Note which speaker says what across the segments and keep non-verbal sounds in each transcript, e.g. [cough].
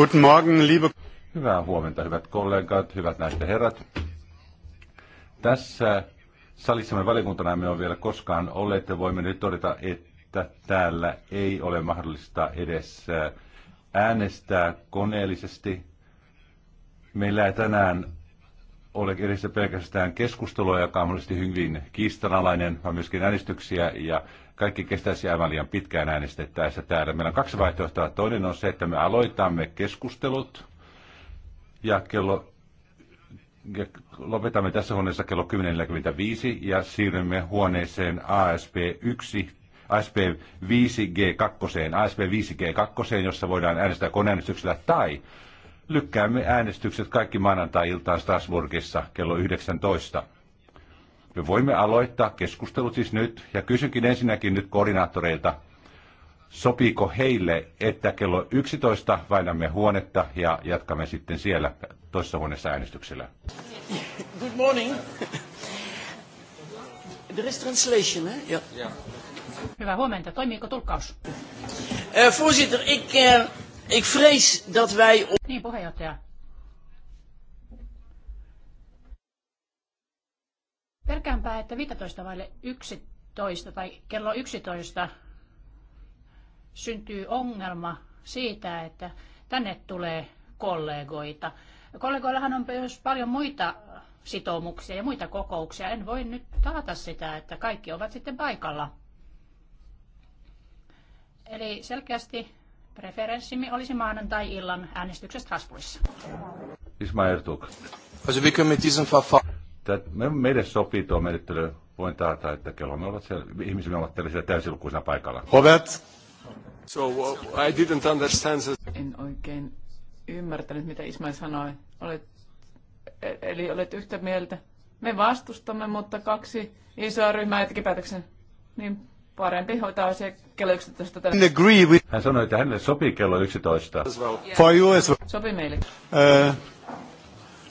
Speaker 1: Guten Morgen, liebe... Hyvää huomenta, hyvät kollegat, hyvät naiset ja herrat. Tässä salissa me valiokuntana me on vielä koskaan olleet ja voimme nyt todeta, että täällä ei ole mahdollista edes äh, äänestää koneellisesti. Meillä ei tänään ole edessä pelkästään keskustelua, joka on mahdollisesti hyvin kiistanalainen, vaan myöskin äänestyksiä ja kaikki kestäisi aivan liian pitkään äänestettäessä täällä. Meillä on kaksi vaihtoehtoa. Toinen on se, että me aloitamme keskustelut ja kello ja lopetamme tässä huoneessa kello 10.45 ja siirrymme huoneeseen ASP1, ASP5G2, ASP5G2, jossa voidaan äänestää koneäänestyksellä tai lykkäämme äänestykset kaikki maanantai-iltaan Strasbourgissa kello 19. Me voimme aloittaa keskustelut siis nyt, ja kysynkin ensinnäkin nyt koordinaattoreilta, sopiiko heille, että kello 11 vainamme huonetta ja jatkamme sitten siellä toisessa huoneessa äänestyksellä.
Speaker 2: Good morning. There is translation, eh? Yeah.
Speaker 1: Yeah.
Speaker 3: Hyvää huomenta. Toimiiko tulkkaus?
Speaker 2: Uh, voorzitter, ik, uh,
Speaker 3: ik vrees dat wij... Niin, puheenjohtaja Pelkäänpä, että 15 vaille 11 tai kello 11 syntyy ongelma siitä, että tänne tulee kollegoita. Kollegoillahan on myös paljon muita sitoumuksia ja muita kokouksia. En voi nyt taata sitä, että kaikki ovat sitten paikalla. Eli selkeästi preferenssimi olisi maanantai-illan äänestyksestä Strasbourgissa.
Speaker 1: Ismail Tuk että meille sopii tuo menettely. Voin taata, että kello me ovat siellä, ihmisemme ovat siellä täysilukuisena paikalla. Hovet!
Speaker 2: So, uh, I didn't understand this. En oikein ymmärtänyt, mitä Ismail sanoi. Olet, eli olet yhtä mieltä. Me vastustamme, mutta kaksi isoa ryhmää teki päätöksen. Niin parempi hoitaa asia kello 11.
Speaker 1: Agree with... Hän sanoi, että hänelle sopii kello 11. As well. yeah. For you as well. Sopii meille. Uh,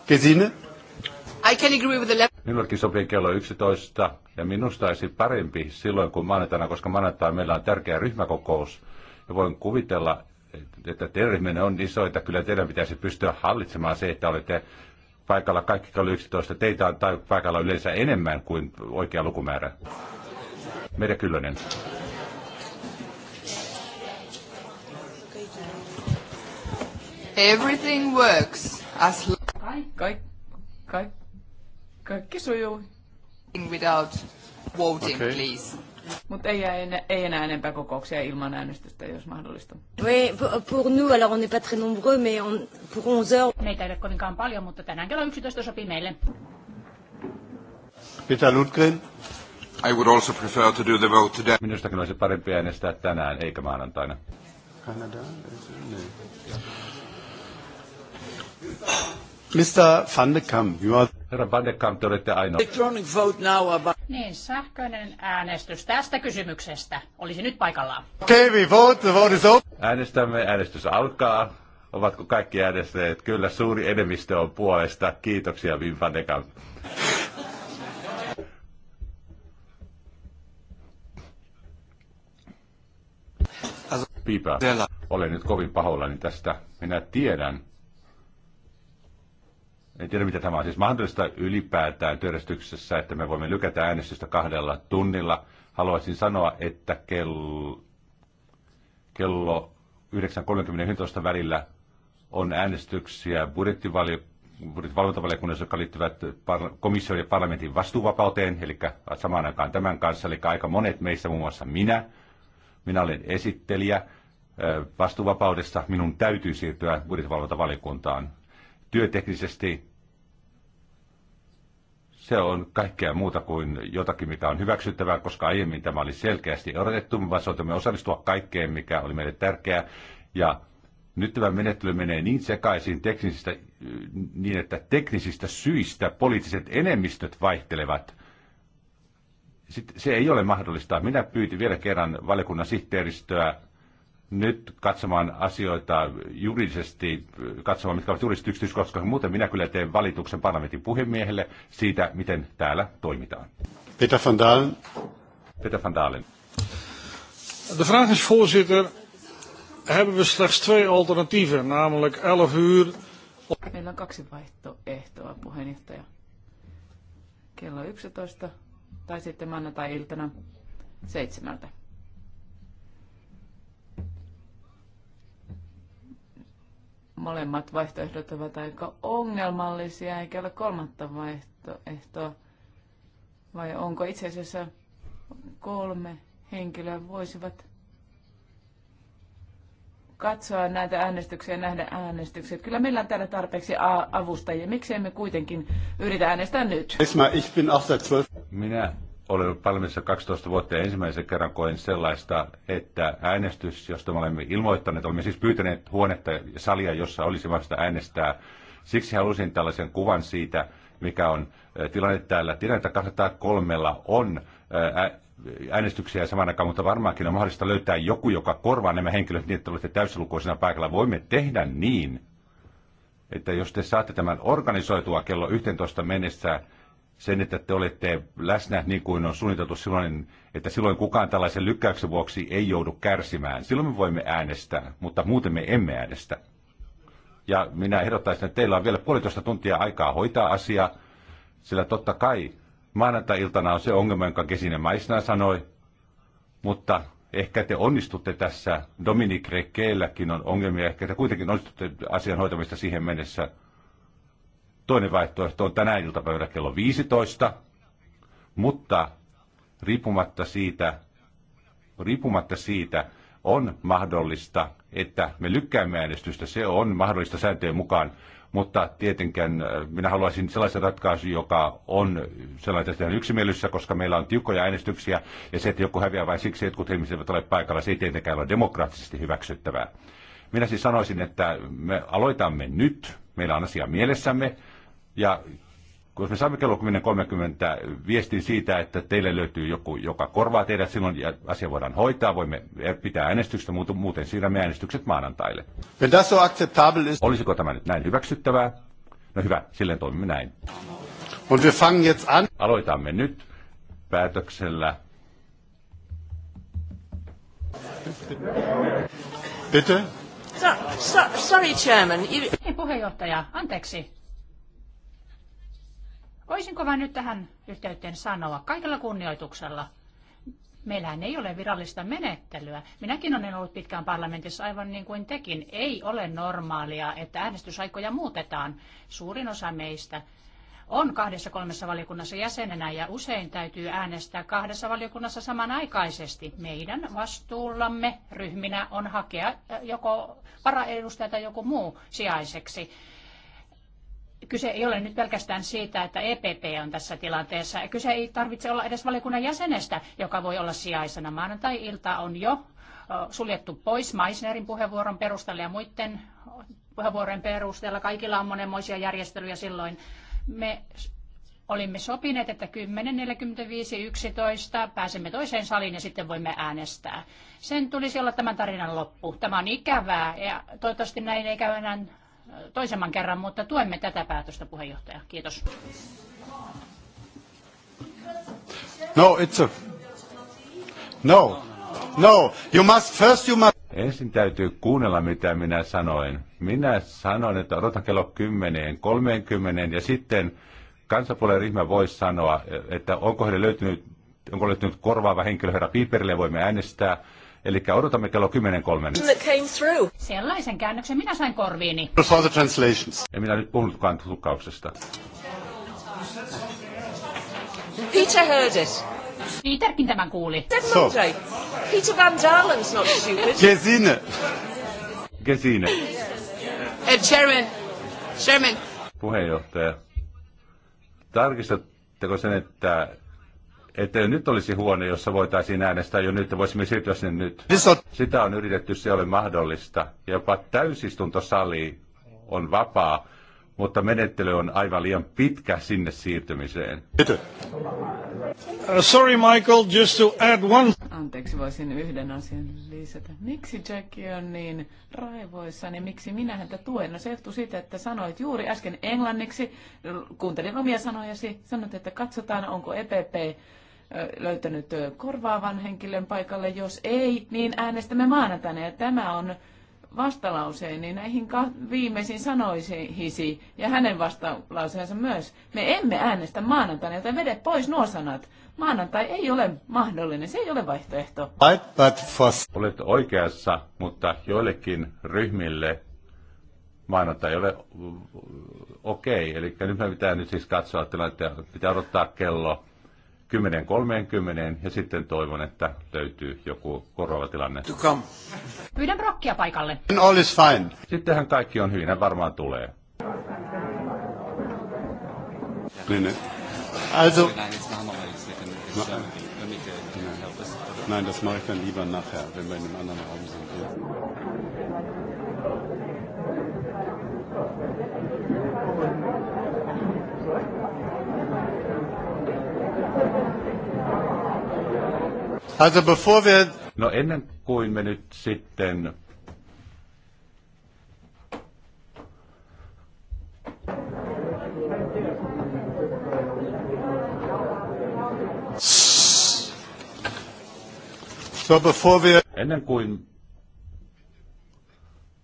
Speaker 1: Kesine?
Speaker 4: I can agree with the
Speaker 1: Minullekin sopii kello 11 ja minusta olisi parempi silloin kuin maanantaina, koska maanantaina meillä on tärkeä ryhmäkokous. Ja voin kuvitella, että teidän on iso, että kyllä teidän pitäisi pystyä hallitsemaan se, että olette paikalla kaikki kello 11. Teitä on tai paikalla yleensä enemmän kuin oikea lukumäärä. Meidän Kyllönen.
Speaker 4: Everything works as... Kaikki, kaikki, kaikki kaikki sujuu. Without voting, okay. please.
Speaker 2: Mutta ei, ei, ei enää enempää kokouksia ilman äänestystä, jos mahdollista. Oui, pour
Speaker 3: nous, alors on n'est pas très nombreux, mais on, pour 11 heures... Meitä ei ole kovinkaan paljon, mutta tänään kello 11 sopii meille.
Speaker 1: Peter Lundgren. I would also prefer to do the vote today. Minustakin olisi parempi äänestää tänään, eikä maanantaina. Kanada? Niin. Mr. Van de Kamp, you are... Herra Van de Kamp, te olette ainoa.
Speaker 2: Electronic
Speaker 3: vote now about... Niin, sähköinen äänestys tästä kysymyksestä olisi nyt paikallaan. Okay,
Speaker 1: we vote, the vote is open. Äänestämme, äänestys alkaa. Ovatko kaikki äänestäneet? Kyllä, suuri enemmistö on puolesta. Kiitoksia, Wim Van de Kamp. Piipä, olen nyt kovin pahoillani tästä. Minä tiedän, en tiedä, mitä tämä on siis mahdollista ylipäätään työjärjestyksessä, että me voimme lykätä äänestystä kahdella tunnilla. Haluaisin sanoa, että kello, kello 9.30 välillä on äänestyksiä budjettivalvontavaliokunnassa, jotka liittyvät komission ja parlamentin vastuuvapauteen, eli samaan aikaan tämän kanssa, eli aika monet meistä, muun muassa minä, minä olen esittelijä vastuuvapaudessa, minun täytyy siirtyä budjettivalvontavaliokuntaan työteknisesti se on kaikkea muuta kuin jotakin, mikä on hyväksyttävää, koska aiemmin tämä oli selkeästi odotettu, vaan me osallistua kaikkeen, mikä oli meille tärkeää. Ja nyt tämä menettely menee niin sekaisin teknisistä, niin että teknisistä syistä poliittiset enemmistöt vaihtelevat. Sitten se ei ole mahdollista. Minä pyytin vielä kerran valiokunnan sihteeristöä nyt katsomaan asioita juridisesti, katsomaan mitkä ovat juridiset yksityiskohdat, koska muuten minä kyllä teen valituksen parlamentin puhemiehelle siitä, miten täällä toimitaan. Peter van Dalen. Peter van Dalen. De vraag is, voorzitter, hebben we slechts twee alternatieven, namelijk 11 uur.
Speaker 2: Meillä on kaksi vaihtoehtoa, puheenjohtaja. Kello 11 tai sitten maanantai-iltana seitsemältä. molemmat vaihtoehdot ovat aika ongelmallisia, eikä ole kolmatta vaihtoehtoa. Vai onko itse asiassa kolme henkilöä voisivat katsoa näitä äänestyksiä ja nähdä äänestyksiä. Kyllä meillä on täällä tarpeeksi avustajia. Miksi emme kuitenkin yritä äänestää nyt?
Speaker 1: Minä olen ollut parlamentissa 12 vuotta ja ensimmäisen kerran koen sellaista, että äänestys, josta me olemme ilmoittaneet, olemme siis pyytäneet huonetta ja salia, jossa olisi mahdollista äänestää. Siksi halusin tällaisen kuvan siitä, mikä on tilanne täällä. että 203 on äänestyksiä saman aikaan, mutta varmaankin on mahdollista löytää joku, joka korvaa nämä henkilöt niin, että olette täysilukuisena paikalla. Voimme tehdä niin, että jos te saatte tämän organisoitua kello 11 mennessä, sen, että te olette läsnä niin kuin on suunniteltu silloin, että silloin kukaan tällaisen lykkäyksen vuoksi ei joudu kärsimään. Silloin me voimme äänestää, mutta muuten me emme äänestä. Ja minä ehdottaisin, että teillä on vielä puolitoista tuntia aikaa hoitaa asiaa, sillä totta kai maanantai-iltana on se ongelma, jonka Kesinen Maisna sanoi, mutta ehkä te onnistutte tässä, Dominic Rekeelläkin on ongelmia, ehkä te kuitenkin onnistutte asian hoitamista siihen mennessä – Toinen vaihtoehto on tänään iltapäivänä kello 15, mutta riippumatta siitä, riippumatta siitä on mahdollista, että me lykkäämme äänestystä. Se on mahdollista sääntöjen mukaan, mutta tietenkään äh, minä haluaisin sellaisen ratkaisun, joka on sellainen että yksimielisessä, koska meillä on tiukkoja äänestyksiä ja se, että joku häviää vain siksi, että kun ihmiset eivät ole paikalla, se ei tietenkään ole demokraattisesti hyväksyttävää. Minä siis sanoisin, että me aloitamme nyt, meillä on asia mielessämme, ja jos me saamme kello 10.30 viestin siitä, että teille löytyy joku, joka korvaa teidät silloin ja asia voidaan hoitaa, voimme pitää äänestystä, muuten siirrämme äänestykset maanantaille. Olisiko tämä nyt näin hyväksyttävää? No hyvä, silleen toimimme näin. Und wir fangen jetzt an. Aloitamme nyt päätöksellä. Bitte? So,
Speaker 3: so, sorry, Chairman. You... Hei, niin, puheenjohtaja, anteeksi. Voisinko vain nyt tähän yhteyteen sanoa kaikella kunnioituksella, Meillähän ei ole virallista menettelyä. Minäkin olen ollut pitkään parlamentissa aivan niin kuin tekin. Ei ole normaalia, että äänestysaikoja muutetaan. Suurin osa meistä on kahdessa kolmessa valiokunnassa jäsenenä ja usein täytyy äänestää kahdessa valiokunnassa samanaikaisesti. Meidän vastuullamme ryhminä on hakea joko paraedustaja tai joku muu sijaiseksi kyse ei ole nyt pelkästään siitä, että EPP on tässä tilanteessa. Kyse ei tarvitse olla edes valiokunnan jäsenestä, joka voi olla sijaisena. Maanantai-ilta on jo suljettu pois Maisnerin puheenvuoron perusteella ja muiden puheenvuorojen perusteella. Kaikilla on monenmoisia järjestelyjä silloin. Me olimme sopineet, että 10.45.11 pääsemme toiseen saliin ja sitten voimme äänestää. Sen tulisi olla tämän tarinan loppu. Tämä on ikävää ja toivottavasti näin ei käy enää toisemman kerran, mutta tuemme tätä päätöstä puheenjohtaja. Kiitos.
Speaker 4: No,
Speaker 1: it's a... No, no, you must first you must... Ensin täytyy kuunnella, mitä minä sanoin. Minä sanoin, että odota kello 10, 30 ja sitten kansapuolen ryhmä voi sanoa, että onko heille löytynyt, onko löytynyt korvaava henkilö herra Piiperille, voimme äänestää. Eli odotamme kello 10.30.
Speaker 3: Sellaisen käännöksen minä sain korviini.
Speaker 1: For the translations. En minä nyt puhunutkaan tukkauksesta.
Speaker 3: Peter heard it. Peterkin tämän kuuli. So.
Speaker 2: Peter Van Dalen's not stupid.
Speaker 1: Gesine. Gesine.
Speaker 2: Uh, chairman. Chairman.
Speaker 1: Puheenjohtaja. Tarkistatteko sen, että että nyt olisi huone, jossa voitaisiin äänestää jo nyt ja voisimme siirtyä sinne nyt. Sitä on yritetty, se ole mahdollista. Jopa täysistuntosali on vapaa, mutta menettely on aivan liian pitkä sinne siirtymiseen. Uh,
Speaker 4: sorry Michael, just to add one...
Speaker 2: Anteeksi, voisin yhden asian lisätä. Miksi Jackie on niin raivoissa, niin miksi minä häntä tuen? No se johtuu siitä, että sanoit juuri äsken englanniksi, kuuntelin omia sanojasi, sanoit, että katsotaan onko EPP löytänyt korvaavan henkilön paikalle. Jos ei, niin äänestämme maanantaina. Ja tämä on vastalauseeni niin näihin viimeisiin sanoihisi ja hänen vastalauseensa myös. Me emme äänestä maanantaina, joten vede pois nuo sanat. Maanantai ei ole mahdollinen, se ei ole vaihtoehto.
Speaker 1: Olet oikeassa, mutta joillekin ryhmille maanantai ei ole okei. Okay. Eli nyt me pitää nyt siis katsoa että pitää odottaa kello 10.30 ja sitten toivon, että löytyy joku korvaava tilanne.
Speaker 3: Pyydän brokkia paikalle.
Speaker 1: all is fine. Sittenhän kaikki on hyvin, hän varmaan tulee. Niin, also, äh, Nein, das mache ich dann lieber nachher, wenn wir in einem anderen Raum sind. Ja. Also bevor wir... No ennen kuin me nyt sitten So bevor wir... Ennen kuin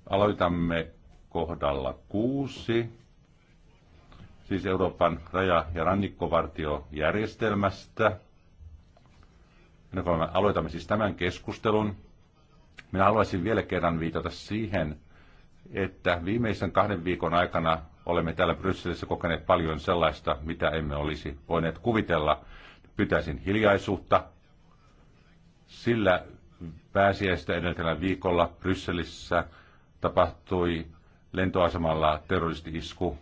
Speaker 1: aloitamme kohdalla kuusi, siis Euroopan raja- ja rannikkovartiojärjestelmästä, Ennen kuin aloitamme siis tämän keskustelun, minä haluaisin vielä kerran viitata siihen, että viimeisen kahden viikon aikana olemme täällä Brysselissä kokeneet paljon sellaista, mitä emme olisi voineet kuvitella. Pyytäisin hiljaisuutta, sillä pääsiäistä edeltävällä viikolla Brysselissä tapahtui lentoasemalla terroristi-isku,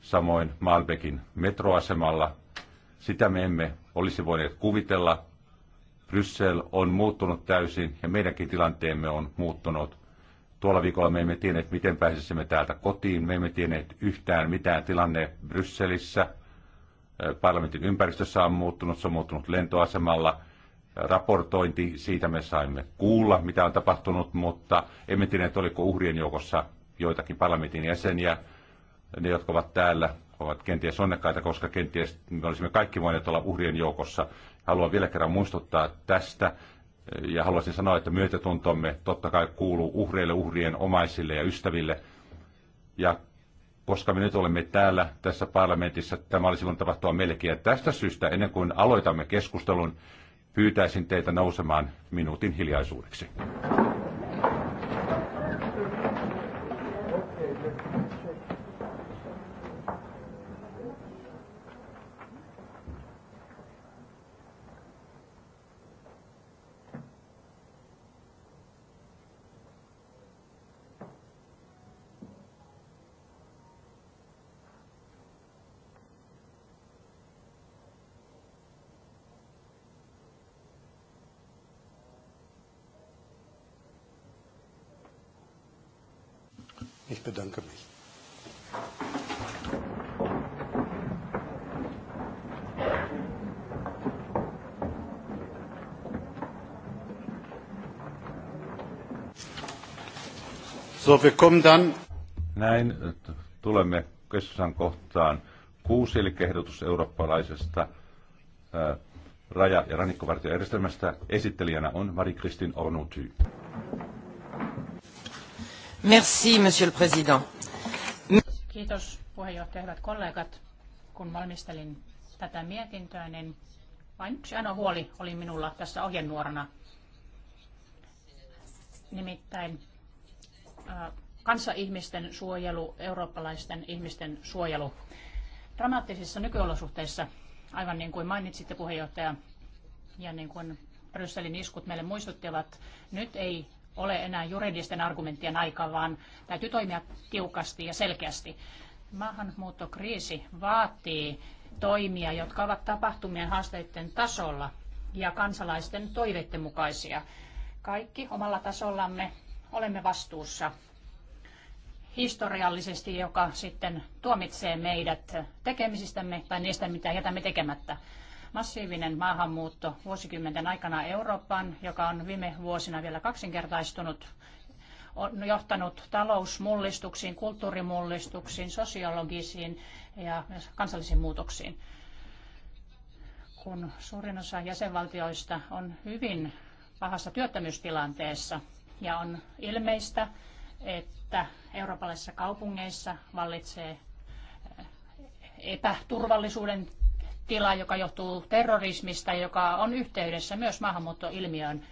Speaker 1: samoin Malbekin metroasemalla. Sitä me emme olisi voineet kuvitella Bryssel on muuttunut täysin ja meidänkin tilanteemme on muuttunut. Tuolla viikolla me emme tienneet, miten pääsisimme täältä kotiin. Me emme tienneet yhtään mitään tilanne Brysselissä. Parlamentin ympäristössä on muuttunut, se on muuttunut lentoasemalla. Raportointi, siitä me saimme kuulla, mitä on tapahtunut, mutta emme tienneet, oliko uhrien joukossa joitakin parlamentin jäseniä. Ne, jotka ovat täällä, ovat kenties onnekkaita, koska kenties me olisimme kaikki voineet olla uhrien joukossa. Haluan vielä kerran muistuttaa tästä ja haluaisin sanoa, että myötätuntomme totta kai kuuluu uhreille, uhrien omaisille ja ystäville. Ja koska me nyt olemme täällä tässä parlamentissa, tämä olisi voinut tapahtua melkein. Ja tästä syystä, ennen kuin aloitamme keskustelun, pyytäisin teitä nousemaan minuutin hiljaisuudeksi. So, wir kommen dann... Näin tulemme keskustan kohtaan kuusi, eli ehdotus eurooppalaisesta ää, raja- ja rannikkovartijärjestelmästä. Esittelijänä on Marie-Christine Ornuty. Merci, monsieur le président.
Speaker 3: Kiitos puheenjohtaja, hyvät kollegat. Kun valmistelin tätä mietintöä, niin vain yksi ainoa huoli oli minulla tässä ohjenuorana. Nimittäin kanssaihmisten suojelu, eurooppalaisten ihmisten suojelu. Dramaattisissa nykyolosuhteissa, aivan niin kuin mainitsitte puheenjohtaja, ja niin kuin Brysselin iskut meille muistuttivat, nyt ei ole enää juridisten argumenttien aika, vaan täytyy toimia tiukasti ja selkeästi. Maahanmuuttokriisi vaatii toimia, jotka ovat tapahtumien haasteiden tasolla ja kansalaisten toiveiden mukaisia. Kaikki omalla tasollamme olemme vastuussa historiallisesti, joka sitten tuomitsee meidät tekemisistämme tai niistä, mitä jätämme tekemättä. Massiivinen maahanmuutto vuosikymmenten aikana Eurooppaan, joka on viime vuosina vielä kaksinkertaistunut, on johtanut talousmullistuksiin, kulttuurimullistuksiin, sosiologisiin ja myös kansallisiin muutoksiin. Kun suurin osa jäsenvaltioista on hyvin pahassa työttömyystilanteessa, ja on ilmeistä, että eurooppalaisissa kaupungeissa vallitsee eh, epäturvallisuuden tila, joka johtuu terrorismista, joka on yhteydessä myös maahanmuuttoilmiöön.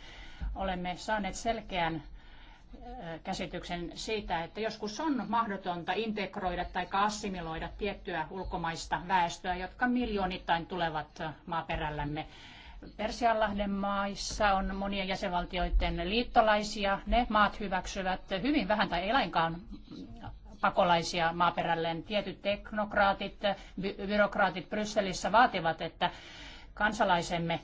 Speaker 3: Olemme saaneet selkeän eh, käsityksen siitä, että joskus on mahdotonta integroida tai assimiloida tiettyä ulkomaista väestöä, jotka miljoonittain tulevat eh, maaperällämme. Persianlahden maissa on monien jäsenvaltioiden liittolaisia. Ne maat hyväksyvät hyvin vähän tai ei lainkaan pakolaisia maaperälleen. Tietyt teknokraatit, by- byrokraatit Brysselissä vaativat, että kansalaisemme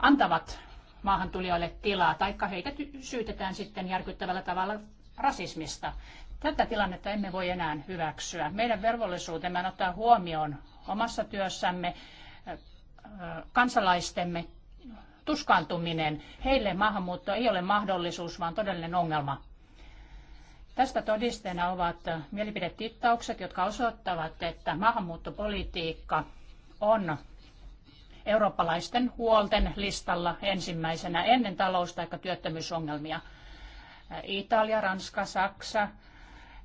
Speaker 3: antavat maahantulijoille tilaa, taikka heitä syytetään sitten järkyttävällä tavalla rasismista. Tätä tilannetta emme voi enää hyväksyä. Meidän velvollisuutemme on ottaa huomioon omassa työssämme kansalaistemme tuskaantuminen. Heille maahanmuutto ei ole mahdollisuus, vaan todellinen ongelma. Tästä todisteena ovat mielipidetittaukset, jotka osoittavat, että maahanmuuttopolitiikka on eurooppalaisten huolten listalla ensimmäisenä ennen talous- tai työttömyysongelmia. Italia, Ranska, Saksa,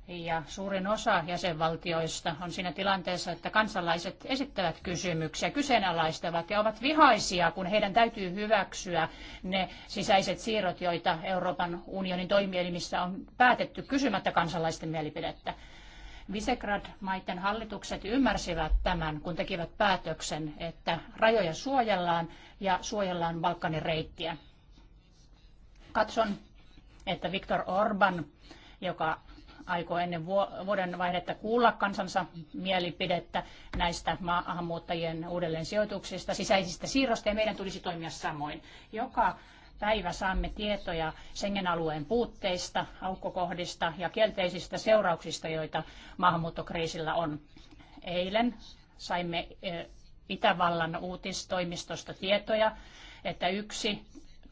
Speaker 3: ja suurin osa jäsenvaltioista on siinä tilanteessa, että kansalaiset esittävät kysymyksiä, kyseenalaistavat ja ovat vihaisia, kun heidän täytyy hyväksyä ne sisäiset siirrot, joita Euroopan unionin toimielimissä on päätetty kysymättä kansalaisten mielipidettä. Visegrad-maiden hallitukset ymmärsivät tämän, kun tekivät päätöksen, että rajoja suojellaan ja suojellaan Balkanin reittiä. Katson, että Viktor Orban, joka aikoo ennen vuoden vaihdetta kuulla kansansa mielipidettä näistä maahanmuuttajien uudelleen sijoituksista, sisäisistä siirrosta ja meidän tulisi toimia samoin. Joka päivä saamme tietoja Schengen-alueen puutteista, aukkokohdista ja kielteisistä seurauksista, joita maahanmuuttokriisillä on. Eilen saimme eh, Itävallan uutistoimistosta tietoja, että yksi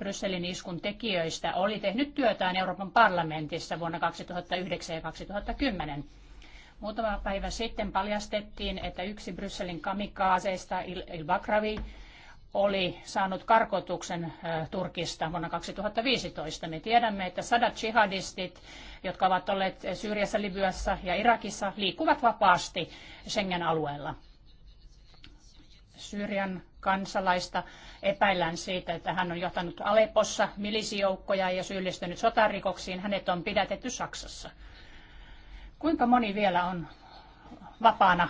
Speaker 3: Brysselin iskun tekijöistä oli tehnyt työtään Euroopan parlamentissa vuonna 2009 ja 2010. Muutama päivä sitten paljastettiin, että yksi Brysselin kamikaaseista, Ilbakravi, oli saanut karkotuksen Turkista vuonna 2015. Me tiedämme, että sadat jihadistit, jotka ovat olleet Syyriassa, Libyassa ja Irakissa, liikkuvat vapaasti Schengen-alueella. Syyrian kansalaista epäillään siitä, että hän on johtanut Aleppossa milisijoukkoja ja syyllistynyt sotarikoksiin. Hänet on pidätetty Saksassa. Kuinka moni vielä on vapaana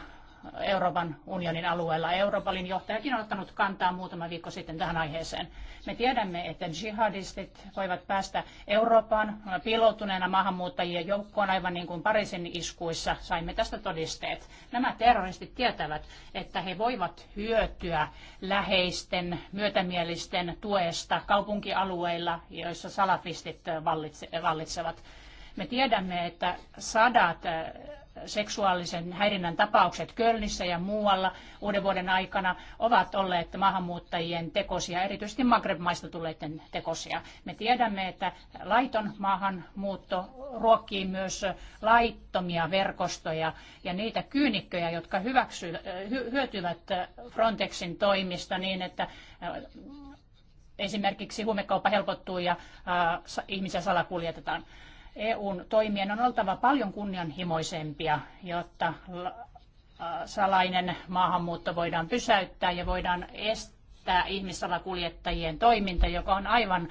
Speaker 3: Euroopan unionin alueella. Europolin johtajakin on ottanut kantaa muutama viikko sitten tähän aiheeseen. Me tiedämme, että jihadistit voivat päästä Eurooppaan piiloutuneena maahanmuuttajien joukkoon, aivan niin kuin Pariisin iskuissa saimme tästä todisteet. Nämä terroristit tietävät, että he voivat hyötyä läheisten, myötämielisten tuesta kaupunkialueilla, joissa salafistit vallitsevat. Me tiedämme, että sadat seksuaalisen häirinnän tapaukset Kölnissä ja muualla uuden vuoden aikana ovat olleet maahanmuuttajien tekosia, erityisesti Maghreb-maista tulleiden tekosia. Me tiedämme, että laiton maahanmuutto ruokkii myös laittomia verkostoja ja niitä kyynikköjä, jotka hyväksy, hyötyvät Frontexin toimista niin, että äh, esimerkiksi huumekauppa helpottuu ja äh, ihmisiä salakuljetetaan. EUn toimien on oltava paljon kunnianhimoisempia, jotta salainen maahanmuutto voidaan pysäyttää ja voidaan estää ihmissalakuljettajien toiminta, joka on aivan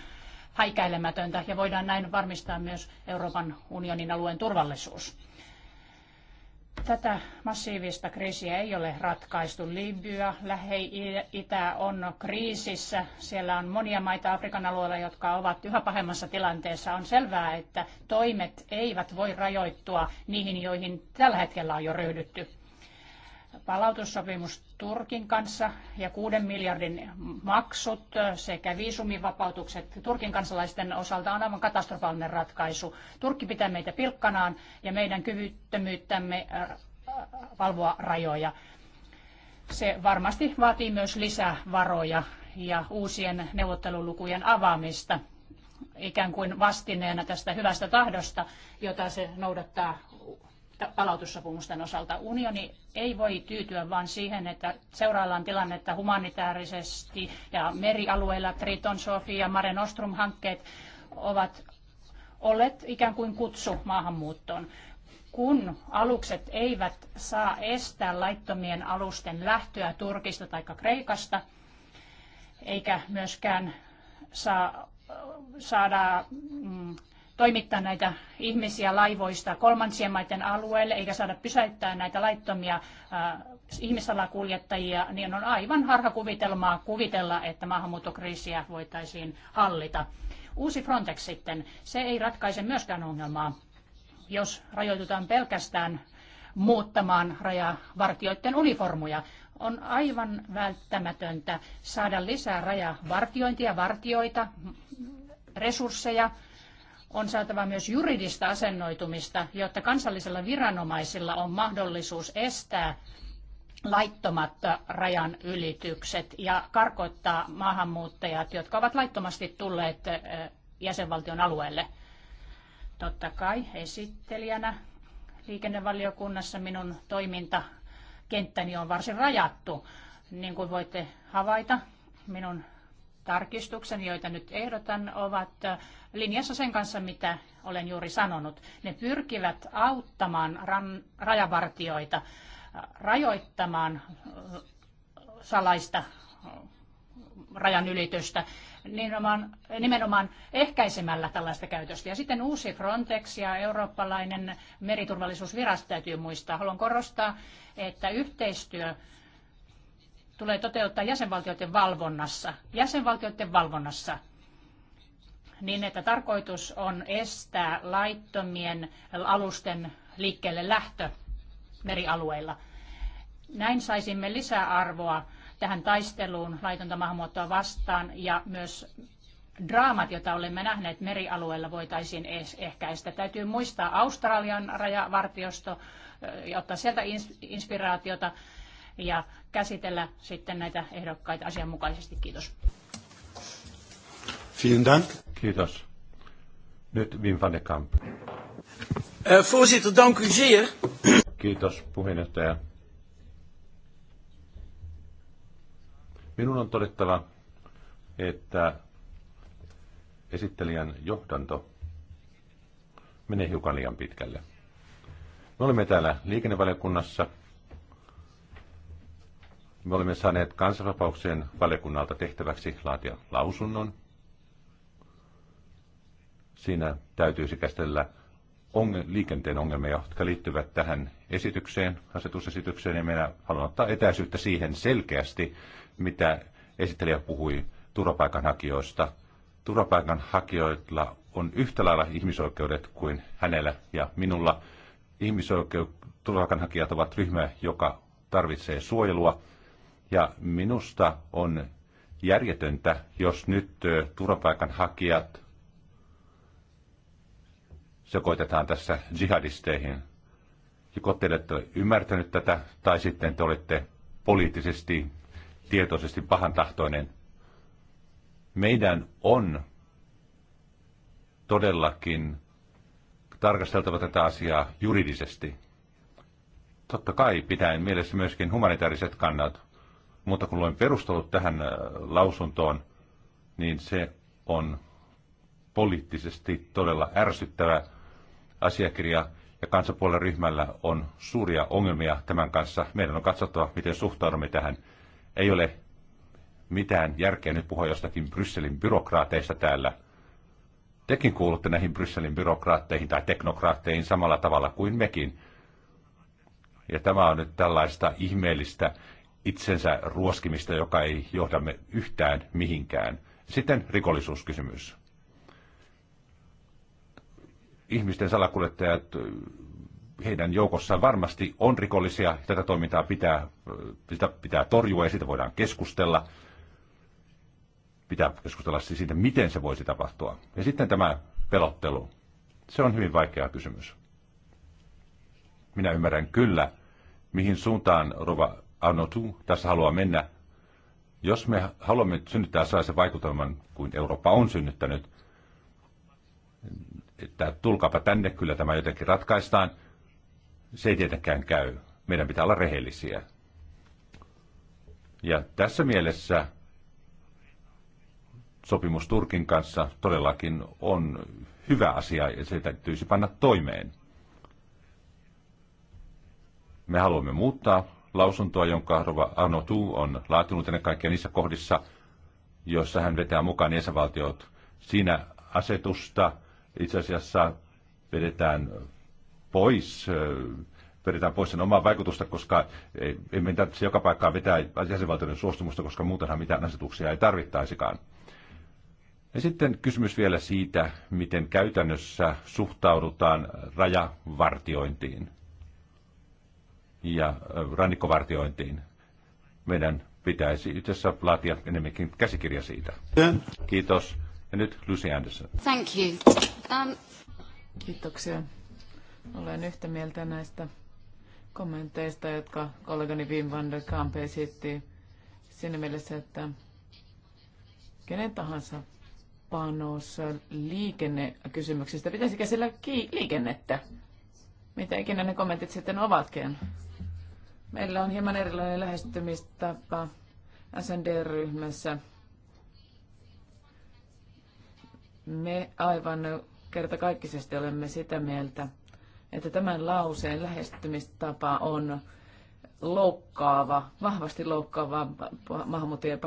Speaker 3: häikäilemätöntä ja voidaan näin varmistaa myös Euroopan unionin alueen turvallisuus. Tätä massiivista kriisiä ei ole ratkaistu. Libya, Lähi-Itä on kriisissä. Siellä on monia maita Afrikan alueella, jotka ovat yhä pahemmassa tilanteessa. On selvää, että toimet eivät voi rajoittua niihin, joihin tällä hetkellä on jo ryhdytty palautussopimus Turkin kanssa ja kuuden miljardin maksut sekä viisumivapautukset Turkin kansalaisten osalta on aivan katastrofaalinen ratkaisu. Turkki pitää meitä pilkkanaan ja meidän kyvyttömyyttämme äh, äh, valvoa rajoja. Se varmasti vaatii myös lisävaroja ja uusien neuvottelulukujen avaamista ikään kuin vastineena tästä hyvästä tahdosta, jota se noudattaa palautussopimusten osalta. Unioni ei voi tyytyä vain siihen, että seuraillaan tilannetta humanitaarisesti ja merialueilla Triton, Sofia ja Mare Nostrum-hankkeet ovat olleet ikään kuin kutsu maahanmuuttoon. Kun alukset eivät saa estää laittomien alusten lähtöä Turkista tai Kreikasta, eikä myöskään saa saada mm, toimittaa näitä ihmisiä laivoista kolmansien maiden alueelle eikä saada pysäyttää näitä laittomia äh, ihmissalakuljettajia, niin on aivan harhakuvitelmaa kuvitella, että maahanmuuttokriisiä voitaisiin hallita. Uusi Frontex sitten, se ei ratkaise myöskään ongelmaa, jos rajoitutaan pelkästään muuttamaan rajavartioiden uniformuja. On aivan välttämätöntä saada lisää rajavartiointia, vartioita, resursseja, on saatava myös juridista asennoitumista, jotta kansallisilla viranomaisilla on mahdollisuus estää laittomat rajan ylitykset ja karkottaa maahanmuuttajat, jotka ovat laittomasti tulleet eh, jäsenvaltion alueelle. Totta kai esittelijänä liikennevaliokunnassa minun toimintakenttäni on varsin rajattu. Niin kuin voitte havaita, minun tarkistuksen, joita nyt ehdotan, ovat linjassa sen kanssa, mitä olen juuri sanonut. Ne pyrkivät auttamaan ran, rajavartioita rajoittamaan salaista rajanylitystä nimenomaan, nimenomaan ehkäisemällä tällaista käytöstä. Ja sitten uusi Frontex ja eurooppalainen meriturvallisuusvirasto täytyy muistaa. Haluan korostaa, että yhteistyö tulee toteuttaa jäsenvaltioiden valvonnassa, jäsenvaltioiden valvonnassa, niin että tarkoitus on estää laittomien alusten liikkeelle lähtö merialueilla. Näin saisimme lisäarvoa tähän taisteluun laitonta maahanmuuttoa vastaan ja myös draamat, joita olemme nähneet merialueella, voitaisiin ehkäistä. Täytyy muistaa Australian rajavartiosto ja ottaa sieltä inspiraatiota ja käsitellä sitten näitä ehdokkaita asianmukaisesti. Kiitos.
Speaker 1: Vielen Dank. Kiitos. Nyt Wim van de Kamp.
Speaker 2: Eh, voorzitter, dank u zeer.
Speaker 1: Kiitos puheenjohtaja. Minun on todettava, että esittelijän johdanto menee hiukan liian pitkälle. Me olemme täällä liikennevaliokunnassa me olemme saaneet kansanvapauksien valiokunnalta tehtäväksi laatia lausunnon. Siinä täytyisi käsitellä onge- liikenteen ongelmia, jotka liittyvät tähän esitykseen, asetusesitykseen, ja minä haluan ottaa etäisyyttä siihen selkeästi, mitä esittelijä puhui turvapaikanhakijoista. Turvapaikanhakijoilla on yhtä lailla ihmisoikeudet kuin hänellä ja minulla. Ihmisoikeudet, turvapaikanhakijat ovat ryhmä, joka tarvitsee suojelua ja minusta on järjetöntä, jos nyt turvapaikanhakijat sekoitetaan tässä jihadisteihin. Joko te olette ymmärtänyt tätä, tai sitten te olette poliittisesti, tietoisesti pahantahtoinen. Meidän on todellakin tarkasteltava tätä asiaa juridisesti. Totta kai pitäen mielessä myöskin humanitaariset kannat, mutta kun luen perustelut tähän äh, lausuntoon, niin se on poliittisesti todella ärsyttävä asiakirja, ja kansanpuolen ryhmällä on suuria ongelmia tämän kanssa. Meidän on katsottava, miten suhtaudumme tähän. Ei ole mitään järkeä nyt puhua jostakin Brysselin byrokraateista täällä. Tekin kuulutte näihin Brysselin byrokraatteihin tai teknokraatteihin samalla tavalla kuin mekin. Ja tämä on nyt tällaista ihmeellistä itsensä ruoskimista, joka ei me yhtään mihinkään. Sitten rikollisuuskysymys. Ihmisten salakuljettajat, heidän joukossaan varmasti on rikollisia. Tätä toimintaa pitää, sitä pitää torjua ja siitä voidaan keskustella. Pitää keskustella siis siitä, miten se voisi tapahtua. Ja sitten tämä pelottelu. Se on hyvin vaikea kysymys. Minä ymmärrän kyllä, mihin suuntaan Rova Arno, tu tässä haluaa mennä. Jos me haluamme synnyttää sellaisen vaikutelman kuin Eurooppa on synnyttänyt, että tulkaapa tänne, kyllä tämä jotenkin ratkaistaan, se ei tietenkään käy. Meidän pitää olla rehellisiä. Ja tässä mielessä sopimus Turkin kanssa todellakin on hyvä asia ja se täytyisi panna toimeen. Me haluamme muuttaa lausuntoa, jonka Rova Arno Tu on laatinut ennen kaikkea niissä kohdissa, joissa hän vetää mukaan jäsenvaltiot. Siinä asetusta itse asiassa vedetään pois, vedetään pois sen omaa vaikutusta, koska emme tarvitse joka paikkaa vetää jäsenvaltioiden suostumusta, koska muutenhan mitään asetuksia ei tarvittaisikaan. Ja sitten kysymys vielä siitä, miten käytännössä suhtaudutaan rajavartiointiin ja rannikkovartiointiin. Meidän pitäisi itse asiassa laatia enemmänkin käsikirja siitä. Kiitos. Ja nyt Lucy Anderson.
Speaker 2: Thank you. Um... Kiitoksia. Olen yhtä mieltä näistä kommenteista, jotka kollegani Wim van der Kamp esitti siinä mielessä, että kenen tahansa panos liikennekysymyksistä pitäisi käsillä liikennettä, mitä ikinä ne kommentit sitten ovatkin. Meillä on hieman erilainen lähestymistapa SND-ryhmässä. Me aivan kertakaikkisesti olemme sitä mieltä, että tämän lauseen lähestymistapa on loukkaava, vahvasti loukkaava maahanmuuttajien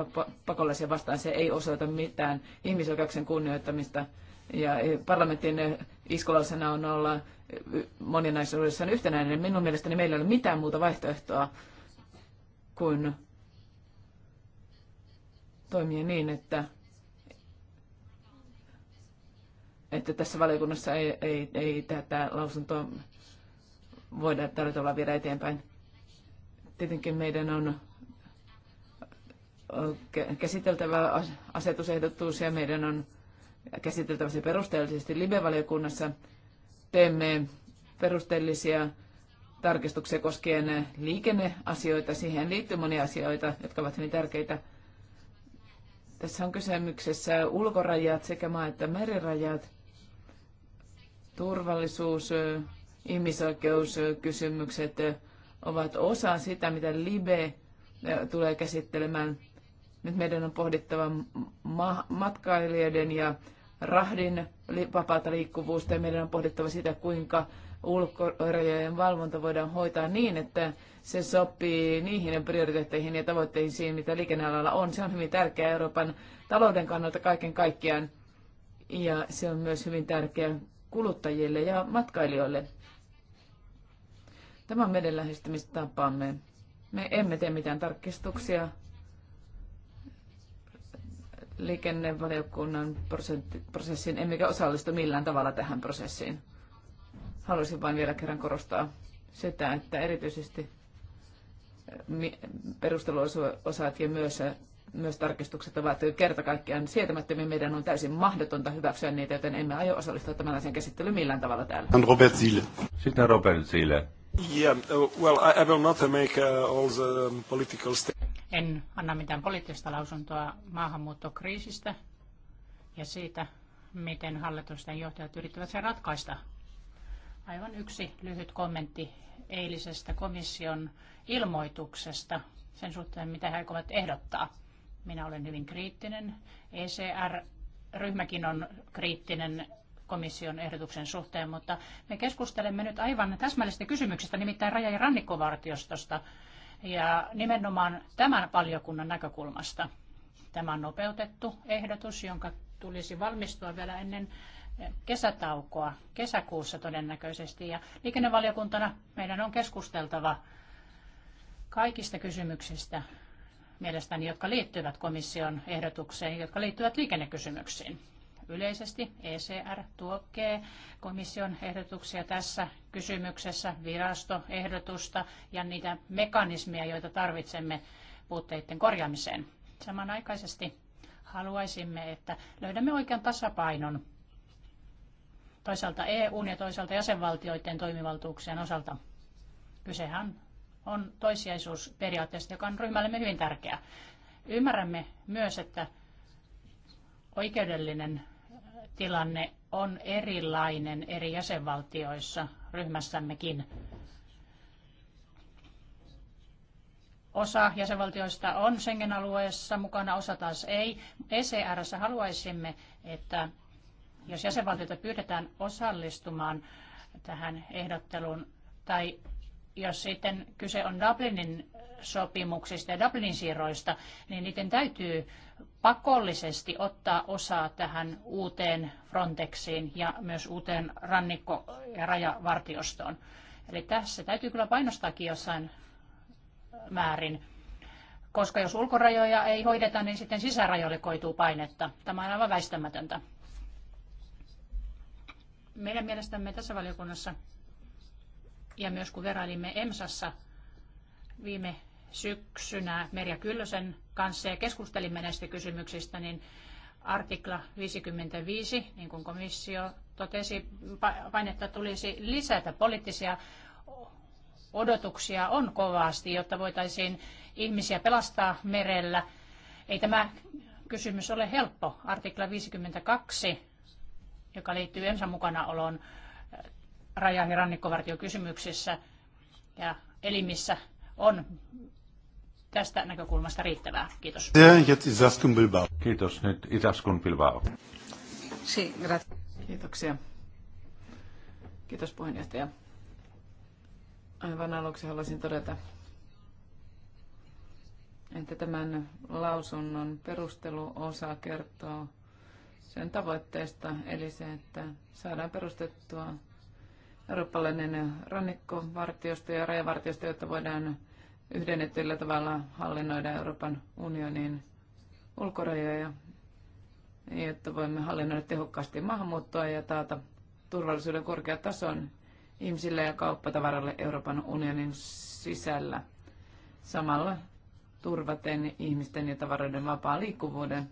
Speaker 2: pakolaisia vastaan. Se ei osoita mitään ihmisoikeuksien kunnioittamista. Ja eh, parlamentin eh, iskulausena on olla moninaisuudessaan yhtenäinen. Minun mielestäni meillä ei ole mitään muuta vaihtoehtoa kuin toimia niin, että, että tässä valiokunnassa ei, ei, ei tätä lausuntoa voida tällä tavalla viedä eteenpäin. Tietenkin meidän on käsiteltävä asetusehdotus ja meidän on käsiteltävä se perusteellisesti live-valiokunnassa teemme perusteellisia tarkistuksia koskien liikenneasioita. Siihen liittyy monia asioita, jotka ovat hyvin tärkeitä. Tässä on kysymyksessä ulkorajat sekä maa- että merirajat, turvallisuus, ihmisoikeuskysymykset ovat osa sitä, mitä LIBE tulee käsittelemään. Nyt meidän on pohdittava matkailijoiden ja rahdin vapaata liikkuvuutta ja meidän on pohdittava sitä, kuinka ulkorajojen valvonta voidaan hoitaa niin, että se sopii niihin prioriteetteihin ja tavoitteisiin, mitä liikennealalla on. Se on hyvin tärkeää Euroopan talouden kannalta kaiken kaikkiaan ja se on myös hyvin tärkeää kuluttajille ja matkailijoille. Tämä on meidän lähestymistapamme. Me emme tee mitään tarkistuksia liikennevaliokunnan prosessiin, emmekä osallistu millään tavalla tähän prosessiin. Haluaisin vain vielä kerran korostaa sitä, että erityisesti eh, perusteluosat ja myös, eh, myös tarkistukset ovat kerta kaikkiaan sietämättömiä. Meidän on täysin mahdotonta hyväksyä niitä, joten emme aio osallistua tämän asian käsittelyyn millään tavalla täällä.
Speaker 1: Robert Zille. Sitten Robert Zille.
Speaker 2: Yeah, uh, well, I will not make uh, all the um, political statements.
Speaker 3: En anna mitään poliittista lausuntoa maahanmuuttokriisistä ja siitä, miten hallitusten johtajat yrittävät sen ratkaista. Aivan yksi lyhyt kommentti eilisestä komission ilmoituksesta sen suhteen, mitä he aikovat ehdottaa. Minä olen hyvin kriittinen. ECR-ryhmäkin on kriittinen komission ehdotuksen suhteen, mutta me keskustelemme nyt aivan täsmällisestä kysymyksestä, nimittäin raja- ja rannikkovartiostosta ja nimenomaan tämän valiokunnan näkökulmasta. Tämä on nopeutettu ehdotus, jonka tulisi valmistua vielä ennen kesätaukoa, kesäkuussa todennäköisesti. Ja liikennevaliokuntana meidän on keskusteltava kaikista kysymyksistä mielestäni, jotka liittyvät komission ehdotukseen, jotka liittyvät liikennekysymyksiin yleisesti. ECR tuokee komission ehdotuksia tässä kysymyksessä, virastoehdotusta ja niitä mekanismeja, joita tarvitsemme puutteiden korjaamiseen. Samanaikaisesti haluaisimme, että löydämme oikean tasapainon toisaalta EUn ja toisaalta jäsenvaltioiden toimivaltuuksien osalta. Kysehän on toissijaisuusperiaatteesta, joka on ryhmällemme hyvin tärkeä. Ymmärrämme myös, että oikeudellinen tilanne on erilainen eri jäsenvaltioissa ryhmässämmekin. Osa jäsenvaltioista on Schengen-alueessa mukana, osa taas ei. ECRssä haluaisimme, että jos jäsenvaltioita pyydetään osallistumaan tähän ehdotteluun, tai jos sitten kyse on Dublinin sopimuksista ja Dublinin siirroista, niin niiden täytyy pakollisesti ottaa osaa tähän uuteen Frontexiin ja myös uuteen rannikko- ja rajavartiostoon. Eli tässä täytyy kyllä painostaakin jossain määrin, koska jos ulkorajoja ei hoideta, niin sitten sisärajoille koituu painetta. Tämä on aivan väistämätöntä. Meidän mielestämme tässä valiokunnassa ja myös kun verailimme EMSassa viime syksynä Merja Kyllösen kanssa ja keskustelimme näistä kysymyksistä, niin artikla 55, niin kuin komissio totesi, painetta tulisi lisätä. Poliittisia odotuksia on kovasti, jotta voitaisiin ihmisiä pelastaa merellä. Ei tämä kysymys ole helppo. Artikla 52, joka liittyy EMSA mukanaoloon raja- ja rannikkovartiokysymyksissä ja elimissä, on tästä näkökulmasta riittävää. Kiitos.
Speaker 1: Kiitos. Nyt Itäskun Bilbao.
Speaker 2: Kiitoksia. Kiitos puheenjohtaja. Aivan aluksi haluaisin todeta, että tämän lausunnon perusteluosa kertoo sen tavoitteesta, eli se, että saadaan perustettua eurooppalainen rannikkovartiosto ja rajavartiosto, jotta voidaan yhdennettyllä tavalla hallinnoida Euroopan unionin ulkorajoja, niin että voimme hallinnoida tehokkaasti maahanmuuttoa ja taata turvallisuuden korkean tason ihmisille ja kauppatavaralle Euroopan unionin sisällä. Samalla turvaten ihmisten ja tavaroiden vapaa liikkuvuuden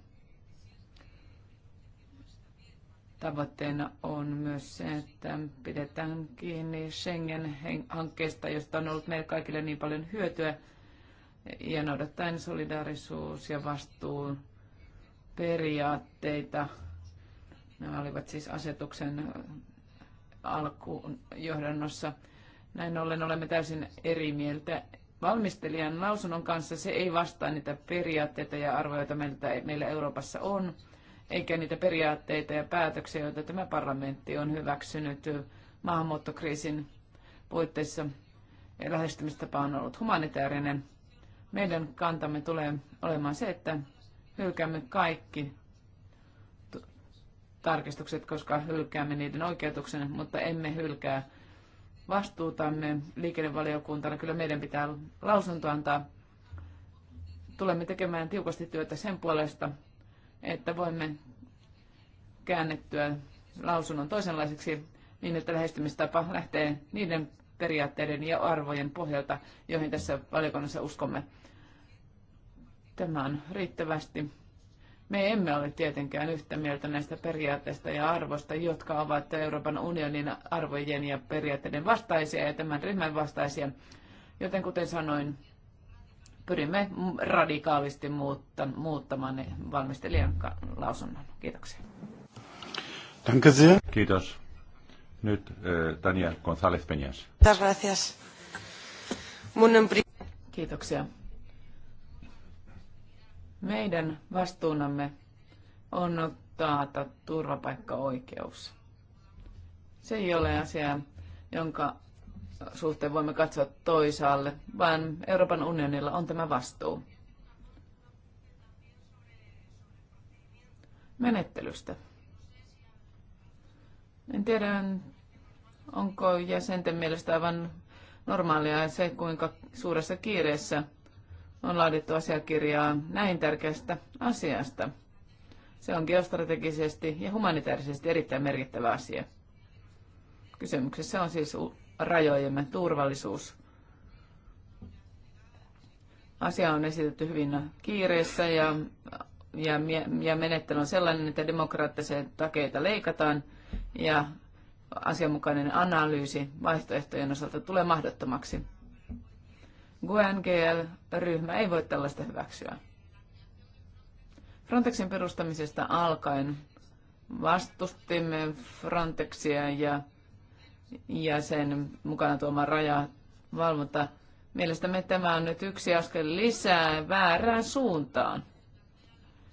Speaker 2: Tavoitteena on myös se, että pidetään kiinni Schengen-hankkeesta, josta on ollut meille kaikille niin paljon hyötyä, ja noudattaen solidaarisuus- ja vastuun periaatteita. Nämä olivat siis asetuksen alkuun johdannossa. Näin ollen olemme täysin eri mieltä valmistelijan lausunnon kanssa. Se ei vastaa niitä periaatteita ja arvoja, joita meillä Euroopassa on eikä niitä periaatteita ja päätöksiä, joita tämä parlamentti on hyväksynyt maahanmuuttokriisin puitteissa. Lähestymistapa on ollut humanitaarinen. Meidän kantamme tulee olemaan se, että hylkäämme kaikki tarkistukset, koska hylkäämme niiden oikeutuksen, mutta emme hylkää vastuutamme liikennevaliokuntana. Kyllä meidän pitää lausunto antaa. Tulemme tekemään tiukasti työtä sen puolesta, että voimme käännettyä lausunnon toisenlaiseksi niin, että lähestymistapa lähtee niiden periaatteiden ja arvojen pohjalta, joihin tässä valiokunnassa uskomme. Tämä on riittävästi. Me emme ole tietenkään yhtä mieltä näistä periaatteista ja arvoista, jotka ovat Euroopan unionin arvojen ja periaatteiden vastaisia ja tämän ryhmän vastaisia. Joten kuten sanoin, pyrimme radikaalisti muutta, muuttamaan valmistelijan lausunnon. Kiitoksia.
Speaker 1: Kiitos. Nyt Tania González Peñas.
Speaker 2: Kiitoksia. Meidän vastuunamme on taata turvapaikkaoikeus. Se ei ole asia, jonka suhteen voimme katsoa toisaalle, vaan Euroopan unionilla on tämä vastuu. Menettelystä. En tiedä, onko jäsenten mielestä aivan normaalia se, kuinka suuressa kiireessä on laadittu asiakirjaa näin tärkeästä asiasta. Se on geostrategisesti ja humanitaarisesti erittäin merkittävä asia. Kysymyksessä on siis rajojemme turvallisuus. Asia on esitetty hyvin kiireessä ja, ja, ja menettely on sellainen, että demokraattisia takeita leikataan ja asianmukainen analyysi vaihtoehtojen osalta tulee mahdottomaksi. GNGL-ryhmä ei voi tällaista hyväksyä. Frontexin perustamisesta alkaen vastustimme Frontexia ja ja sen mukana tuoma valvonta. Mielestämme tämä on nyt yksi askel lisää väärään suuntaan.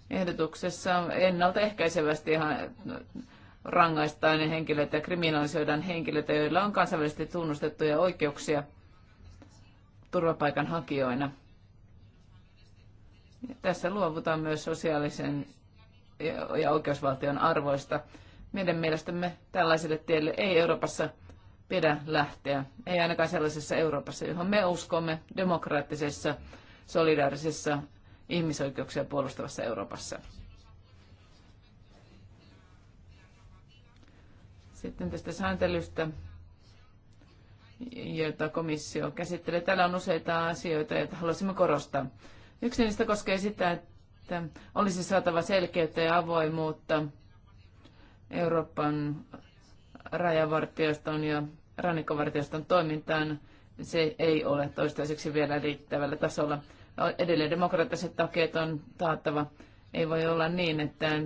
Speaker 2: Ehdotuksessa ennaltaehkäisevästi rangaistaan ne henkilöt ja kriminalisoidaan henkilöitä, joilla on kansainvälisesti tunnustettuja oikeuksia turvapaikanhakijoina. Tässä luovutaan myös sosiaalisen ja oikeusvaltion arvoista. Meidän mielestämme tällaiselle tielle ei Euroopassa pidä lähteä. Ei ainakaan sellaisessa Euroopassa, johon me uskomme demokraattisessa, solidaarisessa, ihmisoikeuksia puolustavassa Euroopassa. Sitten tästä sääntelystä, jota komissio käsittelee. Täällä on useita asioita, joita haluaisimme korostaa. Yksi niistä koskee sitä, että olisi saatava selkeyttä ja avoimuutta Euroopan rajavartioston ja rannikkovartioston toimintaan. Niin se ei ole toistaiseksi vielä riittävällä tasolla. No, edelleen demokraattiset takeet on taattava. Ei voi olla niin, että,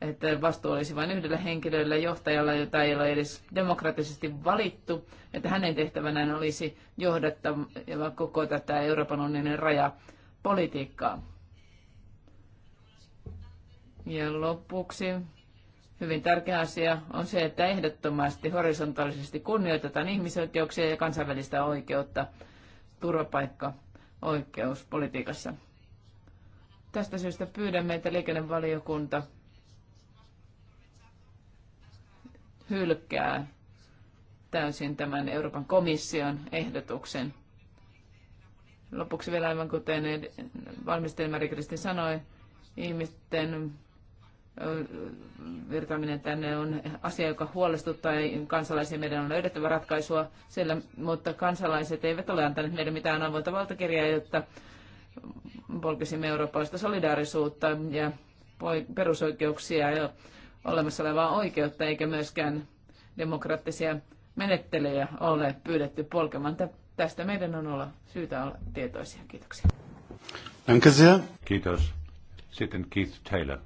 Speaker 2: että vastuu olisi vain yhdellä henkilöllä, johtajalla, jota ei ole edes demokraattisesti valittu, että hänen tehtävänään olisi johdattava koko tätä Euroopan unionin rajapolitiikkaa. Ja lopuksi hyvin tärkeä asia on se, että ehdottomasti horisontaalisesti kunnioitetaan ihmisoikeuksia ja kansainvälistä oikeutta turvapaikka-oikeuspolitiikassa. Tästä syystä pyydämme, että liikennevaliokunta hylkää täysin tämän Euroopan komission ehdotuksen. Lopuksi vielä aivan kuten valmistelija Kristi sanoi, ihmisten virtaaminen tänne on asia, joka huolestuttaa kansalaisia. Meidän on löydettävä ratkaisua sillä, mutta kansalaiset eivät ole antaneet meidän mitään avointa valtakirjaa, jotta polkisimme eurooppalaista solidaarisuutta ja perusoikeuksia ja olemassa olevaa oikeutta, eikä myöskään demokraattisia menettelyjä ole pyydetty polkemaan. Tästä meidän on olla syytä olla tietoisia. Kiitoksia.
Speaker 1: Kiitos. Sitten Keith Taylor.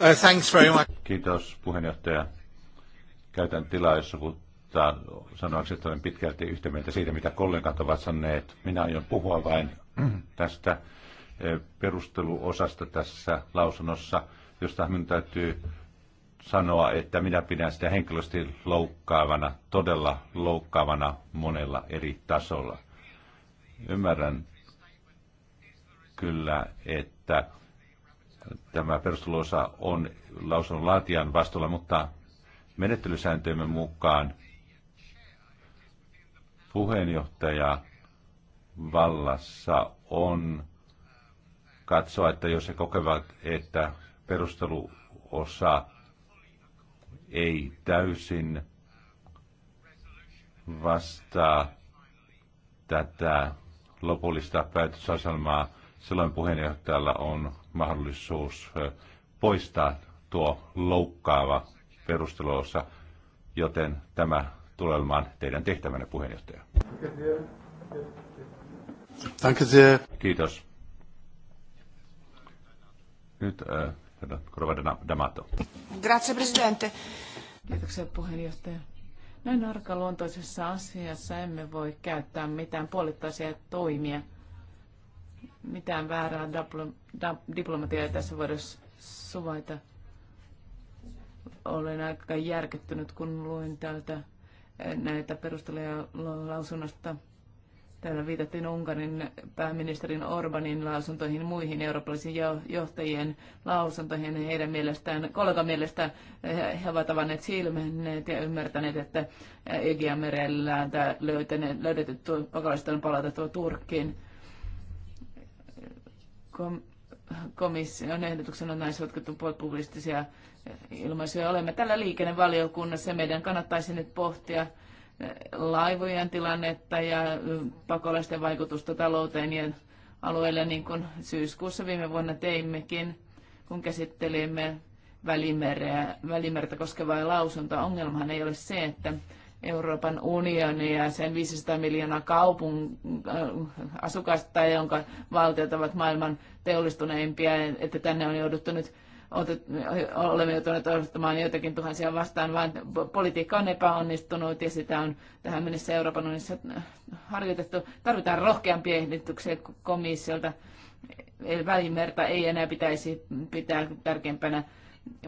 Speaker 1: Uh, thanks very much. Kiitos puheenjohtaja. Käytän tilaisuutta sanoakseni, että olen pitkälti yhtä mieltä siitä, mitä kollegat ovat sanneet. Minä aion puhua vain [clears throat] tästä eh, perusteluosasta tässä lausunnossa, josta minun täytyy sanoa, että minä pidän sitä henkilösti loukkaavana, todella loukkaavana monella eri tasolla. Ymmärrän kyllä, että Tämä perusteluosa on lausunnon laatijan vastuulla, mutta menettelysääntöjemme mukaan puheenjohtaja vallassa on katsoa, että jos he kokevat, että perusteluosa ei täysin vastaa tätä lopullista päätösasemaa, silloin puheenjohtajalla on mahdollisuus poistaa tuo loukkaava perusteluosa, joten tämä tulee olemaan teidän tehtävänne puheenjohtaja. Kiitos. Nyt äh, D'Amato. Grazie, presidente.
Speaker 2: Kiitoksia puheenjohtaja. Näin arkaluontoisessa asiassa emme voi käyttää mitään puolittaisia toimia – mitään väärää diplomatiaa tässä voida suvaita. Olen aika järkyttynyt, kun luin täältä eh, näitä perusteluja lausunnosta. Täällä viitattiin Unkarin pääministerin Orbanin lausuntoihin, muihin eurooppalaisiin johtajien lausuntoihin. Heidän mielestään, kollegan mielestä eh, he ovat avanneet silmenneet ja ymmärtäneet, että eh, Egeanmerellä löydetty pakolaiset on palautettu Turkkiin kom- komission ehdotuksen on näin sotkettu populistisia ilmaisuja. Olemme tällä liikennevaliokunnassa. Meidän kannattaisi nyt pohtia eh, laivojen tilannetta ja eh, pakolaisten vaikutusta talouteen ja alueelle, niin kuin syyskuussa viime vuonna teimmekin, kun käsittelimme Välimereä, Välimerta koskevaa lausuntoa. Ongelmahan ei ole se, että Euroopan unionia ja sen 500 miljoonaa kaupun äh, asukasta, jonka valtiot ovat maailman teollistuneimpia, että tänne on jouduttu nyt olemme joutuneet odottamaan joitakin tuhansia vastaan, vaan politiikka on epäonnistunut ja sitä on tähän mennessä Euroopan unionissa äh, harjoitettu. Tarvitaan rohkeampia ehdotuksia komissiolta. Välimerta ei enää pitäisi pitää tärkeimpänä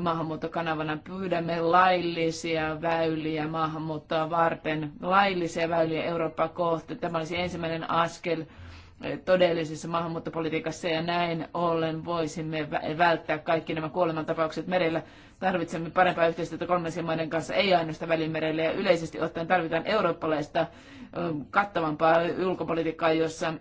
Speaker 2: maahanmuuttokanavana. Pyydämme laillisia väyliä maahanmuuttoa varten, laillisia väyliä Eurooppaa kohti. Tämä olisi ensimmäinen askel todellisessa maahanmuuttopolitiikassa ja näin ollen voisimme välttää kaikki nämä kuolemantapaukset merellä. Tarvitsemme parempaa yhteistyötä kolmansien maiden kanssa, ei ainoastaan välimerellä ja yleisesti ottaen tarvitaan eurooppalaista kattavampaa ulkopolitiikkaa, jossa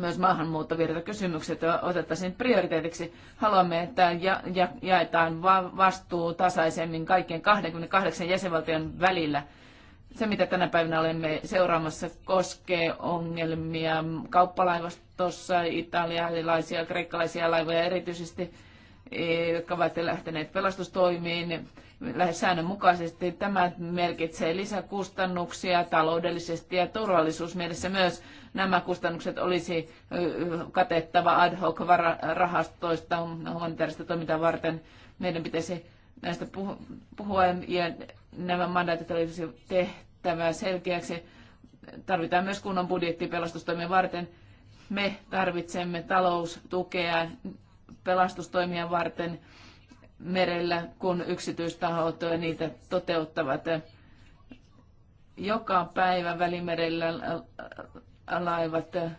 Speaker 2: myös maahanmuuttovirtakysymykset otettaisiin prioriteetiksi. Haluamme, että ja, ja, jaetaan va- vastuu tasaisemmin kaikkien 28 jäsenvaltion välillä. Se, mitä tänä päivänä olemme seuraamassa, koskee ongelmia kauppalaivastossa, italialaisia, kreikkalaisia laivoja erityisesti – jotka ovat lähteneet pelastustoimiin lähes säännönmukaisesti. Tämä merkitsee lisäkustannuksia taloudellisesti ja turvallisuusmielessä myös. Nämä kustannukset olisi katettava ad hoc rahastoista humanitaarista toimintaa varten. Meidän pitäisi näistä puhua ja nämä mandaatit olisi tehtävä selkeäksi. Tarvitaan myös kunnon budjetti varten. Me tarvitsemme taloustukea pelastustoimia varten merellä, kun yksityistahot eh, niitä toteuttavat. Joka päivä välimerellä eh, laivat eh,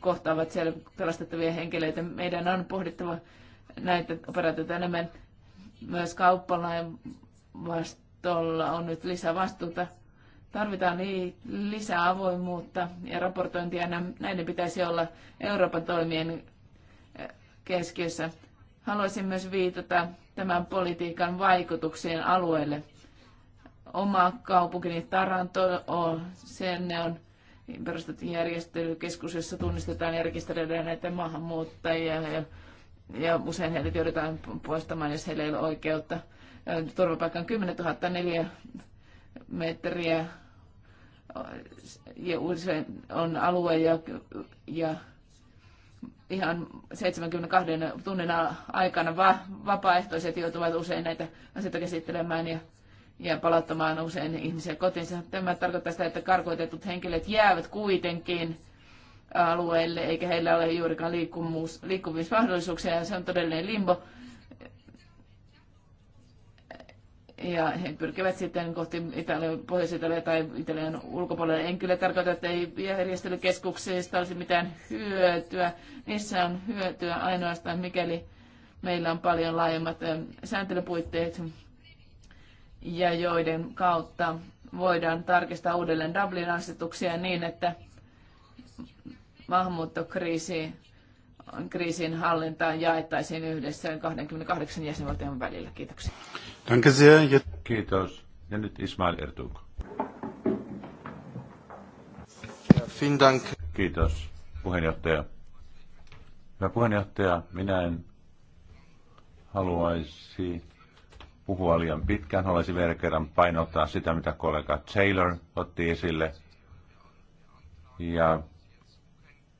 Speaker 2: kohtaavat siellä pelastettavia henkilöitä. Meidän on pohdittava näitä operaatioita enemmän. Myös kauppalaivastolla on nyt lisävastuuta. Tarvitaan lisää avoimuutta ja raportointia. Näiden pitäisi olla Euroopan toimien keskiössä. Haluaisin myös viitata tämän politiikan vaikutuksien alueelle. Oma kaupunkini Taranto on, sen on perustettu järjestelykeskus, jossa tunnistetaan ja rekisteröidään näitä maahanmuuttajia ja, ja usein heidät joudutaan poistamaan, jos heillä ei ole oikeutta turvapaikan 10 000 neljä metriä ja usein on alue ja, ja ihan 72 tunnin aikana va- vapaaehtoiset joutuvat usein näitä asioita käsittelemään ja, ja palauttamaan usein ihmisiä kotiinsa. Tämä tarkoittaa sitä, että karkoitetut henkilöt jäävät kuitenkin alueelle, eikä heillä ole juurikaan liikkuvuusmahdollisuuksia, ja se on todellinen limbo. ja he pyrkivät sitten kohti Italian, pohjois italia tai Italian ulkopuolelle. En kyllä tarkoita, että ei järjestelykeskuksista olisi mitään hyötyä. Niissä on hyötyä ainoastaan, mikäli meillä on paljon laajemmat sääntelypuitteet ja joiden kautta voidaan tarkistaa uudelleen Dublin-asetuksia niin, että maahanmuuttokriisi kriisin hallintaan jaettaisiin yhdessä 28 jäsenvaltion välillä. Kiitoksia.
Speaker 1: Danke sehr. Kiitos. Ja Ismail Ertug. Vielen Dank. Kiitos, puheenjohtaja. Hyvä puheenjohtaja, minä en haluaisi puhua liian pitkään. Haluaisin vielä kerran painottaa sitä, mitä kollega Taylor otti esille. Ja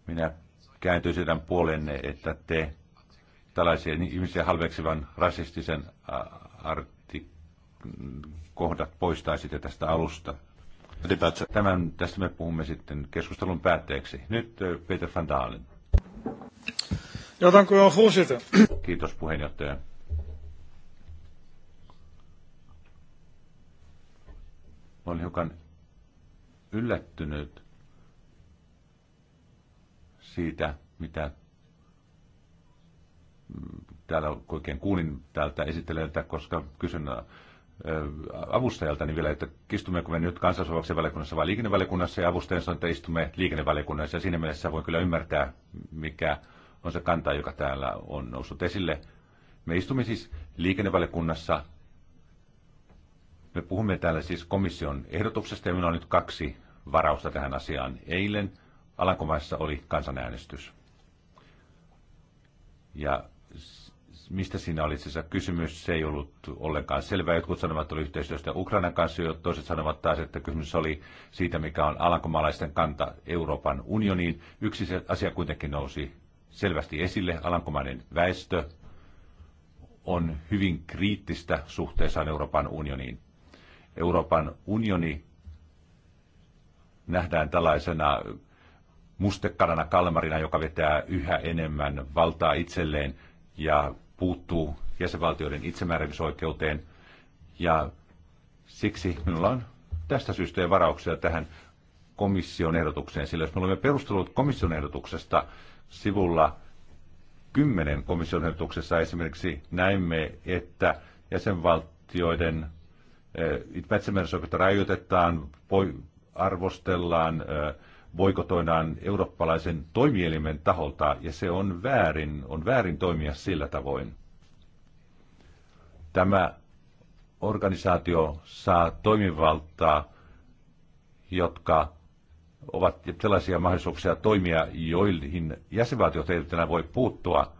Speaker 1: minä kääntyin teidän puolenne, että te tällaisia ihmisiä halveksivan rasistisen kohdat poistaisitte tästä alusta? Tämän, tästä me puhumme sitten keskustelun päätteeksi. Nyt Peter van Dalen. Ja, dank voorzitter. Kiitos puheenjohtaja. Olen olin hiukan yllättynyt siitä, mitä mm, täällä oikein kuulin täältä esittelijältä, koska kysyn niin vielä, että istummeko me nyt kansallisvalvoksen valiokunnassa vai liikennevaliokunnassa, ja avustajan sanoi, että istumme liikennevaliokunnassa, ja siinä mielessä voin kyllä ymmärtää, mikä on se kanta, joka täällä on noussut esille. Me istumme siis liikennevaliokunnassa, me puhumme täällä siis komission ehdotuksesta, ja minulla on nyt kaksi varausta tähän asiaan. Eilen Alankomaissa oli kansanäänestys. Ja mistä siinä oli itse kysymys, se ei ollut ollenkaan selvää. Jotkut sanovat, että oli yhteistyöstä Ukrainan kanssa, jo toiset sanovat taas, että kysymys oli siitä, mikä on alankomaalaisten kanta Euroopan unioniin. Yksi se asia kuitenkin nousi selvästi esille. Alankomainen väestö on hyvin kriittistä suhteessaan Euroopan unioniin. Euroopan unioni nähdään tällaisena mustekalana kalmarina, joka vetää yhä enemmän valtaa itselleen ja puuttuu jäsenvaltioiden itsemääräämisoikeuteen. Ja siksi minulla on tästä syystä ja varauksia tähän komission ehdotukseen, sillä jos me olemme perustelut komission ehdotuksesta sivulla 10 komission ehdotuksessa esimerkiksi näimme, että jäsenvaltioiden eh, itsemääräämisoikeutta rajoitetaan, arvostellaan, eh, boikotoidaan eurooppalaisen toimielimen taholta, ja se on väärin, on väärin toimia sillä tavoin. Tämä organisaatio saa toimivaltaa, jotka ovat sellaisia mahdollisuuksia toimia, joihin jäsenvaltiot eivät enää voi puuttua.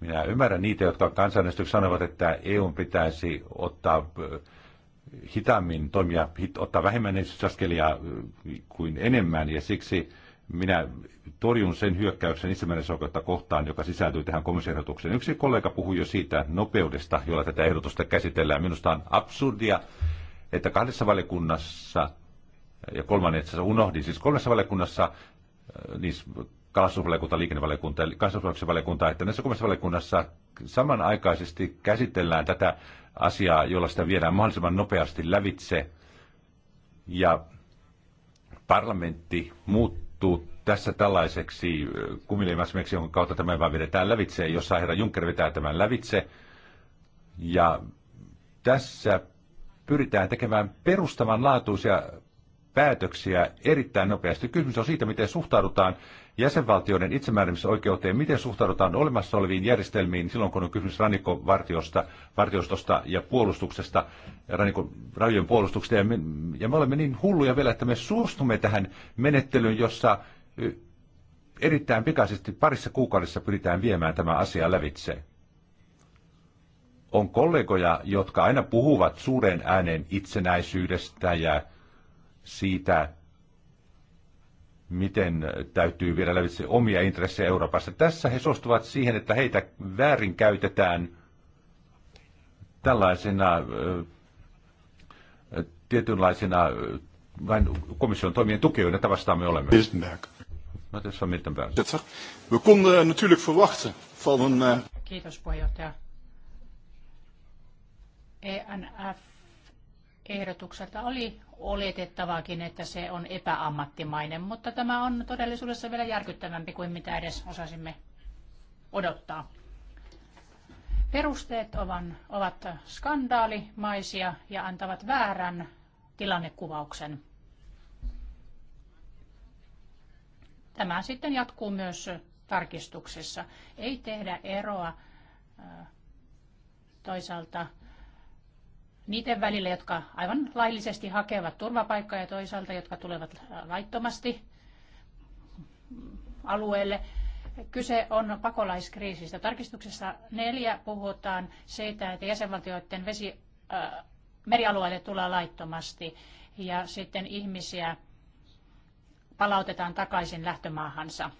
Speaker 1: Minä ymmärrän niitä, jotka kansanäänestyksessä sanovat, että EU pitäisi ottaa hitaammin toimia, ottaa vähemmän ensisaskelia äh, kuin enemmän, ja siksi minä torjun sen hyökkäyksen itsemääräämisoikeutta kohtaan, joka sisältyy tähän komission Yksi kollega puhui jo siitä nopeudesta, jolla tätä ehdotusta käsitellään. Minusta on absurdia, että kahdessa valiokunnassa ja kolmannessa unohdin, siis kolmessa valiokunnassa, äh, niin kalastusvaliokunta, liikennevaliokunta ja kansalaisuusvaliokunta, että näissä kolmessa valiokunnassa samanaikaisesti käsitellään tätä asiaa, jolla sitä viedään mahdollisimman nopeasti lävitse. Ja parlamentti muuttuu tässä tällaiseksi äh, kumileimäsmeksi, jonka kautta tämä vaan vedetään lävitse, jossa herra Juncker vetää tämän lävitse. Ja tässä pyritään tekemään perustavanlaatuisia päätöksiä erittäin nopeasti. Kysymys on siitä, miten suhtaudutaan jäsenvaltioiden itsemääräämisoikeuteen, miten suhtaudutaan olemassa oleviin järjestelmiin silloin, kun on kysymys rannikkovartiostosta ja puolustuksesta, rajojen puolustuksesta. Ja me, ja me olemme niin hulluja vielä, että me suostumme tähän menettelyyn, jossa erittäin pikaisesti parissa kuukaudessa pyritään viemään tämä asia lävitse. On kollegoja, jotka aina puhuvat suureen ääneen itsenäisyydestä ja siitä, miten täytyy viedä lävitse omia intressejä Euroopassa. Tässä he suostuvat siihen, että heitä väärinkäytetään tällaisena tietynlaisena vain komission toimien tukijoina, että vastaan me olemme. Eh, eh,
Speaker 3: Kiitos puheenjohtaja. ENF ehdotukselta oli oletettavakin, että se on epäammattimainen, mutta tämä on todellisuudessa vielä järkyttävämpi kuin mitä edes osasimme odottaa. Perusteet ovat skandaalimaisia ja antavat väärän tilannekuvauksen. Tämä sitten jatkuu myös tarkistuksessa. Ei tehdä eroa äh, toisaalta niiden välillä, jotka aivan laillisesti hakevat turvapaikkaa ja toisaalta, jotka tulevat äh, laittomasti alueelle. Kyse on pakolaiskriisistä. Tarkistuksessa neljä puhutaan siitä, että jäsenvaltioiden vesi, äh, merialueille tulee laittomasti ja sitten ihmisiä palautetaan takaisin lähtömaahansa.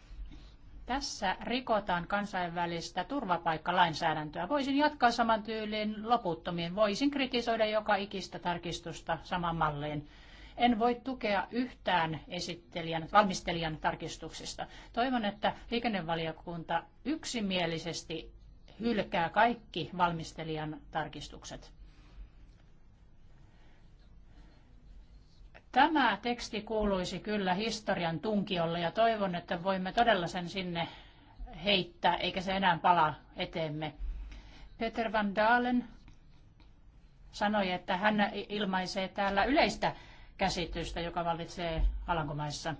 Speaker 3: Tässä rikotaan kansainvälistä turvapaikkalainsäädäntöä. Voisin jatkaa saman tyyliin loputtomiin. Voisin kritisoida joka ikistä tarkistusta saman malliin. En voi tukea yhtään esittelijän, valmistelijan tarkistuksista. Toivon, että liikennevaliokunta yksimielisesti hylkää kaikki valmistelijan tarkistukset. Tämä teksti kuuluisi kyllä historian tunkiolle ja toivon, että voimme todella sen sinne heittää, eikä se enää palaa eteemme. Peter Van Dalen sanoi, että hän ilmaisee täällä yleistä käsitystä, joka vallitsee Alankomaissa.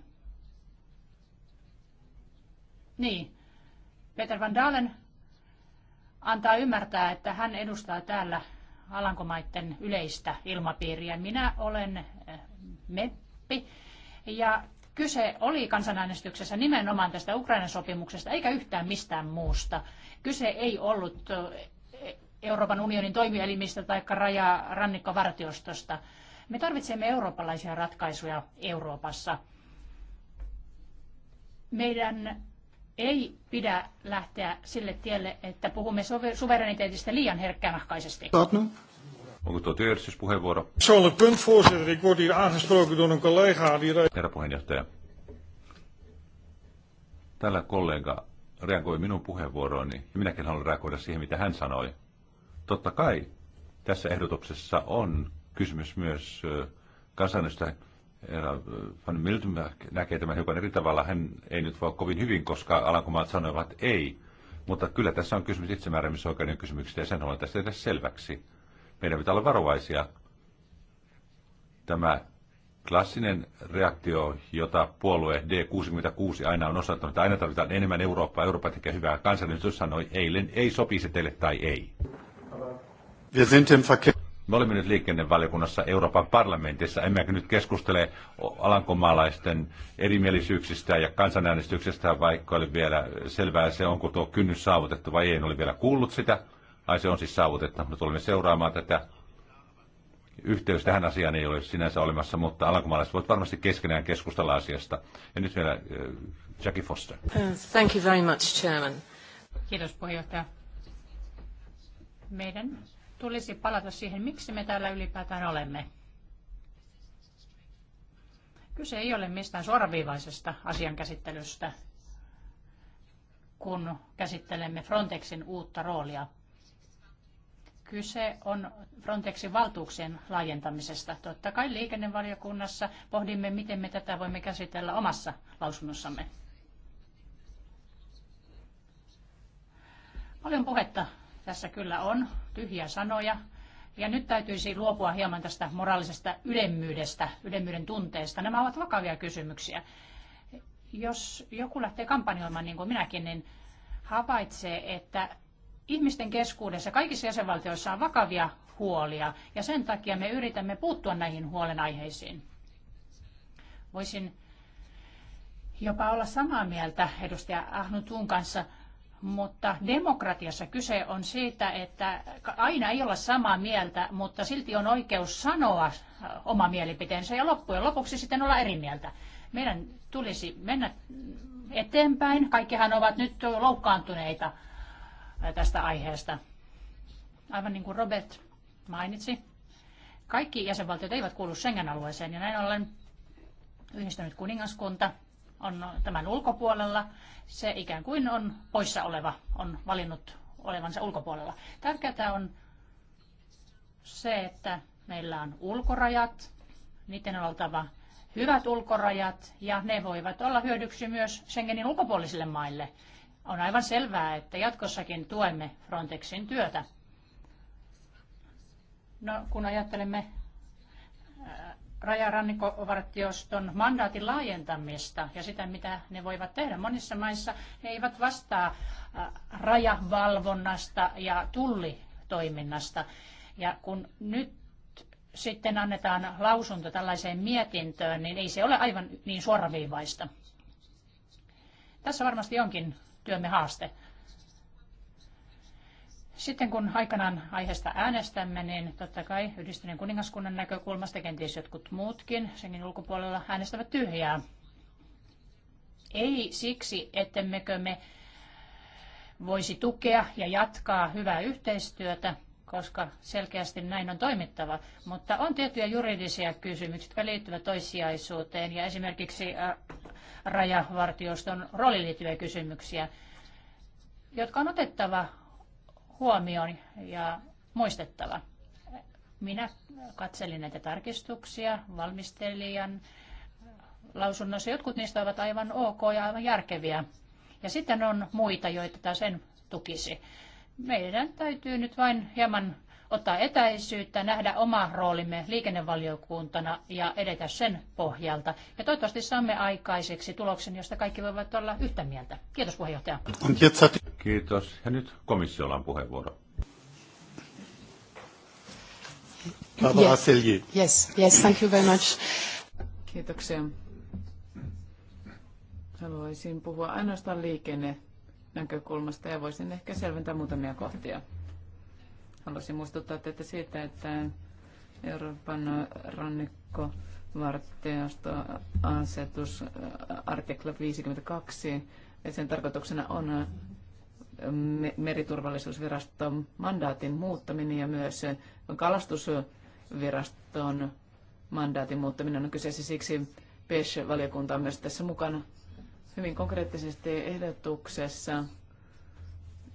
Speaker 3: Niin, Peter Van Dalen antaa ymmärtää, että hän edustaa täällä Alankomaiden yleistä ilmapiiriä. Minä olen eh, meppi ja kyse oli kansanäänestyksessä nimenomaan tästä Ukrainan sopimuksesta eikä yhtään mistään muusta. Kyse ei ollut eh, Euroopan unionin toimielimistä tai raja rannikkovartiostosta. Me tarvitsemme eurooppalaisia ratkaisuja Euroopassa. Meidän ei pidä lähteä sille tielle, että puhumme suvereniteetistä liian herkkänahkaisesti.
Speaker 1: Onko tuo työjärjestyspuheenvuoro? Persoonlijk punt, voorzitter. Ik word hier aangesproken door een collega. Herra puheenjohtaja. Tällä kollega reagoi minun puheenvuorooni ja minäkin haluan reagoida siihen, mitä hän sanoi. Totta kai tässä ehdotuksessa on kysymys myös kansainvälistä. Äh, Van Miltenberg näkee tämän hiukan eri tavalla. Hän ei nyt voi kovin hyvin, koska Alankomaat sanoivat ei. Mutta kyllä tässä on kysymys itsemääräämisoikeuden kysymyksistä ja sen haluan tästä tehdä selväksi. Meidän pitää olla varovaisia. Tämä klassinen reaktio, jota puolue D66 aina on osoittanut, että aina tarvitaan enemmän Eurooppaa, Eurooppa tekee hyvää. Kansallisuus sanoi eilen, ei sopii se teille tai ei. Wir sind im Verkehr. Me olemme nyt liikennevaliokunnassa Euroopan parlamentissa, emmekä nyt keskustele alankomaalaisten erimielisyyksistä ja kansanäänestyksestä, vaikka oli vielä selvää se, onko tuo kynnys saavutettu vai ei. En ole vielä kuullut sitä. Ai se on siis saavutettu. Me tulemme seuraamaan tätä. Yhteys tähän asiaan ei ole sinänsä olemassa, mutta alankomaalaiset voivat varmasti keskenään keskustella asiasta. Ja nyt vielä eh, Jackie Foster.
Speaker 2: Thank you very much, Chairman. Kiitos puheenjohtaja.
Speaker 3: Meidän tulisi palata siihen, miksi me täällä ylipäätään olemme. Kyse ei ole mistään suoraviivaisesta asian käsittelystä, kun käsittelemme Frontexin uutta roolia. Kyse on Frontexin valtuuksien laajentamisesta. Totta kai liikennevaliokunnassa pohdimme, miten me tätä voimme käsitellä omassa lausunnossamme. Paljon puhetta tässä kyllä on tyhjiä sanoja. Ja nyt täytyisi luopua hieman tästä moraalisesta ylemmyydestä, ylemmyyden tunteesta. Nämä ovat vakavia kysymyksiä. Jos joku lähtee kampanjoimaan niin kuin minäkin, niin havaitsee, että ihmisten keskuudessa kaikissa jäsenvaltioissa on vakavia huolia ja sen takia me yritämme puuttua näihin huolenaiheisiin. Voisin jopa olla samaa mieltä edustaja Ahnutun kanssa – mutta demokratiassa kyse on siitä, että aina ei olla samaa mieltä, mutta silti on oikeus sanoa oma mielipiteensä ja loppujen lopuksi sitten olla eri mieltä. Meidän tulisi mennä eteenpäin. Kaikkihan ovat nyt loukkaantuneita tästä aiheesta. Aivan niin kuin Robert mainitsi, kaikki jäsenvaltiot eivät kuulu Schengen-alueeseen ja näin ollen yhdistynyt kuningaskunta on tämän ulkopuolella. Se ikään kuin on poissa oleva, on valinnut olevansa ulkopuolella. Tärkeää on se, että meillä on ulkorajat, niiden on oltava hyvät ulkorajat ja ne voivat olla hyödyksi myös Schengenin ulkopuolisille maille. On aivan selvää, että jatkossakin tuemme Frontexin työtä. No, kun ajattelemme rajarannikkovartioston mandaatin laajentamista ja sitä, mitä ne voivat tehdä. Monissa maissa ne eivät vastaa äh, rajavalvonnasta ja tullitoiminnasta. Ja kun nyt sitten annetaan lausunto tällaiseen mietintöön, niin ei se ole aivan niin suoraviivaista. Tässä varmasti onkin työmme haaste. Sitten kun aikanaan aiheesta äänestämme, niin totta kai yhdistyneen kuningaskunnan näkökulmasta kenties jotkut muutkin senkin ulkopuolella äänestävät tyhjää. Ei siksi, ettemmekö me voisi tukea ja jatkaa hyvää yhteistyötä, koska selkeästi näin on toimittava. Mutta on tiettyjä juridisia kysymyksiä, jotka liittyvät toissijaisuuteen ja esimerkiksi äh, rajavartioston rooliin liittyviä kysymyksiä, jotka on otettava huomioon ja muistettava. Minä katselin näitä tarkistuksia valmistelijan lausunnossa. Jotkut niistä ovat aivan ok ja aivan järkeviä. Ja sitten on muita, joita taas en tukisi. Meidän täytyy nyt vain hieman ottaa etäisyyttä, nähdä oma roolimme liikennevaliokuntana ja edetä sen pohjalta. Ja toivottavasti saamme aikaiseksi tuloksen, josta kaikki voivat olla yhtä mieltä. Kiitos puheenjohtaja.
Speaker 1: Kiitos. Ja nyt komissiolla on puheenvuoro. Yes.
Speaker 2: yes, yes, thank you very much. Kiitoksia. Haluaisin puhua ainoastaan liikenne näkökulmasta ja voisin ehkä selventää muutamia kohtia. Haluaisin muistuttaa teitä siitä, että Euroopan rannikko asetus äh, artikla 52 ja sen tarkoituksena on äh, meriturvallisuusviraston mandaatin muuttaminen ja myös äh, kalastusviraston mandaatin muuttaminen on kyseessä siksi pes valiokunta on myös tässä mukana. Hyvin konkreettisesti ehdotuksessa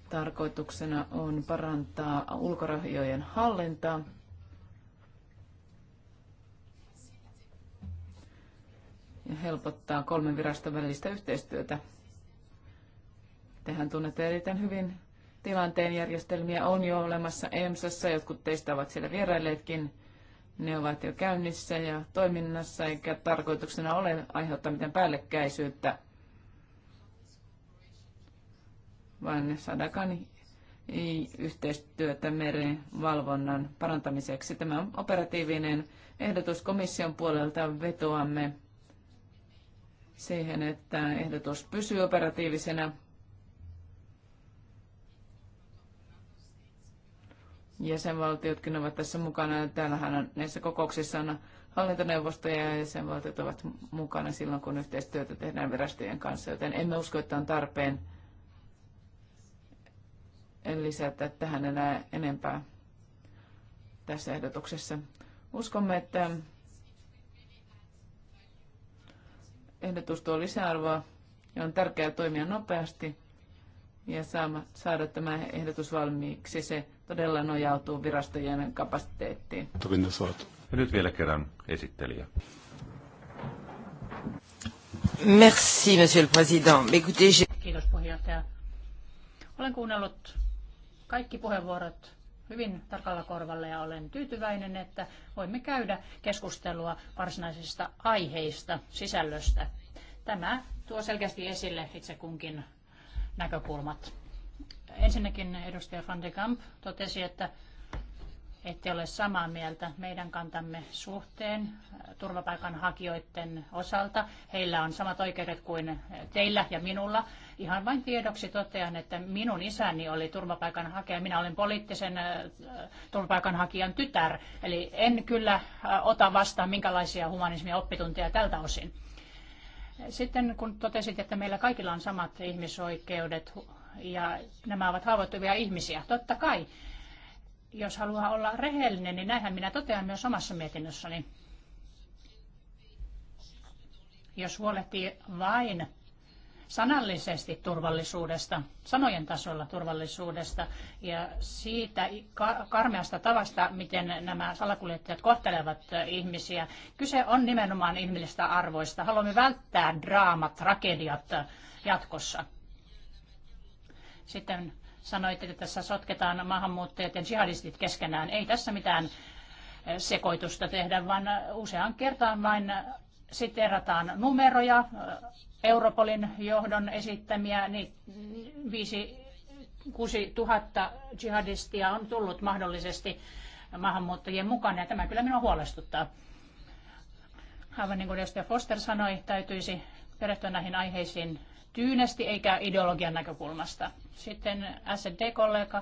Speaker 2: Tarkoituksena on parantaa ulkorahjojen hallintaa. ja helpottaa kolmen viraston välistä yhteistyötä. Tehän tunnette erittäin hyvin tilanteen järjestelmiä on jo olemassa EMSassa, jotkut teistä ovat siellä vierailleetkin. Ne ovat jo käynnissä ja toiminnassa, eikä tarkoituksena ole aiheuttaa mitään päällekkäisyyttä vaan Sadakan yhteistyötä meren valvonnan parantamiseksi. Tämä on operatiivinen ehdotus komission puolelta. Vetoamme siihen, että ehdotus pysyy operatiivisena jäsenvaltiotkin ovat tässä mukana. Täällähän on, näissä kokouksissa on hallintoneuvostoja ja jäsenvaltiot ovat mukana silloin, kun yhteistyötä tehdään virastojen kanssa, joten emme usko, että on tarpeen en lisätä tähän enää enempää tässä ehdotuksessa. Uskomme, että ehdotus tuo lisäarvoa ja on tärkeää toimia nopeasti ja saada tämä ehdotus valmiiksi. Se todella nojautuu virastojen kapasiteettiin.
Speaker 1: Ja nyt vielä kerran esittelijä.
Speaker 4: Merci, monsieur le
Speaker 1: président. Écoutez,
Speaker 3: Kiitos puheenjohtaja. Olen kuunnellut kaikki puheenvuorot hyvin tarkalla korvalla ja olen tyytyväinen, että voimme käydä keskustelua varsinaisista aiheista, sisällöstä. Tämä tuo selkeästi esille itse kunkin näkökulmat. Ensinnäkin edustaja Van de Kamp totesi, että ette ole samaa mieltä meidän kantamme suhteen turvapaikanhakijoiden osalta. Heillä on samat oikeudet kuin teillä ja minulla. Ihan vain tiedoksi totean, että minun isäni oli turvapaikanhakija. Minä olen poliittisen äh, turvapaikanhakijan tytär, eli en kyllä äh, ota vastaan minkälaisia humanismia oppitunteja tältä osin. Sitten kun totesit, että meillä kaikilla on samat ihmisoikeudet ja nämä ovat haavoittuvia ihmisiä, totta kai, jos haluaa olla rehellinen, niin näinhän minä totean myös omassa mietinnössäni. Jos huolehtii vain sanallisesti turvallisuudesta, sanojen tasolla turvallisuudesta ja siitä karmeasta tavasta, miten nämä salakuljettajat kohtelevat ihmisiä. Kyse on nimenomaan ihmillistä arvoista. Haluamme välttää draamat, tragediat jatkossa. Sitten sanoitte, että tässä sotketaan maahanmuuttajat ja jihadistit keskenään. Ei tässä mitään sekoitusta tehdä, vaan useaan kertaan vain siterataan numeroja, Europolin johdon esittämiä niin 5 6 000 jihadistia on tullut mahdollisesti maahanmuuttajien mukana ja tämä kyllä minua huolestuttaa. Aivan niin kuin edustaja Foster sanoi, täytyisi perehtyä näihin aiheisiin tyynesti eikä ideologian näkökulmasta. Sitten SD-kollega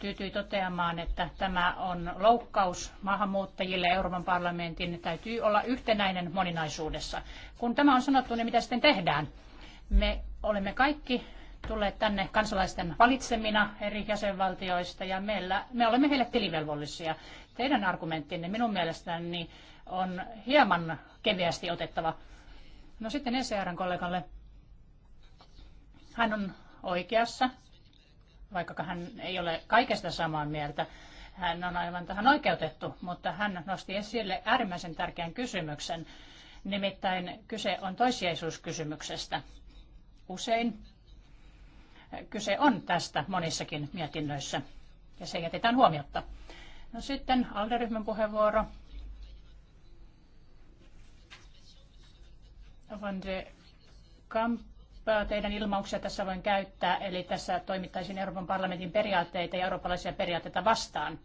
Speaker 3: tyytyi toteamaan, että tämä on loukkaus maahanmuuttajille. Euroopan parlamentin täytyy olla yhtenäinen moninaisuudessa. Kun tämä on sanottu, niin mitä sitten tehdään? Me olemme kaikki tulleet tänne kansalaisten valitsemina eri jäsenvaltioista ja meillä, me olemme heille tilivelvollisia. Teidän argumenttinne minun mielestäni on hieman keveästi otettava. No sitten ECRn kollegalle. Hän on oikeassa vaikka hän ei ole kaikesta samaa mieltä, hän on aivan tähän oikeutettu, mutta hän nosti esille äärimmäisen tärkeän kysymyksen. Nimittäin kyse on toissijaisuuskysymyksestä. Usein kyse on tästä monissakin mietinnöissä ja se jätetään huomiotta. No sitten Alderyhmän puheenvuoro. Van de Kamp teidän ilmauksia tässä voin käyttää, eli tässä toimittaisiin Euroopan parlamentin periaatteita ja eurooppalaisia periaatteita vastaan.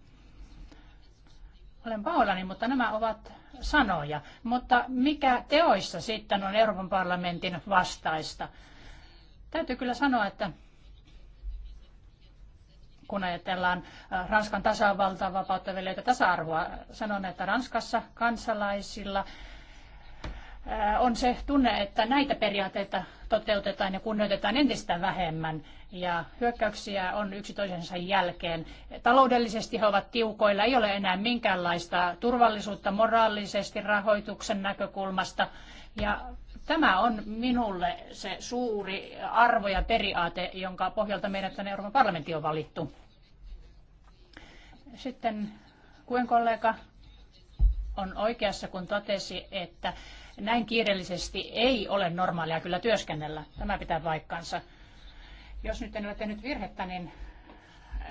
Speaker 3: Olen pahoillani, mutta nämä ovat sanoja. Mutta mikä teoissa sitten on Euroopan parlamentin vastaista? Täytyy kyllä sanoa, että kun ajatellaan Ranskan tasavaltaa, vapauttavileitä tasa-arvoa, sanon, että Ranskassa kansalaisilla on se tunne, että näitä periaatteita toteutetaan ja kunnioitetaan entistä vähemmän. Ja hyökkäyksiä on yksi toisensa jälkeen. Taloudellisesti he ovat tiukoilla, ei ole enää minkäänlaista turvallisuutta moraalisesti rahoituksen näkökulmasta. Ja tämä on minulle se suuri arvo ja periaate, jonka pohjalta meidät tänne Euroopan parlamentti on valittu. Sitten kuen kollega on oikeassa, kun totesi, että näin kiireellisesti ei ole normaalia kyllä työskennellä. Tämä pitää paikkansa. Jos nyt en ole tehnyt virhettä, niin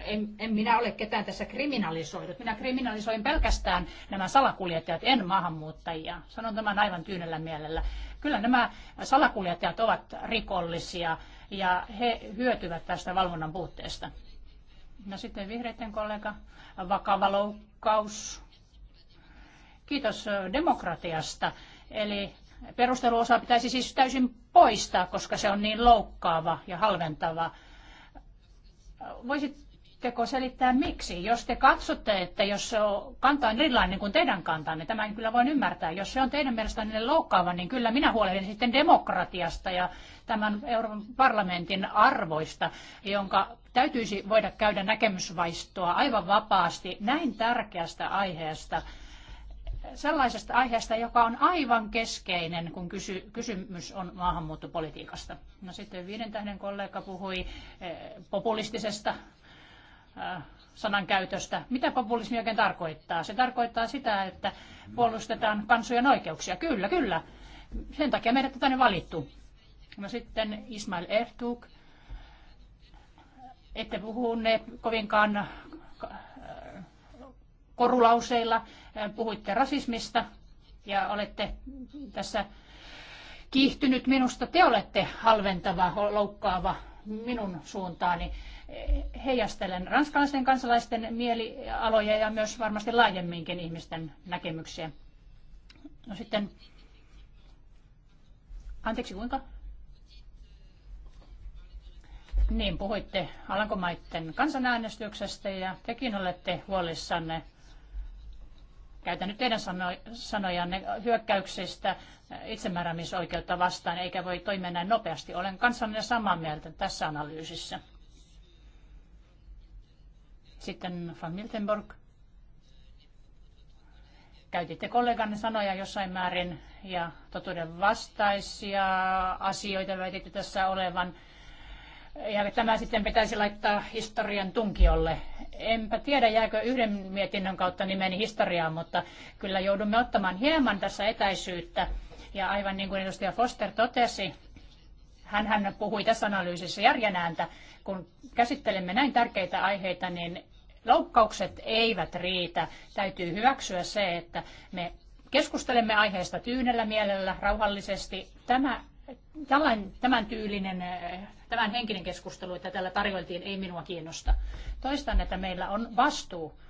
Speaker 3: en, en minä ole ketään tässä kriminalisoidut. Minä kriminalisoin pelkästään nämä salakuljettajat, en maahanmuuttajia. Sanon tämän aivan tyynellä mielellä. Kyllä nämä salakuljettajat ovat rikollisia ja he hyötyvät tästä valvonnan puutteesta. No sitten vihreiden kollega, vakava loukkaus. Kiitos demokratiasta. Eli perusteluosa pitäisi siis täysin poistaa, koska se on niin loukkaava ja halventava. Voisitteko selittää miksi? Jos te katsotte, että jos kanta on erilainen niin kuin teidän kantanne, niin tämän kyllä voin ymmärtää. Jos se on teidän mielestänne loukkaava, niin kyllä minä huolehdin sitten demokratiasta ja tämän Euroopan parlamentin arvoista, jonka täytyisi voida käydä näkemysvaistoa aivan vapaasti näin tärkeästä aiheesta – sellaisesta aiheesta, joka on aivan keskeinen, kun kysy, kysymys on maahanmuuttopolitiikasta. No sitten viiden tähden kollega puhui eh, populistisesta eh, sanankäytöstä. Mitä populismi oikein tarkoittaa? Se tarkoittaa sitä, että puolustetaan kansojen oikeuksia. Kyllä, kyllä. Sen takia meidät on tänne valittu. No sitten Ismail Ertug. Ette puhuneet kovinkaan korulauseilla. Äh, puhuitte rasismista ja olette tässä kiihtynyt minusta. Te olette halventava, loukkaava minun suuntaani. Heijastelen ranskalaisten kansalaisten mielialoja ja myös varmasti laajemminkin ihmisten näkemyksiä. No sitten, anteeksi kuinka? Niin, puhuitte Alankomaiden kansanäänestyksestä ja tekin olette huolissanne Käytän nyt teidän sanojanne hyökkäyksestä itsemääräämisoikeutta vastaan, eikä voi toimia näin nopeasti. Olen kanssanne samaa mieltä tässä analyysissä. Sitten Van Miltenborg. Käytitte kolleganne sanoja jossain määrin ja totuuden vastaisia asioita väititte tässä olevan. Ja tämä sitten pitäisi laittaa historian tunkiolle. Enpä tiedä, jääkö yhden mietinnön kautta nimeni historiaan, mutta kyllä joudumme ottamaan hieman tässä etäisyyttä. Ja aivan niin kuin edustaja Foster totesi, hän, hän puhui tässä analyysissä järjen ääntä. Kun käsittelemme näin tärkeitä aiheita, niin loukkaukset eivät riitä. Täytyy hyväksyä se, että me keskustelemme aiheesta tyynellä mielellä, rauhallisesti. Tämä Tällainen, tämän tyylinen, eh, tämän henkinen keskustelu, että tällä tarjoiltiin, ei minua kiinnosta. Toistan, että meillä on vastuu.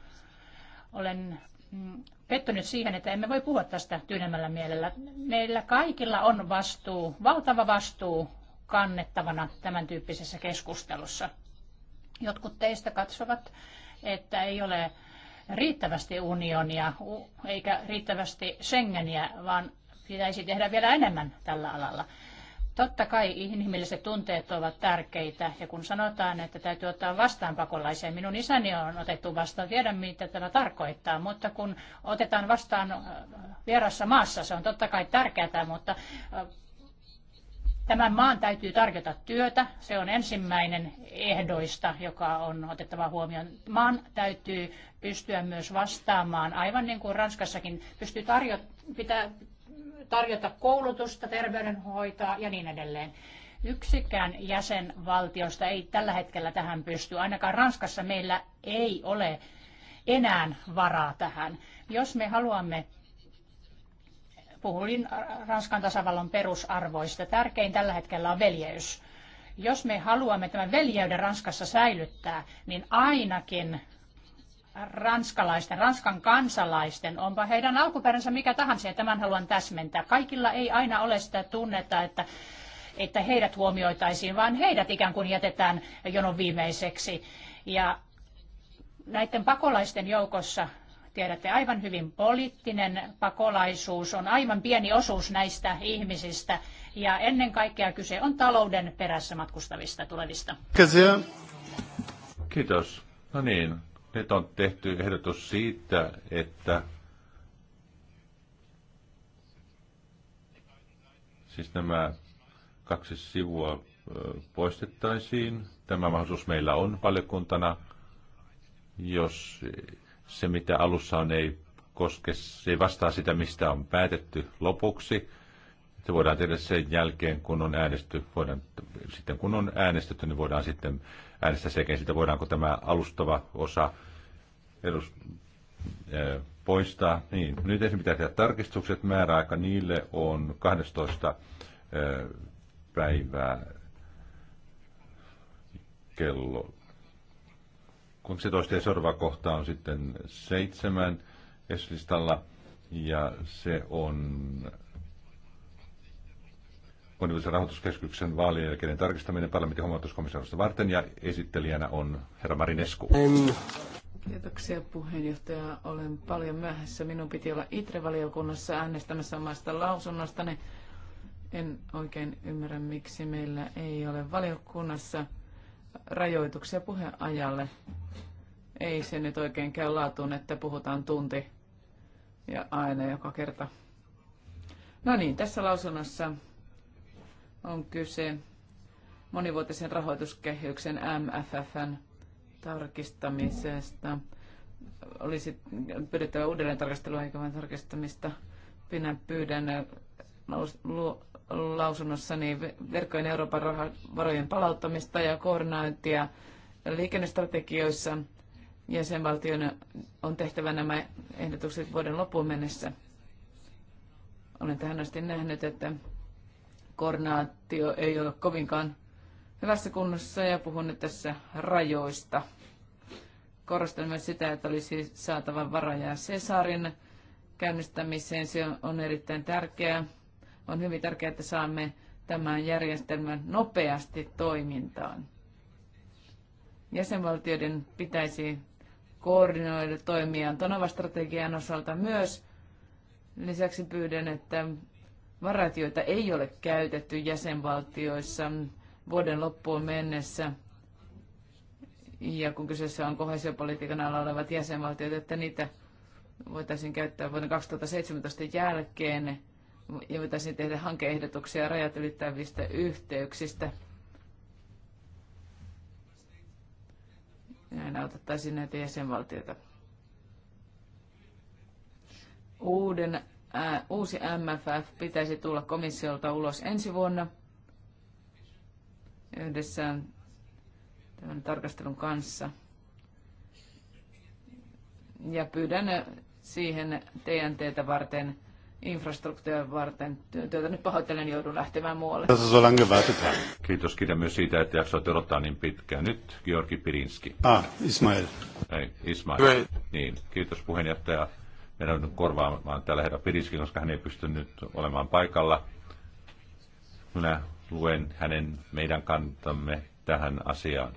Speaker 3: Olen mm, pettynyt siihen, että emme voi puhua tästä tyynemmällä mielellä. Meillä kaikilla on vastuu, valtava vastuu kannettavana tämän tyyppisessä keskustelussa. Jotkut teistä katsovat, että ei ole riittävästi unionia eikä riittävästi Schengeniä, vaan pitäisi tehdä vielä enemmän tällä alalla. Totta kai inhimilliset tunteet ovat tärkeitä ja kun sanotaan, että täytyy ottaa vastaan pakolaisia, minun isäni on otettu vastaan, tiedän mitä tämä tarkoittaa, mutta kun otetaan vastaan äh, vierassa maassa, se on totta kai tärkeää, mutta äh, tämän maan täytyy tarjota työtä, se on ensimmäinen ehdoista, joka on otettava huomioon. Maan täytyy pystyä myös vastaamaan, aivan niin kuin Ranskassakin pystyy tarjoamaan, pitää tarjota koulutusta, terveydenhoitoa ja niin edelleen. Yksikään jäsenvaltiosta ei tällä hetkellä tähän pysty. Ainakaan Ranskassa meillä ei ole enää varaa tähän. Jos me haluamme puhuin Ranskan tasavallon perusarvoista. Tärkein tällä hetkellä on veljeys. Jos me haluamme tämän veljeyden Ranskassa säilyttää, niin ainakin ranskalaisten, ranskan kansalaisten, onpa heidän alkuperänsä mikä tahansa, ja tämän haluan täsmentää. Kaikilla ei aina ole sitä tunnetta, että että heidät huomioitaisiin, vaan heidät ikään kuin jätetään jonon viimeiseksi. Ja näiden pakolaisten joukossa tiedätte aivan hyvin, poliittinen pakolaisuus on aivan pieni osuus näistä ihmisistä. Ja ennen kaikkea kyse on talouden perässä matkustavista tulevista.
Speaker 1: Kiitos. No niin, nyt on tehty ehdotus siitä, että siis nämä kaksi sivua poistettaisiin. Tämä mahdollisuus meillä on valiokuntana, jos se mitä alussa on ei koske, se ei vastaa sitä, mistä on päätetty lopuksi. Se voidaan tehdä sen jälkeen, kun on äänestetty. Voidaan, sitten kun on äänestetty, niin voidaan sitten äänestää sekä siitä, voidaanko tämä alustava osa edus, eh, poistaa. Niin, nyt ensin pitää tehdä tarkistukset. Määräaika niille on 12 eh, päivää kello toista ja kohta on sitten seitsemän eslistalla ja se on monivuotisen rahoituskeskuksen vaalien jälkeinen tarkistaminen parlamentin huomautuskomissaarista varten ja esittelijänä on herra Marinescu.
Speaker 2: Kiitoksia puheenjohtaja. Olen paljon myöhässä. Minun piti olla ITRE-valiokunnassa äänestämässä omasta lausunnostani. En oikein ymmärrä, miksi meillä ei ole valiokunnassa rajoituksia puheajalle. Ei se nyt oikein käy laatuun, että puhutaan tunti ja aina joka kerta. No niin, tässä lausunnossa on kyse monivuotisen rahoituskehyksen MFFn tarkistamisesta. Olisi pyydettävä uudelleen tarkastelua eikä vain tarkistamista. Minä pyydän äh, lausunnossani verkkojen Euroopan varojen palauttamista ja koordinointia liikennestrategioissa. Jäsenvaltion on tehtävä nämä ehdotukset vuoden loppuun mennessä. Olen tähän asti nähnyt, että koordinaatio ei ole kovinkaan hyvässä kunnossa ja puhun nyt tässä rajoista. Korostan myös sitä, että olisi saatava varaja Cesarin käynnistämiseen. Se on erittäin tärkeää. On hyvin tärkeää, että saamme tämän järjestelmän nopeasti toimintaan. Jäsenvaltioiden pitäisi koordinoida toimia tonava osalta myös. Lisäksi pyydän, että varat, joita ei ole käytetty jäsenvaltioissa vuoden loppuun mennessä, ja kun kyseessä on kohesiopolitiikan alla olevat jäsenvaltiot, että niitä voitaisiin käyttää vuoden 2017 jälkeen ja voitaisiin tehdä hankeehdotuksia rajat ylittävistä yhteyksistä. Näin autettaisiin näitä jäsenvaltioita. Uuden uusi MFF pitäisi tulla komissiolta ulos ensi vuonna yhdessä tämän tarkastelun kanssa. Ja pyydän siihen TNTtä varten, infrastruktuuria varten työtä. Nyt pahoittelen, joudun lähtemään muualle.
Speaker 1: Kiitos, kiitän myös siitä, että jaksoit odottaa niin pitkään. Nyt Georgi Pirinski. Ah, Ismail. Ei, Ismail. Niin, kiitos puheenjohtaja meidän on nyt korvaamaan täällä herra Piriskin, koska hän ei pystynyt olemaan paikalla. Minä luen hänen meidän kantamme tähän asiaan.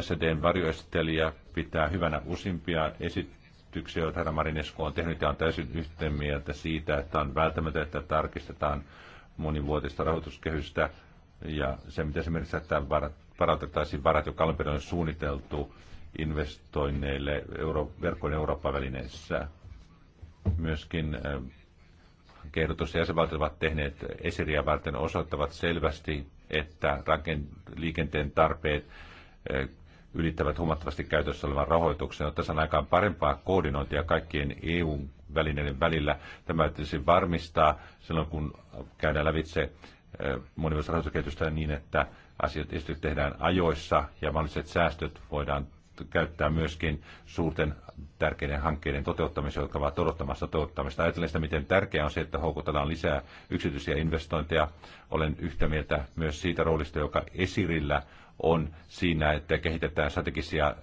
Speaker 1: SDn varjoesittelijä pitää hyvänä uusimpia esityksiä, joita herra Marinesko on tehnyt ja on täysin yhteen mieltä siitä, että on välttämätöntä, että tarkistetaan monivuotista rahoituskehystä ja se, mitä se merkitsee, että varat, varautettaisiin varat, jotka on suunniteltu investoinneille Euro- verkon Euroopan välineissä Myöskin kehdotus jäsenvaltiot ovat tehneet esiriä varten osoittavat selvästi, että liikenteen tarpeet ylittävät huomattavasti käytössä olevan rahoituksen. Jotta saadaan aikaan parempaa koordinointia kaikkien EU-välineiden välillä, tämä tietysti varmistaa silloin, kun käydään lävitse monivuotista rahoituskehitystä niin, että asiat tehdään ajoissa ja mahdolliset säästöt voidaan käyttää myöskin suurten tärkeiden hankkeiden toteuttamiseen, jotka ovat odottamassa toteuttamista. Ajattelen sitä, miten tärkeää on se, että houkutellaan lisää yksityisiä investointeja. Olen yhtä mieltä myös siitä roolista, joka esirillä on siinä, että kehitetään strategisia äh,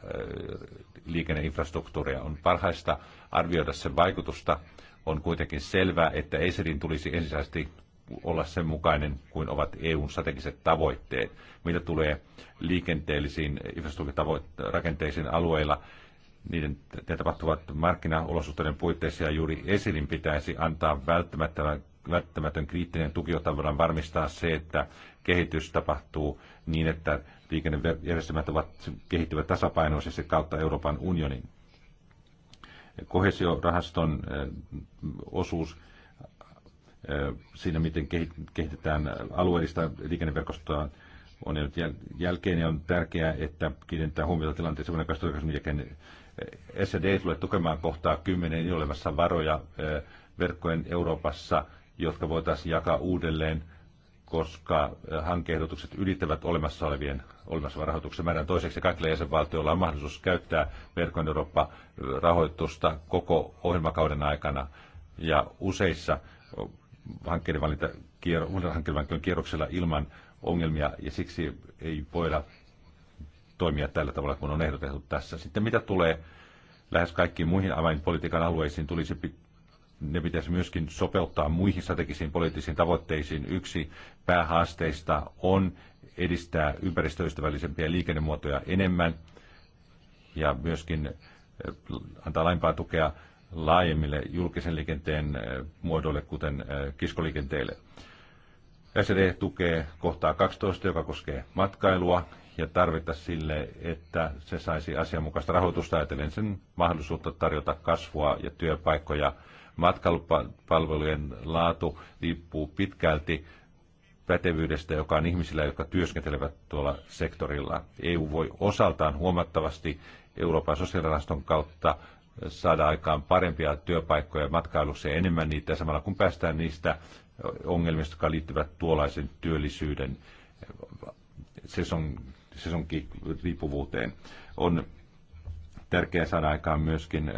Speaker 1: liikenneinfrastruktuuria. On parhaista arvioida sen vaikutusta. On kuitenkin selvää, että Esirin tulisi ensisijaisesti olla sen mukainen kuin ovat EUn strategiset tavoitteet. Mitä tulee liikenteellisiin infrastruktuurirakenteisiin alueilla, niiden ne tapahtuvat markkinaolosuhteiden puitteissa ja juuri esilin pitäisi antaa välttämättömän välttämätön kriittinen tuki, jota voidaan varmistaa se, että kehitys tapahtuu niin, että liikennejärjestelmät ovat kehittyvät tasapainoisesti kautta Euroopan unionin. Kohesiorahaston eh, osuus siinä, miten kehitetään alueellista liikenneverkostoa, on jäänyt jälkeen ja on tärkeää, että kiinnittää huomiota tilanteeseen vuonna 2020 jälkeen. SD tulee tukemaan kohtaa kymmenen ei olemassa varoja verkkojen Euroopassa, jotka voitaisiin jakaa uudelleen, koska hankehdotukset ylittävät olemassa olevien olemassa rahoituksen määrän. Toiseksi kaikilla jäsenvaltioilla on mahdollisuus käyttää verkkojen Eurooppa-rahoitusta koko ohjelmakauden aikana ja useissa hankkeiden valinta uuden hankkeiden kierroksella ilman ongelmia ja siksi ei voida toimia tällä tavalla, kun on ehdotettu tässä. Sitten mitä tulee lähes kaikkiin muihin avainpolitiikan alueisiin, tulisi, ne pitäisi myöskin sopeuttaa muihin strategisiin poliittisiin tavoitteisiin. Yksi päähaasteista on edistää ympäristöystävällisempiä liikennemuotoja enemmän ja myöskin eh, antaa laimpaa tukea laajemmille julkisen liikenteen eh, muodoille, kuten eh, kiskoliikenteelle. SD tukee kohtaa 12, joka koskee matkailua ja tarvetta sille, että se saisi asianmukaista rahoitusta ajatellen sen mahdollisuutta tarjota kasvua ja työpaikkoja. Matkailupalvelujen laatu riippuu pitkälti pätevyydestä, joka on ihmisillä, jotka työskentelevät tuolla sektorilla. EU voi osaltaan huomattavasti Euroopan sosiaalirahaston kautta saada aikaan parempia työpaikkoja matkailussa ja enemmän niitä, samalla kun päästään niistä ongelmista, jotka liittyvät tuollaisen työllisyyden sesonkin riippuvuuteen. On tärkeää saada aikaan myöskin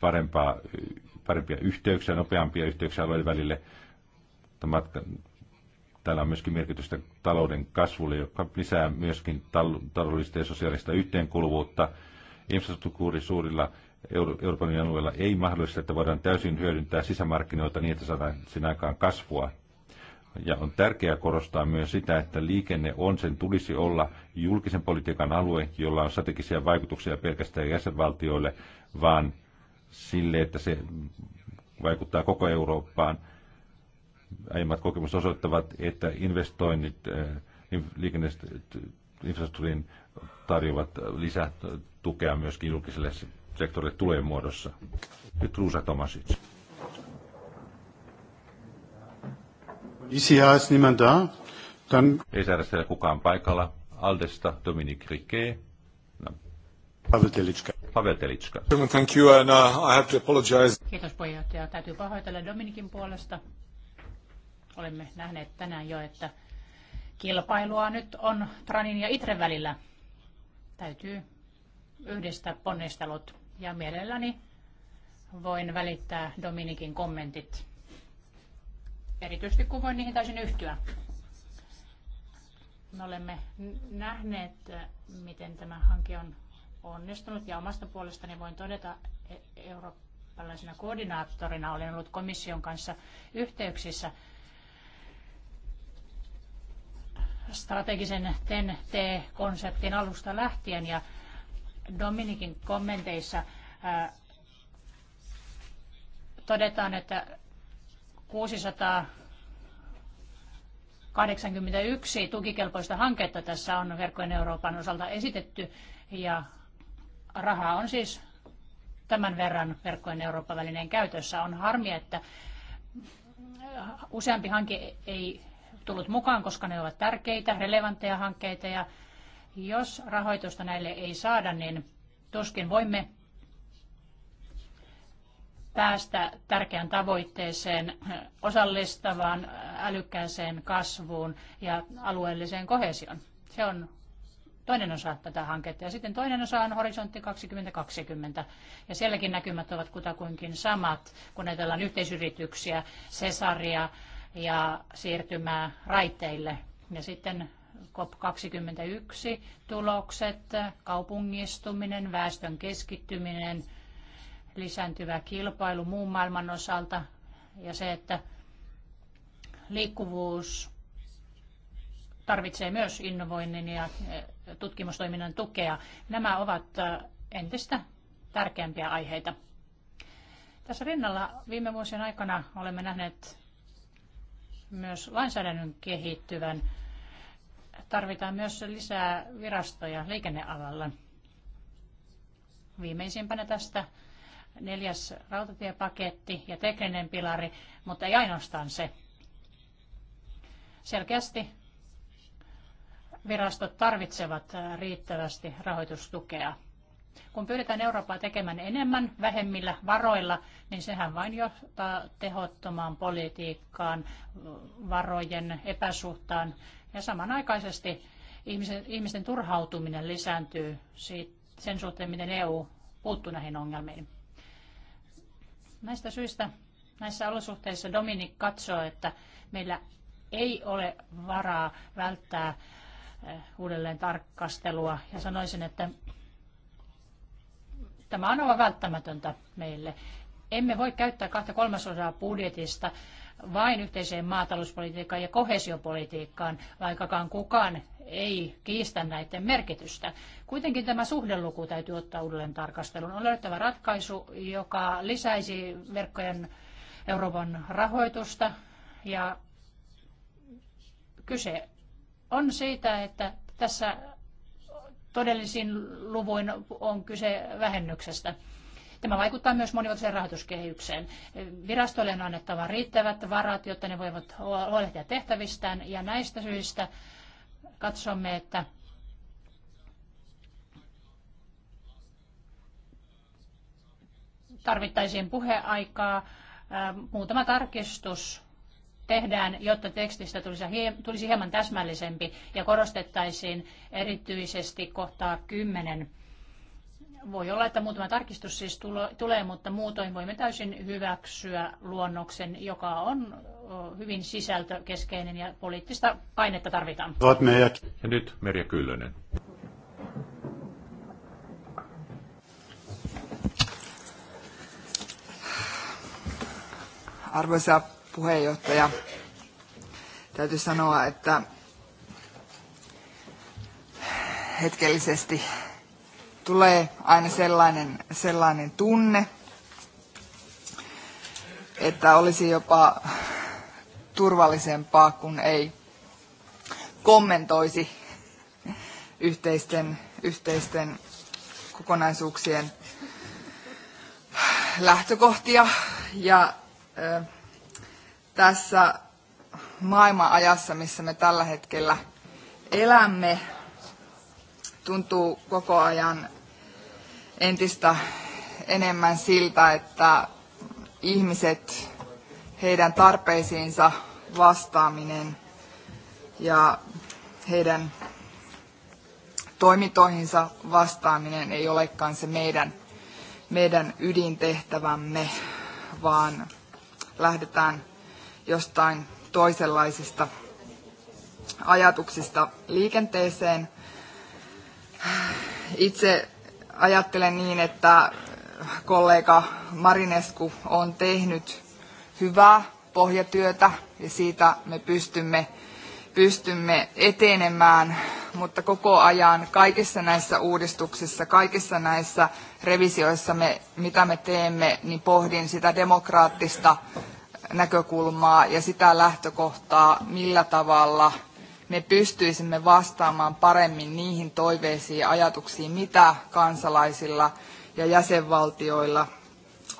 Speaker 1: parempaa, parempia yhteyksiä, nopeampia yhteyksiä alueiden välille. Täällä on myöskin merkitystä talouden kasvulle, joka lisää myöskin taloudellista ja sosiaalista yhteenkuuluvuutta. Infrastruktuuri suurilla Euroopan unionin alueella ei mahdollista, että voidaan täysin hyödyntää sisämarkkinoita niin, että saadaan sen aikaan kasvua. Ja on tärkeää korostaa myös sitä, että liikenne on, sen tulisi olla julkisen politiikan alue, jolla on strategisia vaikutuksia pelkästään jäsenvaltioille, vaan sille, että se vaikuttaa koko Eurooppaan. Aiemmat kokemukset osoittavat, että investoinnit eh, liikenneinfrastruktuuriin tarjoavat lisää tukea myöskin julkiselle sektorille tulee muodossa. Nyt Ruusa Tomasic. Ei saada siellä kukaan paikalla. Aldesta Dominik Riquet. No. Pavel Telitska. Pavel Telitska. Thank you and uh, I have to apologize. Kiitos
Speaker 3: puheenjohtaja. Täytyy pahoitella Dominikin puolesta. Olemme nähneet tänään jo, että kilpailua nyt on Tranin ja Itren välillä. Täytyy yhdistää ponnistelut ja mielelläni voin välittää Dominikin kommentit. Erityisesti kun voin niihin täysin yhtyä. Me olemme nähneet, miten tämä hanke on onnistunut ja omasta puolestani voin todeta e- eurooppalaisena koordinaattorina olen ollut komission kanssa yhteyksissä strategisen TEN-T-konseptin alusta lähtien ja Dominikin kommenteissa äh, todetaan, että 681 tukikelpoista hanketta tässä on verkkojen Euroopan osalta esitetty ja rahaa on siis tämän verran verkkojen Euroopan välineen käytössä. On harmi, että useampi hanke ei tullut mukaan, koska ne ovat tärkeitä, relevantteja hankkeita ja jos rahoitusta näille ei saada, niin tuskin voimme päästä tärkeään tavoitteeseen, osallistavaan älykkääseen kasvuun ja alueelliseen kohesioon. Se on toinen osa tätä hanketta. Ja sitten toinen osa on Horisontti 2020. Ja sielläkin näkymät ovat kutakuinkin samat, kun ajatellaan yhteisyrityksiä, sesaria ja siirtymää raiteille. Ja sitten COP21 tulokset, kaupungistuminen, väestön keskittyminen, lisääntyvä kilpailu muun maailman osalta ja se, että liikkuvuus tarvitsee myös innovoinnin ja eh, tutkimustoiminnan tukea. Nämä ovat eh, entistä tärkeämpiä aiheita. Tässä rinnalla viime vuosien aikana olemme nähneet myös lainsäädännön kehittyvän tarvitaan myös lisää virastoja liikennealalla. Viimeisimpänä tästä neljäs rautatiepaketti ja tekninen pilari, mutta ei ainoastaan se. Selkeästi virastot tarvitsevat riittävästi rahoitustukea. Kun pyydetään Eurooppaa tekemään enemmän vähemmillä varoilla, niin sehän vain johtaa tehottomaan politiikkaan, varojen epäsuhtaan ja samanaikaisesti ihmisen, ihmisten turhautuminen lisääntyy siitä sen suhteen, miten EU puuttuu näihin ongelmiin. Näistä syistä näissä olosuhteissa Dominik katsoo, että meillä ei ole varaa välttää eh, uudelleen tarkastelua. Ja sanoisin, että Tämä on aivan välttämätöntä meille. Emme voi käyttää kahta kolmasosaa budjetista vain yhteiseen maatalouspolitiikkaan ja kohesiopolitiikkaan, vaikkakaan kukaan ei kiistä näiden merkitystä. Kuitenkin tämä suhdeluku täytyy ottaa uudelleen tarkasteluun. On löydettävä ratkaisu, joka lisäisi verkkojen Euroopan rahoitusta ja kyse on siitä, että tässä todellisin luvuin on kyse vähennyksestä. Tämä vaikuttaa myös monivuotiseen rahoituskehykseen. Virastoille on annettava riittävät varat, jotta ne voivat huolehtia tehtävistään, ja näistä syistä katsomme, että tarvittaisiin puheaikaa. Muutama tarkistus tehdään, jotta tekstistä tulisi hieman täsmällisempi ja korostettaisiin erityisesti kohtaa 10. Voi olla, että muutama tarkistus siis tulee, mutta muutoin voimme täysin hyväksyä luonnoksen, joka on hyvin sisältökeskeinen ja poliittista painetta tarvitaan.
Speaker 1: Ja nyt Merja Kyllönen.
Speaker 4: Arvoisa puheenjohtaja. Täytyy sanoa, että hetkellisesti tulee aina sellainen, sellainen tunne, että olisi jopa turvallisempaa, kun ei kommentoisi yhteisten, yhteisten kokonaisuuksien lähtökohtia ja tässä maailmanajassa, missä me tällä hetkellä elämme, tuntuu koko ajan entistä enemmän siltä, että ihmiset, heidän tarpeisiinsa vastaaminen ja heidän toimintoihinsa vastaaminen ei olekaan se meidän, meidän ydintehtävämme, vaan lähdetään jostain toisenlaisista ajatuksista liikenteeseen. Itse ajattelen niin, että kollega Marinesku on tehnyt hyvää pohjatyötä ja siitä me pystymme, pystymme etenemään, mutta koko ajan kaikissa näissä uudistuksissa, kaikissa näissä revisioissa, me, mitä me teemme, niin pohdin sitä demokraattista näkökulmaa ja sitä lähtökohtaa, millä tavalla me pystyisimme vastaamaan paremmin niihin toiveisiin ja ajatuksiin, mitä kansalaisilla ja jäsenvaltioilla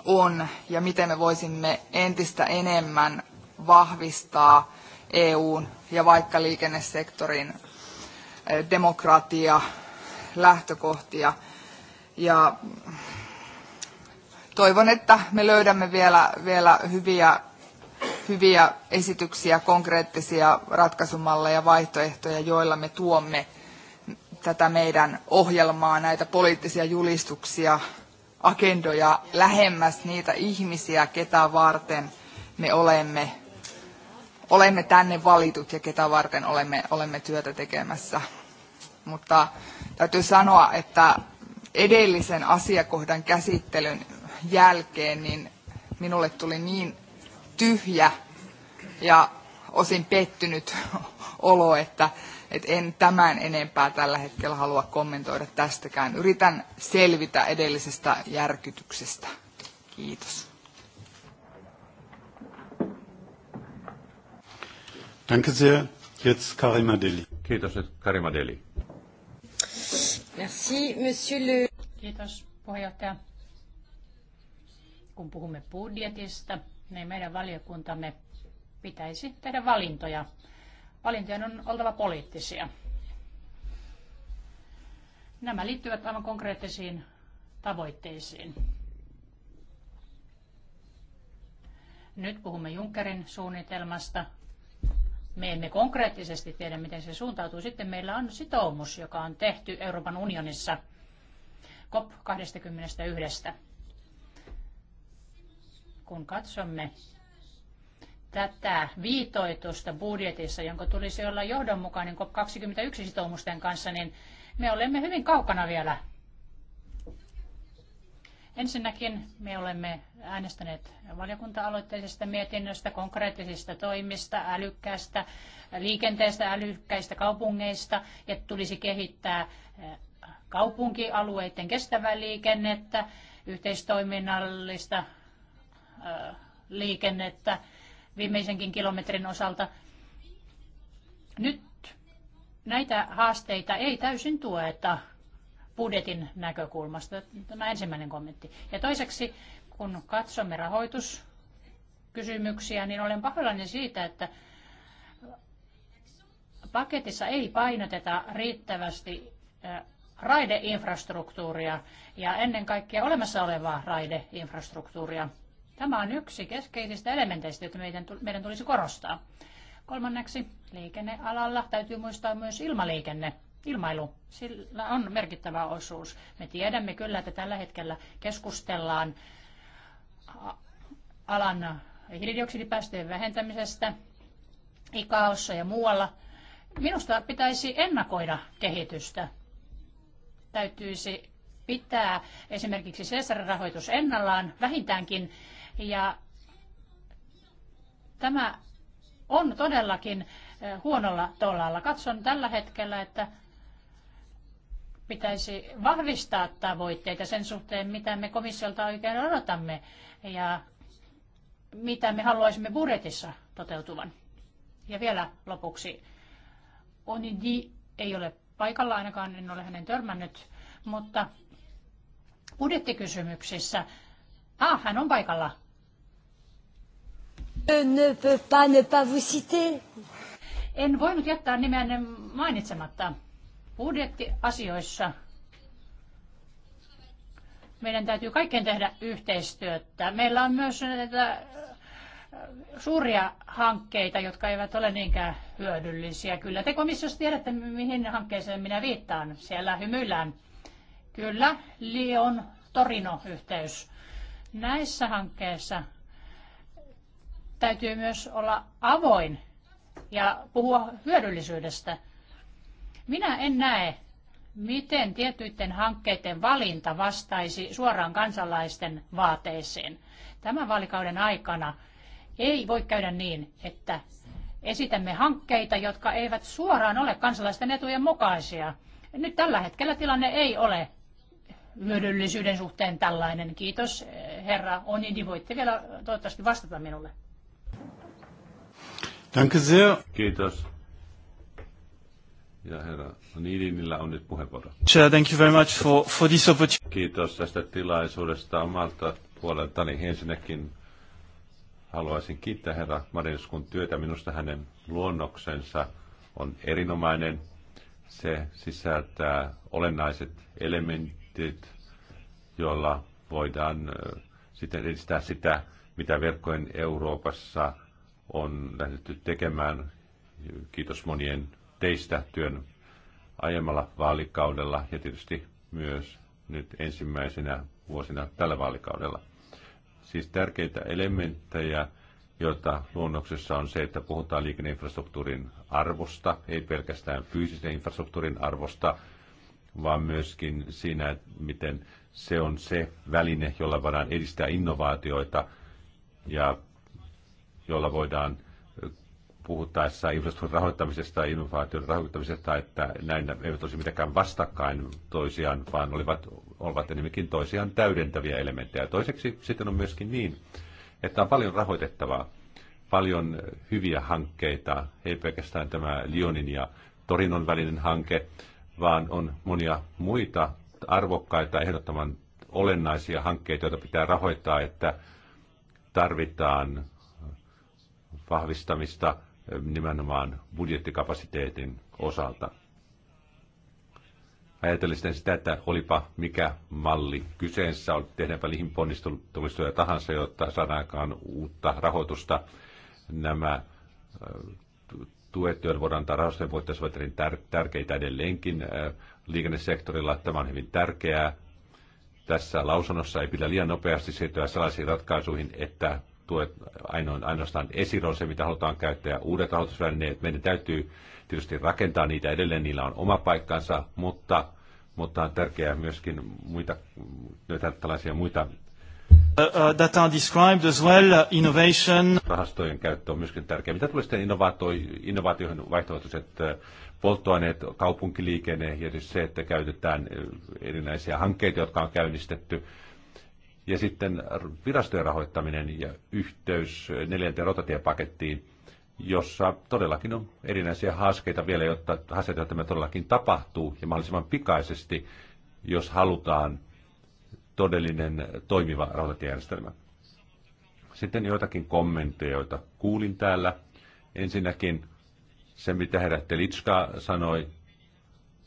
Speaker 4: on ja miten me voisimme entistä enemmän vahvistaa EUn ja vaikka liikennesektorin eh, demokratia lähtökohtia. Ja toivon, että me löydämme vielä, vielä hyviä hyviä esityksiä, konkreettisia ratkaisumalleja, vaihtoehtoja, joilla me tuomme tätä meidän ohjelmaa, näitä poliittisia julistuksia, agendoja lähemmäs niitä ihmisiä, ketä varten me olemme, olemme tänne valitut ja ketä varten olemme, olemme työtä tekemässä. Mutta täytyy sanoa, että edellisen asiakohdan käsittelyn jälkeen niin minulle tuli niin tyhjä ja osin pettynyt [laughs] olo, että, että en tämän enempää tällä hetkellä halua kommentoida tästäkään. Yritän selvitä edellisestä järkytyksestä. Kiitos.
Speaker 1: Danke sehr. Jetzt Karima Deli. Kiitos nyt Karima Deli.
Speaker 4: Merci, monsieur
Speaker 3: le... Kiitos puheenjohtaja. Kun puhumme budjetista, niin meidän valiokuntamme pitäisi tehdä valintoja. Valintojen on oltava poliittisia. Nämä liittyvät aivan konkreettisiin tavoitteisiin. Nyt puhumme Junckerin suunnitelmasta. Me emme konkreettisesti tiedä, miten se suuntautuu. Sitten meillä on sitoumus, joka on tehty Euroopan unionissa COP21 kun katsomme tätä viitoitusta budjetissa, jonka tulisi olla johdonmukainen COP21-sitoumusten kanssa, niin me olemme hyvin kaukana vielä. Ensinnäkin me olemme äänestäneet valiokunta-aloitteisesta mietinnöstä, konkreettisista toimista, älykkäistä liikenteestä, älykkäistä kaupungeista ja tulisi kehittää eh, kaupunkialueiden kestävää liikennettä, yhteistoiminnallista liikennettä viimeisenkin kilometrin osalta. Nyt näitä haasteita ei täysin tueta budjetin näkökulmasta. Tämä ensimmäinen kommentti. Ja toiseksi, kun katsomme rahoituskysymyksiä, niin olen pahoillani siitä, että paketissa ei painoteta riittävästi raideinfrastruktuuria ja ennen kaikkea olemassa olevaa raideinfrastruktuuria. Tämä on yksi keskeisistä elementeistä, joita meidän, meidän tulisi korostaa. Kolmanneksi liikennealalla täytyy muistaa myös ilmaliikenne, ilmailu. Sillä on merkittävä osuus. Me tiedämme kyllä, että tällä hetkellä keskustellaan alan hiilidioksidipäästöjen vähentämisestä ikaossa ja muualla. Minusta pitäisi ennakoida kehitystä. Täytyisi pitää esimerkiksi CSR-rahoitus ennallaan vähintäänkin ja tämä on todellakin eh, huonolla tolalla. Katson tällä hetkellä, että pitäisi vahvistaa tavoitteita sen suhteen, mitä me komissiolta oikein odotamme ja mitä me haluaisimme budjetissa toteutuvan. Ja vielä lopuksi, Onidi ei ole paikalla, ainakaan en ole hänen törmännyt, mutta budjettikysymyksissä, ah, hän on paikalla, Euh, ne peux pas ne pas vous citer. En voinut jättää nimeänne mainitsematta. Budjettiasioissa meidän täytyy kaikkien tehdä yhteistyötä. Meillä on myös näitä äh, suuria hankkeita, jotka eivät ole niinkään hyödyllisiä. Kyllä te komissiossa tiedätte, mihin hankkeeseen minä viittaan. Siellä hymyillään. Kyllä, Lion Torino-yhteys. Näissä hankkeissa täytyy myös olla avoin ja puhua hyödyllisyydestä. Minä en näe, miten tietyiden hankkeiden valinta vastaisi suoraan kansalaisten vaateisiin. Tämän vaalikauden aikana ei voi käydä niin, että esitämme hankkeita, jotka eivät suoraan ole kansalaisten etujen mukaisia. Nyt tällä hetkellä tilanne ei ole hyödyllisyyden suhteen tällainen. Kiitos eh, herra Onidi, voitte vielä toivottavasti vastata minulle.
Speaker 1: Danke sehr. Kiitos. Ja herra no Niilinillä on nyt puheenvuoro.
Speaker 4: Chair, thank you very much for, for this
Speaker 1: opportunity. Kiitos tästä tilaisuudesta omalta puoleltani. Ensinnäkin haluaisin kiittää herra Marinskun työtä. Minusta hänen luonnoksensa on erinomainen. Se sisältää olennaiset elementit, joilla voidaan sitten edistää sitä, mitä verkkojen Euroopassa – on lähdetty tekemään. Kiitos monien teistä työn aiemmalla vaalikaudella ja tietysti myös nyt ensimmäisenä vuosina tällä vaalikaudella. Siis tärkeitä elementtejä, joita luonnoksessa on se, että puhutaan liikenneinfrastruktuurin arvosta, ei pelkästään fyysisen infrastruktuurin arvosta, vaan myöskin siinä, miten se on se väline, jolla voidaan edistää innovaatioita ja jolla voidaan puhuttaessa infrastruktuurin rahoittamisesta ja innovaation rahoittamisesta, että näin eivät olisi mitenkään vastakkain toisiaan, vaan olivat, olivat enemmänkin toisiaan täydentäviä elementtejä. Toiseksi sitten on myöskin niin, että on paljon rahoitettavaa, paljon hyviä hankkeita, ei pelkästään tämä Lyonin ja Torinon välinen hanke, vaan on monia muita arvokkaita, ehdottoman olennaisia hankkeita, joita pitää rahoittaa, että tarvitaan vahvistamista eh, nimenomaan budjettikapasiteetin osalta. Ajatellen sitä, että olipa mikä malli kyseessä, tehdäänpä liihin ponnisteluja tahansa, jotta saadaan aikaan uutta rahoitusta. Nämä eh, tuet, joilla voidaan antaa rahoitusten puitteissa, ovat tärkeitä edelleenkin eh, liikennesektorilla. Tämä on hyvin tärkeää. Tässä lausunnossa ei pidä liian nopeasti siirtyä sellaisiin ratkaisuihin, että tuet ainoin, ainoastaan esiro se, mitä halutaan käyttää, ja uudet rahoitusvälineet. Meidän täytyy tietysti rakentaa niitä edelleen, niillä on oma paikkansa, mutta, mutta on tärkeää myöskin muita, näitä tällaisia muita
Speaker 4: Uh, that uh, are described as well, uh,
Speaker 1: innovation. Rahastojen käyttö on myöskin tärkeää. Mitä tulee sitten innovaatioihin vaihtoehtoiset uh, polttoaineet, kaupunkiliikenne ja siis se, että käytetään erinäisiä hankkeita, jotka on käynnistetty, ja sitten virastojen rahoittaminen ja yhteys neljänteen rotatiepakettiin, jossa todellakin on erinäisiä haasteita vielä, jotta haasteita tämä todellakin tapahtuu ja mahdollisimman pikaisesti, jos halutaan todellinen toimiva rautatiejärjestelmä. Sitten joitakin kommentteja, joita kuulin täällä. Ensinnäkin se, mitä herra Telitska sanoi,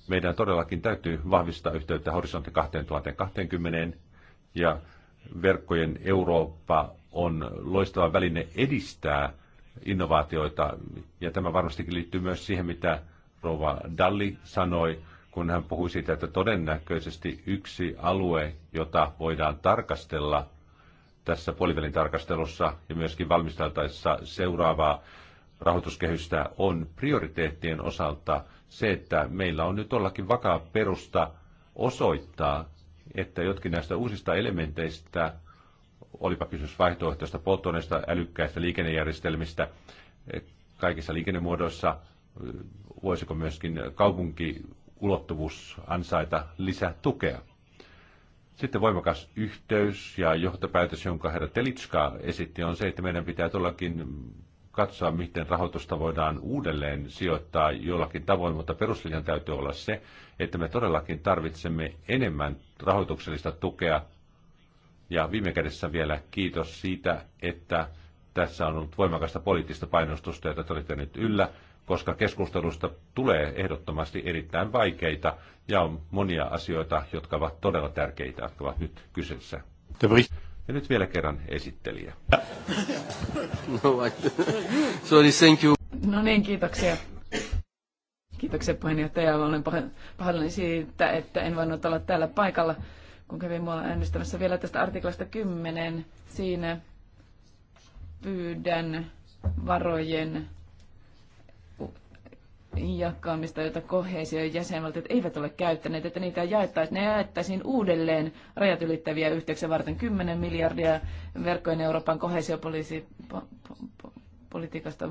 Speaker 1: meidän todellakin täytyy vahvistaa yhteyttä horisontti 2020 ja verkkojen Eurooppa on loistava väline edistää innovaatioita, ja tämä varmastikin liittyy myös siihen, mitä Rova Dalli sanoi, kun hän puhui siitä, että todennäköisesti yksi alue, jota voidaan tarkastella tässä puolivälin tarkastelussa ja myöskin valmisteltaessa seuraavaa rahoituskehystä, on prioriteettien osalta se, että meillä on nyt ollakin vakaa perusta osoittaa, että jotkin näistä uusista elementeistä, olipa kysymys vaihtoehtoista polttoaineista, älykkäistä liikennejärjestelmistä, eh, kaikissa liikennemuodoissa, eh, voisiko myöskin kaupunkiulottuvuus ansaita lisää tukea. Sitten voimakas yhteys ja johtopäätös, jonka herra Telitska esitti, on se, että meidän pitää todellakin katsoa, miten rahoitusta voidaan uudelleen sijoittaa jollakin tavoin, mutta peruslinjan täytyy olla se, että me todellakin tarvitsemme enemmän rahoituksellista tukea. Ja viime kädessä vielä kiitos siitä, että tässä on ollut voimakasta poliittista painostusta, jota te olette nyt yllä, koska keskustelusta tulee ehdottomasti erittäin vaikeita ja on monia asioita, jotka ovat todella tärkeitä, jotka ovat nyt kyseessä. Ja nyt vielä kerran esittelijä. [laughs] No niin, thank you.
Speaker 2: No niin, kiitoksia. Kiitoksia puheenjohtaja. Olen pahoillani siitä, että en voinut olla täällä paikalla, kun kävin mua äänestämässä vielä tästä artiklasta 10. Siinä pyydän varojen jakamista, jota kohesion jäsenvaltiot eivät ole käyttäneet, että niitä jaettaisiin, ne jaettaisiin uudelleen rajat ylittäviä yhteyksiä varten 10 miljardia verkkojen Euroopan kohesiopolitiikasta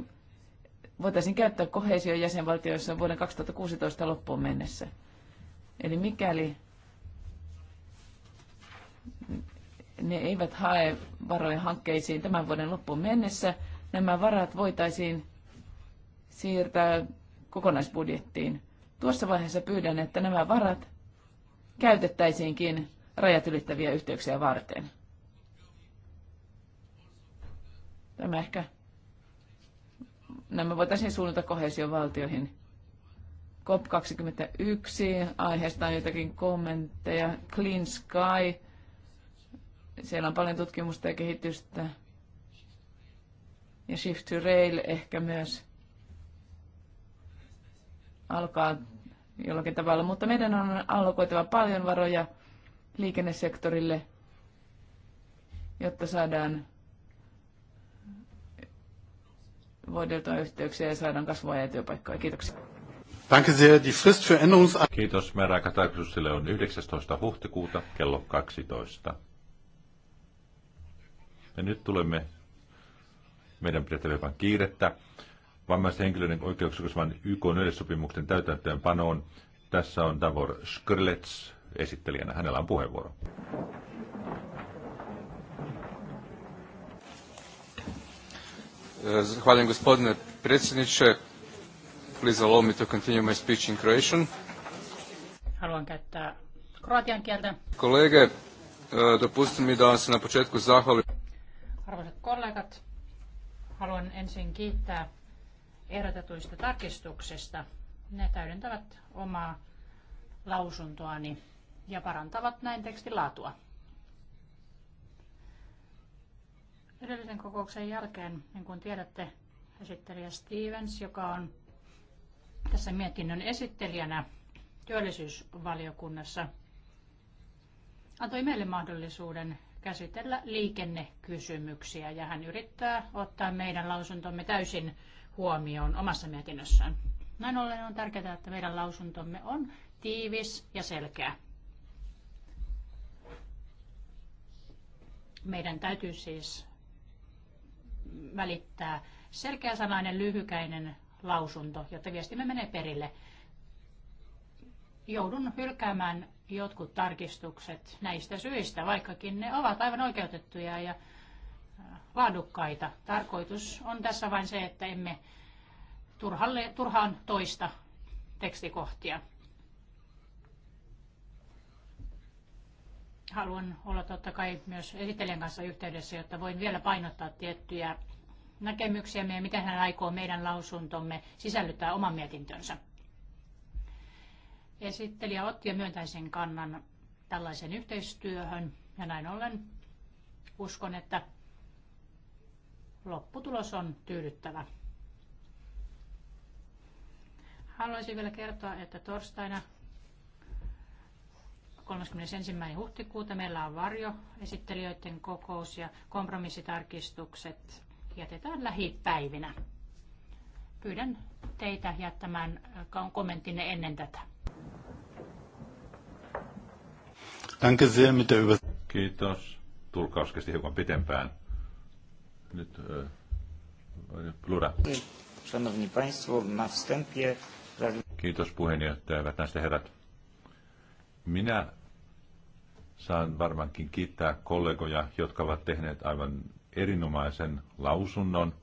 Speaker 2: voitaisiin käyttää kohesion jäsenvaltioissa vuoden 2016 loppuun mennessä. Eli mikäli ne eivät hae varoja hankkeisiin tämän vuoden loppuun mennessä, nämä varat voitaisiin siirtää kokonaisbudjettiin. Tuossa vaiheessa pyydän, että nämä varat käytettäisiinkin rajat ylittäviä yhteyksiä varten. Tämä ehkä nämä no, voitaisiin suunnata kohesiovaltioihin. COP21, aiheesta on jotakin kommentteja. Clean Sky, siellä on paljon tutkimusta ja kehitystä. Ja Shift to Rail ehkä myös alkaa jollakin tavalla. Mutta meidän on allokoitava paljon varoja liikennesektorille, jotta saadaan voideltua yhteyksiä ja saadaan kasvua ja työpaikkoja. Kiitoksia.
Speaker 1: Danke sehr. Die Frist für Änderungs... Kiitos. Määräaikatarkistukselle on 19. huhtikuuta kello 12. Ja nyt tulemme meidän pidettävän kiirettä Vammaisen henkilöiden oikeuksia koskevan YK yleissopimuksen täytäntöönpanoon. Tässä on Davor Skrlets esittelijänä. Hänellä on puheenvuoro. Zahvaljujem gospodine predsjedniče. Please allow me to continue my speech in Croatian.
Speaker 3: Haluan käyttää kroatian kieltä.
Speaker 1: Kolege, e, dopustin mi da vam se na početku zahvali. Arvoisat
Speaker 3: kollegat, haluan ensin kiittää ehdotetuista tarkistuksista. Ne täydentävät omaa lausuntoani ja parantavat näin tekstin laatua. Edellisen kokouksen jälkeen, niin kuin tiedätte, esittelijä Stevens, joka on tässä mietinnön esittelijänä työllisyysvaliokunnassa, antoi meille mahdollisuuden käsitellä liikennekysymyksiä ja hän yrittää ottaa meidän lausuntomme täysin huomioon omassa mietinnössään. Näin ollen on tärkeää, että meidän lausuntomme on tiivis ja selkeä. Meidän täytyy siis välittää sanainen, lyhykäinen lausunto, jotta viestimme menee perille. Joudun hylkäämään jotkut tarkistukset näistä syistä, vaikkakin ne ovat aivan oikeutettuja ja äh, laadukkaita. Tarkoitus on tässä vain se, että emme turhalle, turhaan toista tekstikohtia. haluan olla totta kai myös esittelijän kanssa yhteydessä, jotta voin vielä painottaa tiettyjä näkemyksiämme ja miten hän aikoo meidän lausuntomme sisällyttää oman mietintönsä. Esittelijä otti jo myöntäisen kannan tällaisen yhteistyöhön ja näin ollen uskon, että lopputulos on tyydyttävä. Haluaisin vielä kertoa, että torstaina 31. huhtikuuta meillä on varjo esittelijöiden kokous ja kompromissitarkistukset jätetään lähipäivinä. Pyydän teitä jättämään äh, kommenttinne ennen tätä.
Speaker 1: Kiitos. Tulkaus kesti hiukan pitempään. Nyt äh, Kiitos puheenjohtaja, hyvät näistä herrat. Minä Saan varmaankin kiittää kollegoja, jotka ovat tehneet aivan erinomaisen lausunnon.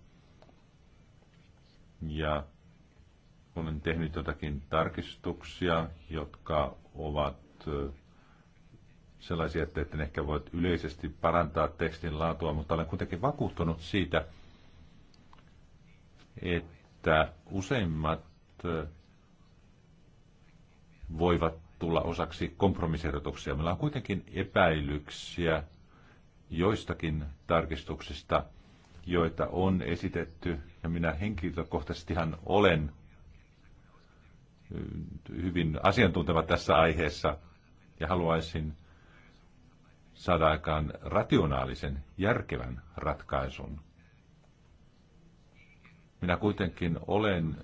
Speaker 1: Ja olen tehnyt jotakin tarkistuksia, jotka ovat sellaisia, että en ehkä voi yleisesti parantaa tekstin laatua, mutta olen kuitenkin vakuuttunut siitä, että useimmat voivat tulla osaksi kompromissiehdotuksia. Meillä on kuitenkin epäilyksiä joistakin tarkistuksista, joita on esitetty, ja minä henkilökohtaisestihan olen äh, hyvin asiantunteva tässä aiheessa, ja haluaisin saada aikaan rationaalisen, järkevän ratkaisun. Minä kuitenkin olen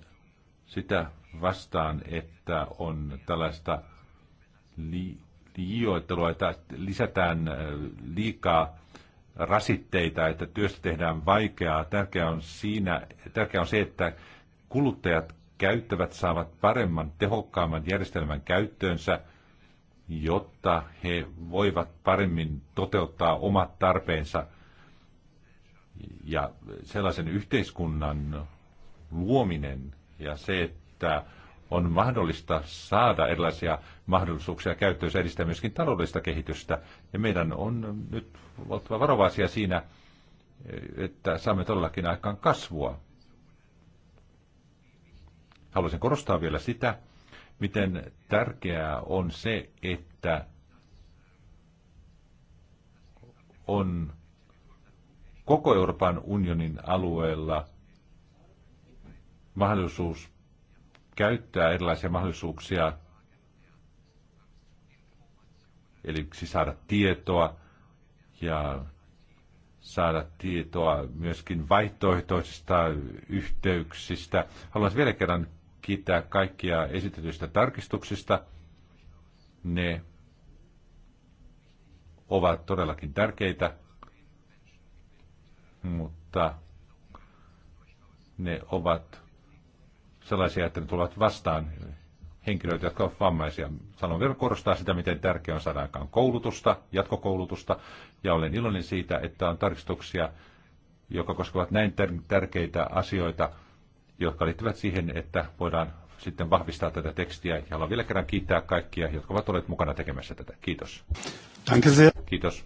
Speaker 1: sitä vastaan, että on tällaista liioittelua, että lisätään äh, liikaa rasitteita, että työstä tehdään vaikeaa. Tärkeää on, siinä, tärkeää on se, että kuluttajat käyttävät saavat paremman, tehokkaamman järjestelmän käyttöönsä, jotta he voivat paremmin toteuttaa omat tarpeensa. Ja sellaisen yhteiskunnan luominen ja se, että on mahdollista saada erilaisia mahdollisuuksia käyttöön edistää myöskin taloudellista kehitystä. Ja meidän on nyt oltava varovaisia siinä, että saamme todellakin aikaan kasvua. Haluaisin korostaa vielä sitä, miten tärkeää on se, että on koko Euroopan unionin alueella mahdollisuus käyttää erilaisia mahdollisuuksia, eli siis saada tietoa ja saada tietoa myöskin vaihtoehtoisista yhteyksistä. Haluaisin vielä kerran kiittää kaikkia esitetyistä tarkistuksista. Ne ovat todellakin tärkeitä, mutta ne ovat sellaisia, että ne tulevat vastaan henkilöitä, jotka ovat vammaisia. Sanon vielä korostaa sitä, miten tärkeää on saada aikaan koulutusta, jatkokoulutusta, ja olen iloinen siitä, että on tarkistuksia, jotka koskevat näin tärkeitä asioita, jotka liittyvät siihen, että voidaan sitten vahvistaa tätä tekstiä. Ja haluan vielä kerran kiittää kaikkia, jotka ovat olleet mukana tekemässä tätä. Kiitos. Kiitos.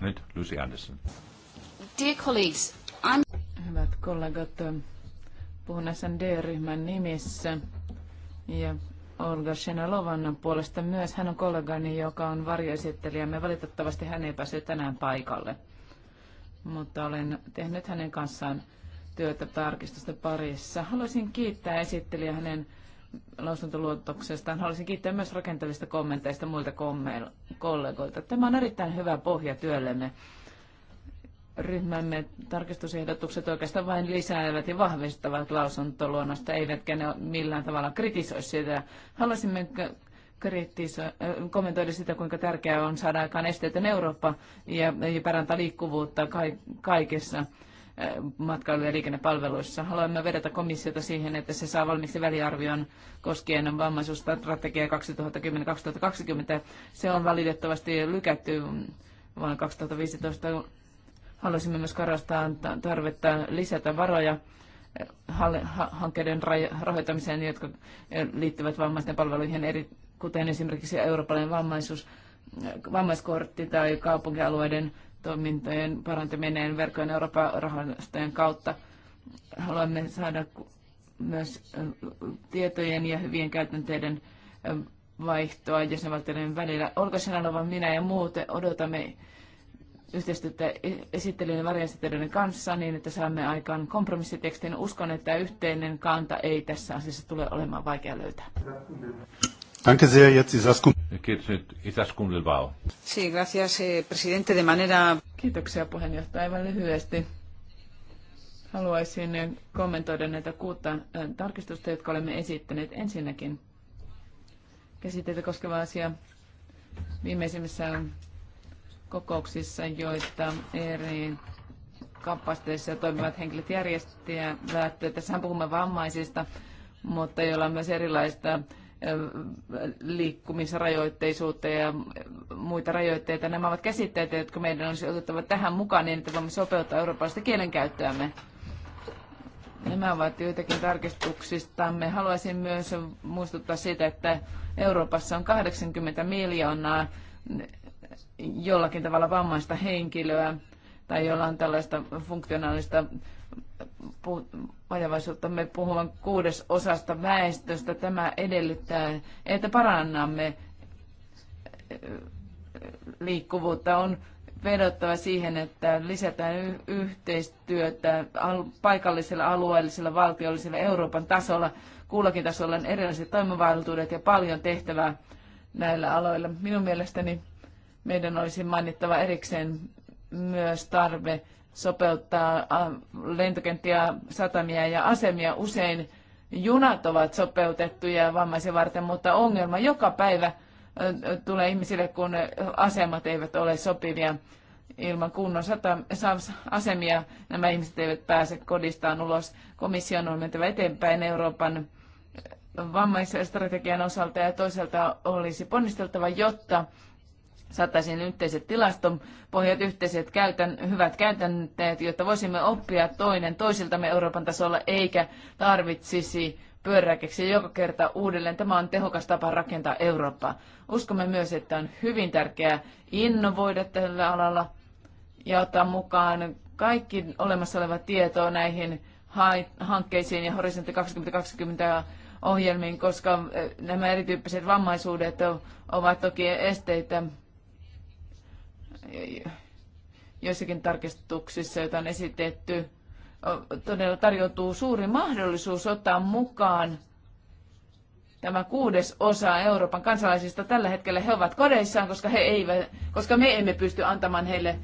Speaker 1: Nyt Lucy Anderson.
Speaker 2: Dear colleagues, I'm... Hyvät kollegat, Puhun SND-ryhmän nimissä ja Olga Shenalovan puolesta myös. Hän on kollegani, joka on varjoesittelijämme. Valitettavasti hän ei päässyt tänään paikalle, mutta olen tehnyt hänen kanssaan työtä tarkistusta parissa. Haluaisin kiittää esittelijä hänen lausuntoluotoksestaan. Haluaisin kiittää myös rakentavista kommenteista muilta kollegoilta. Tämä on erittäin hyvä pohja työllemme ryhmämme tarkistusehdotukset oikeastaan vain lisäävät ja vahvistavat lausuntoluonnosta, eivätkä ne millään tavalla kritisoi sitä. Haluaisimme kommentoida sitä, kuinka tärkeää on saada aikaan esteetön Eurooppa ja, parantaa liikkuvuutta kaikessa matkailu- ja liikennepalveluissa. Haluamme vedetä komissiota siihen, että se saa valmiiksi väliarvion koskien vammaisuusstrategia 2010-2020. Se on valitettavasti lykätty vuonna 2015 Haluaisimme myös korostaa tarvetta lisätä varoja eh, hankkeiden rahoitamiseen, jotka eh, liittyvät vammaisten palveluihin, eri, kuten esimerkiksi eurooppalainen vammaisuus, eh, vammaiskortti tai kaupunkialueiden toimintojen parantaminen verkkojen Euroopan rahoitusten kautta. Haluamme saada myös tietojen ja hyvien käytänteiden vaihtoa jäsenvaltioiden välillä. Olko sen minä ja muut odotamme yhteistyötä esittelijän ja varjoesittelijöiden kanssa niin, että saamme aikaan kompromissitekstin. Uskon, että yhteinen kanta ei tässä asiassa tule olemaan vaikea löytää.
Speaker 1: Danke sehr, jetzt Isaskun. Kiitos nyt Isaskun Lilbao.
Speaker 2: Sí, gracias, eh, presidente, de manera... Kiitoksia puheenjohtaja aivan lyhyesti. Haluaisin kommentoida näitä kuutta tarkistusta, jotka olemme esittäneet. Ensinnäkin käsitteitä koskeva asia viimeisimmässä kokouksissa, joita eri kapasiteissa toimivat henkilöt järjestävät. Tässähän puhumme vammaisista, mutta joilla on myös erilaista liikkumisrajoitteisuutta ja muita rajoitteita. Nämä ovat käsitteitä, jotka meidän olisi otettava tähän mukaan niin, että voimme sopeuttaa eurooppalaista kielenkäyttöämme. Nämä ovat joitakin Me Haluaisin myös muistuttaa siitä, että Euroopassa on 80 miljoonaa jollakin tavalla vammaista henkilöä tai jolla on tällaista funktionaalista vajavaisuutta. Me puhumme kuudes osasta väestöstä. Tämä edellyttää, että parannamme liikkuvuutta. On vedottava siihen, että lisätään yhteistyötä paikallisella, alueellisella, valtiollisella, Euroopan tasolla. Kullakin tasolla on erilaiset toimivaltuudet ja paljon tehtävää näillä aloilla. Minun mielestäni meidän olisi mainittava erikseen myös tarve sopeuttaa lentokenttiä, satamia ja asemia. Usein junat ovat sopeutettuja vammaisia varten, mutta ongelma joka päivä tulee ihmisille, kun asemat eivät ole sopivia. Ilman kunnon asemia nämä ihmiset eivät pääse kodistaan ulos. Komission on mentävä eteenpäin Euroopan strategian osalta ja toisaalta olisi ponnisteltava, jotta saataisiin yhteiset tilastopohjat, yhteiset käytän, hyvät käytänteet, jotta voisimme oppia toinen toisiltamme Euroopan tasolla, eikä tarvitsisi pyöräkeksi joka kerta uudelleen. Tämä on tehokas tapa rakentaa Eurooppaa. Uskomme myös, että on hyvin tärkeää innovoida tällä alalla ja ottaa mukaan kaikki olemassa oleva tieto näihin hankkeisiin ja Horisontti 2020 ohjelmiin, koska eh, nämä erityyppiset vammaisuudet ovat toki esteitä joissakin tarkistuksissa, joita on esitetty, todella tarjoutuu suuri mahdollisuus ottaa mukaan tämä kuudes osa Euroopan kansalaisista tällä hetkellä he ovat kodeissaan, koska, he eivät, koska me emme pysty antamaan heille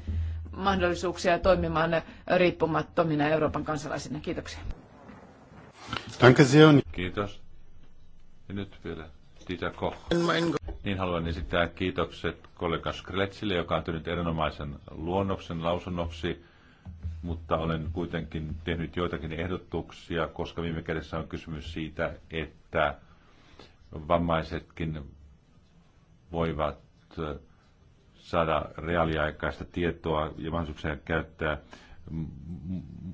Speaker 2: mahdollisuuksia toimimaan riippumattomina Euroopan kansalaisina. Kiitoksia.
Speaker 1: Danke Kiitos. Ja nyt vielä Dieter Koch. Niin haluan esittää kiitokset kollega Skretsille, joka on tehnyt erinomaisen luonnoksen lausunnoksi, mutta olen kuitenkin tehnyt joitakin ehdotuksia, koska viime kädessä on kysymys siitä, että vammaisetkin voivat saada reaaliaikaista tietoa ja mahdollisuuksia käyttää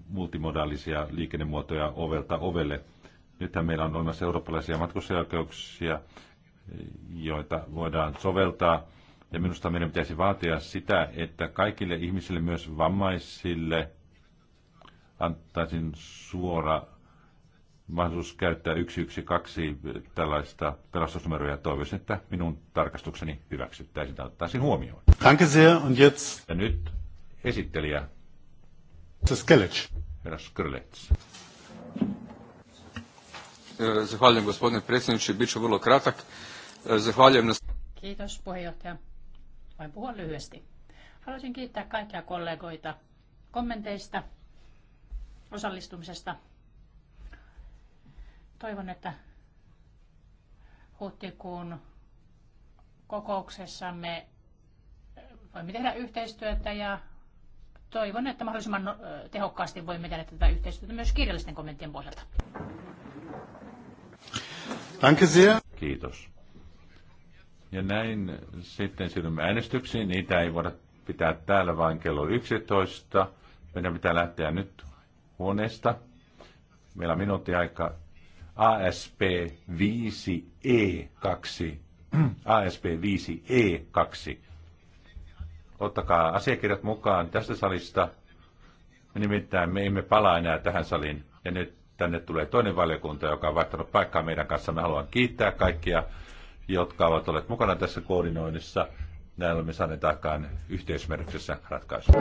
Speaker 1: multimodaalisia liikennemuotoja ovelta ovelle. Nythän meillä on olemassa eurooppalaisia matkustajaoikeuksia, joita voidaan soveltaa. Ja minusta meidän pitäisi vaatia sitä, että kaikille ihmisille, myös vammaisille, antaisin suora mahdollisuus käyttää 112 tällaista pelastusnumeroa ja toivoisin, että minun tarkastukseni hyväksyttäisiin tai ottaisin huomioon. Danke sehr und jetzt... Ja nyt esittelijä. Skelec. Herra Skelec. Zahvaljujem gospodine predsjedniče, bit vrlo kratak. Zahvaljujem.
Speaker 3: Kiitos puheenjohtaja. Voin puhua lyhyesti. Haluaisin kiittää kaikkia kollegoita kommenteista, osallistumisesta. Toivon, että huhtikuun kokouksessamme voimme tehdä yhteistyötä ja toivon, että mahdollisimman no, tehokkaasti voimme tehdä tätä yhteistyötä myös kirjallisten kommenttien pohjalta.
Speaker 1: Kiitos. Ja näin sitten siirrymme äänestyksiin. Niitä ei voida pitää täällä vain kello 11. Meidän pitää lähteä nyt huoneesta. Meillä on minuutti aika ASP5E2. ASP5E2. Ottakaa asiakirjat mukaan tästä salista. Me nimittäin me emme palaa enää tähän saliin. Ja nyt tänne tulee toinen valiokunta, joka on vaihtanut paikkaa meidän kanssa. Me haluan kiittää kaikkia jotka ovat olleet mukana tässä koordinoinnissa. näillä me saaneet aikaan yhteismerkissä ratkaisun.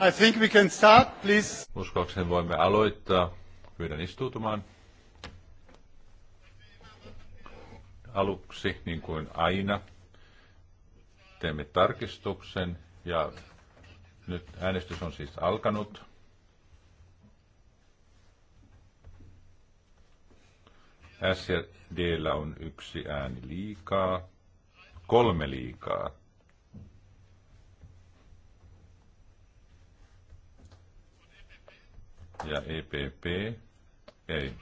Speaker 1: I think we can start, please. Uskoakseni voimme aloittaa. Pyydän istuutumaan. Aluksi, niin kuin aina, teemme tarkistuksen ja nyt äänestys on siis alkanut. S ja D on yksi ääni liikaa, kolme liikaa. ja EPP. Ei.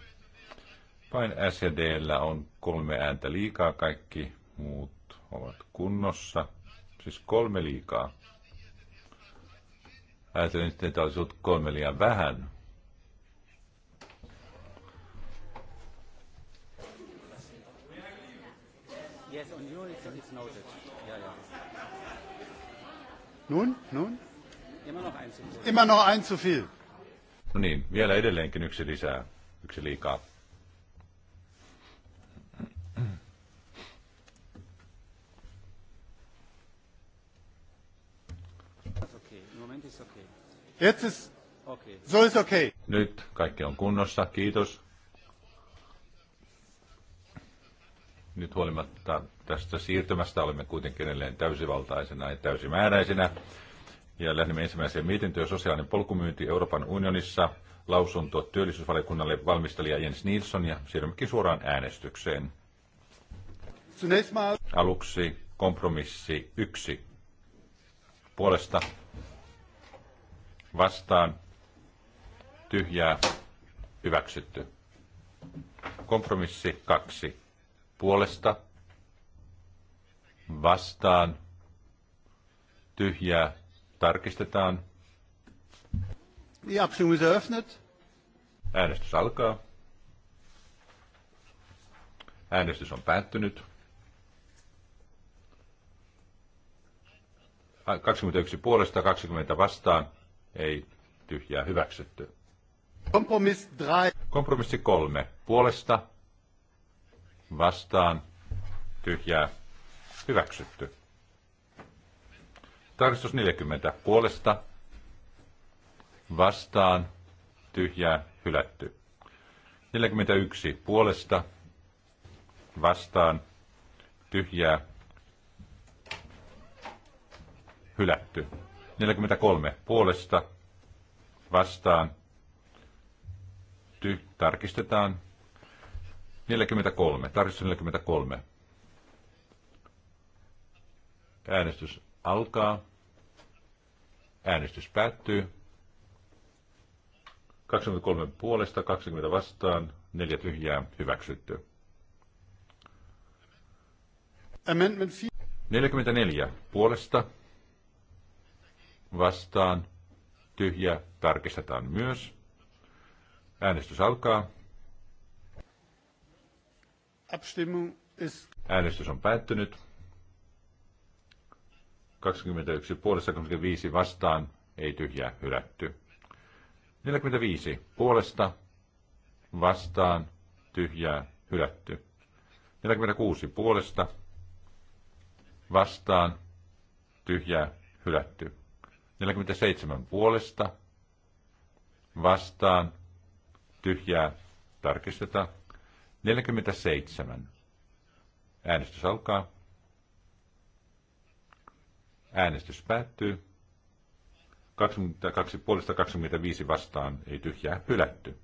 Speaker 1: Vain SDllä on kolme ääntä liikaa, kaikki muut ovat kunnossa. Siis kolme liikaa. Ajattelin sitten, että olisi ollut kolme liian vähän. Yes, on it's, noted. Yeah, yeah. Nun, nun? Immer noch ein zu viel. Immer noch ein zu viel. No niin, vielä edelleenkin yksi lisää, yksi liikaa. okay. so okay. Nyt kaikki on kunnossa, kiitos. Nyt huolimatta tästä siirtymästä olemme kuitenkin edelleen täysivaltaisena ja täysimääräisenä ja lähdemme ensimmäiseen mietintöön sosiaalinen polkumyynti Euroopan unionissa. Lausunto työllisyysvaliokunnalle valmistelija Jens Nilsson ja siirrymmekin suoraan äänestykseen. Aluksi kompromissi yksi puolesta vastaan tyhjää hyväksytty. Kompromissi kaksi puolesta vastaan tyhjää Tarkistetaan. Die Abstimmung ist eröffnet. Äänestys alkaa. Äänestys on päättynyt. 21 puolesta, 20 vastaan. Ei tyhjää hyväksytty. Kompromiss 3. Kompromissi 3. Puolesta, vastaan, tyhjää hyväksytty. Tarkistus 40 puolesta vastaan tyhjää hylätty. 41 puolesta vastaan tyhjää hylätty. 43 puolesta vastaan ty, tarkistetaan 43, tarkistus 43. Äänestys alkaa. Äänestys päättyy. 23 puolesta, 20 vastaan, 4 tyhjää, hyväksytty. 44 puolesta, vastaan, tyhjä, tarkistetaan myös. Äänestys alkaa. Äänestys on päättynyt. 21 puolesta 25 vastaan, ei tyhjää hylätty. 45 puolesta vastaan, tyhjää hylätty. 46 puolesta vastaan, tyhjää hylätty. 47 puolesta vastaan, tyhjää tarkistetaan. 47. Äänestys alkaa. Äänestys päättyy. 22 puolesta 25 vastaan ei tyhjää hylätty.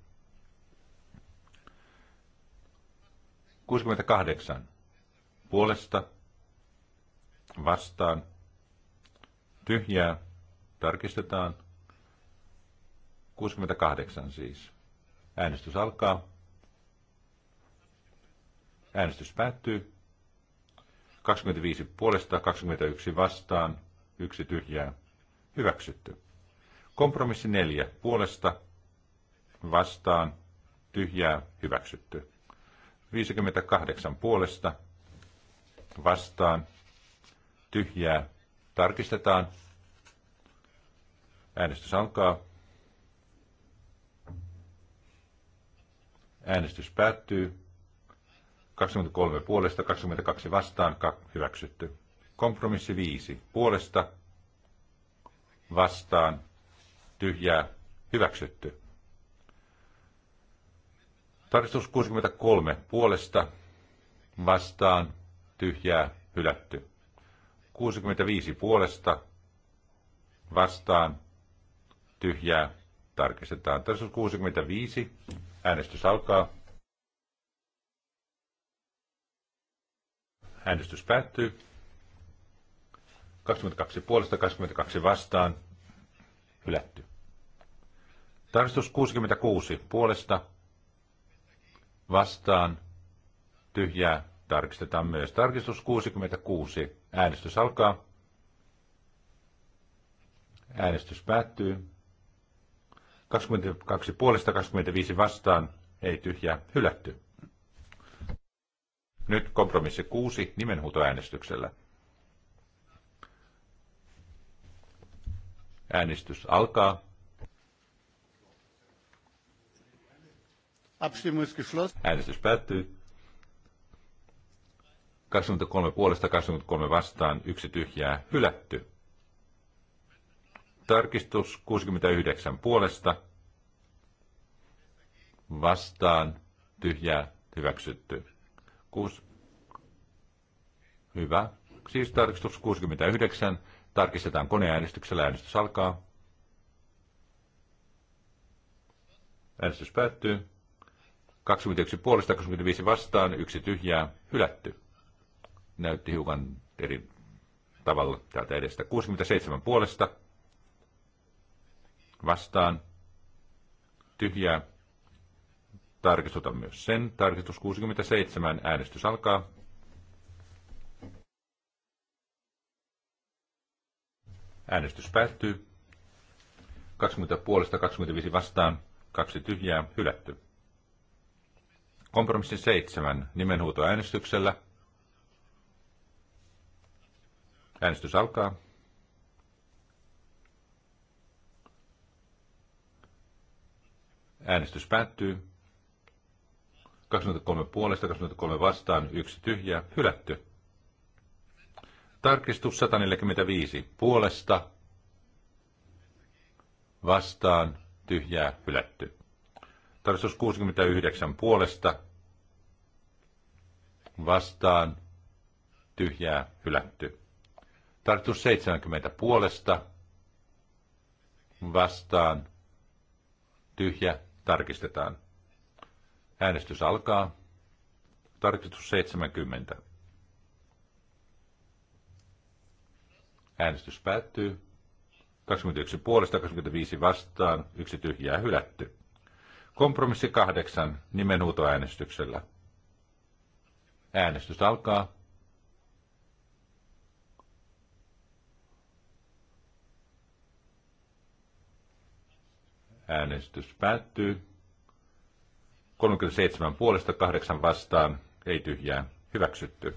Speaker 1: 68 puolesta vastaan tyhjää tarkistetaan. 68 siis. Äänestys alkaa. Äänestys päättyy. 25 puolesta, 21 vastaan yksi tyhjää, hyväksytty. Kompromissi neljä, puolesta, vastaan, tyhjää, hyväksytty. 58 puolesta, vastaan, tyhjää, tarkistetaan. Äänestys alkaa. Äänestys päättyy. 23 puolesta, 22 vastaan, hyväksytty. Kompromissi 5. Puolesta vastaan tyhjää hyväksytty. Tarkistus 63. Puolesta vastaan tyhjää hylätty. 65 puolesta vastaan tyhjää tarkistetaan. Tarkistus 65. Äänestys alkaa. Äänestys päättyy. 22 puolesta, 22 vastaan, hylätty. Tarkistus 66 puolesta, vastaan, tyhjää, tarkistetaan myös. Tarkistus 66, äänestys alkaa. Äänestys päättyy. 22 puolesta, 25 vastaan, ei tyhjää, hylätty. Nyt kompromissi 6 nimenhuutoäänestyksellä. Äänestys alkaa. Äänestys päättyy. 23 puolesta, 23 vastaan, yksi tyhjää, hylätty. Tarkistus 69 puolesta, vastaan, tyhjää, hyväksytty. Kuus. Hyvä. Siis tarkistus 69 Tarkistetaan koneäänestyksellä. Äänestys alkaa. Äänestys päättyy. 21 puolesta, 25 vastaan, yksi tyhjää, hylätty. Näytti hiukan eri tavalla täältä edestä. 67 puolesta, vastaan, tyhjää. Tarkistutaan myös sen. Tarkistus 67, äänestys alkaa. Äänestys päättyy. 20 puolesta 25 vastaan, kaksi tyhjää, hylätty. Kompromissi 7, Nimenhuuto äänestyksellä. Äänestys alkaa. Äänestys päättyy. 23 puolesta, 23 vastaan, yksi tyhjä, hylätty. Tarkistus 145. Puolesta vastaan tyhjää hylätty. Tarkistus 69. Puolesta vastaan tyhjää hylätty. Tarkistus 70. Puolesta vastaan tyhjä tarkistetaan. Äänestys alkaa. Tarkistus 70. Äänestys päättyy. 21 puolesta, 25 vastaan, yksi tyhjää hylätty. Kompromissi kahdeksan nimenhuutoäänestyksellä. Äänestys alkaa. Äänestys päättyy. 37 puolesta, 8 vastaan, ei tyhjää, hyväksytty.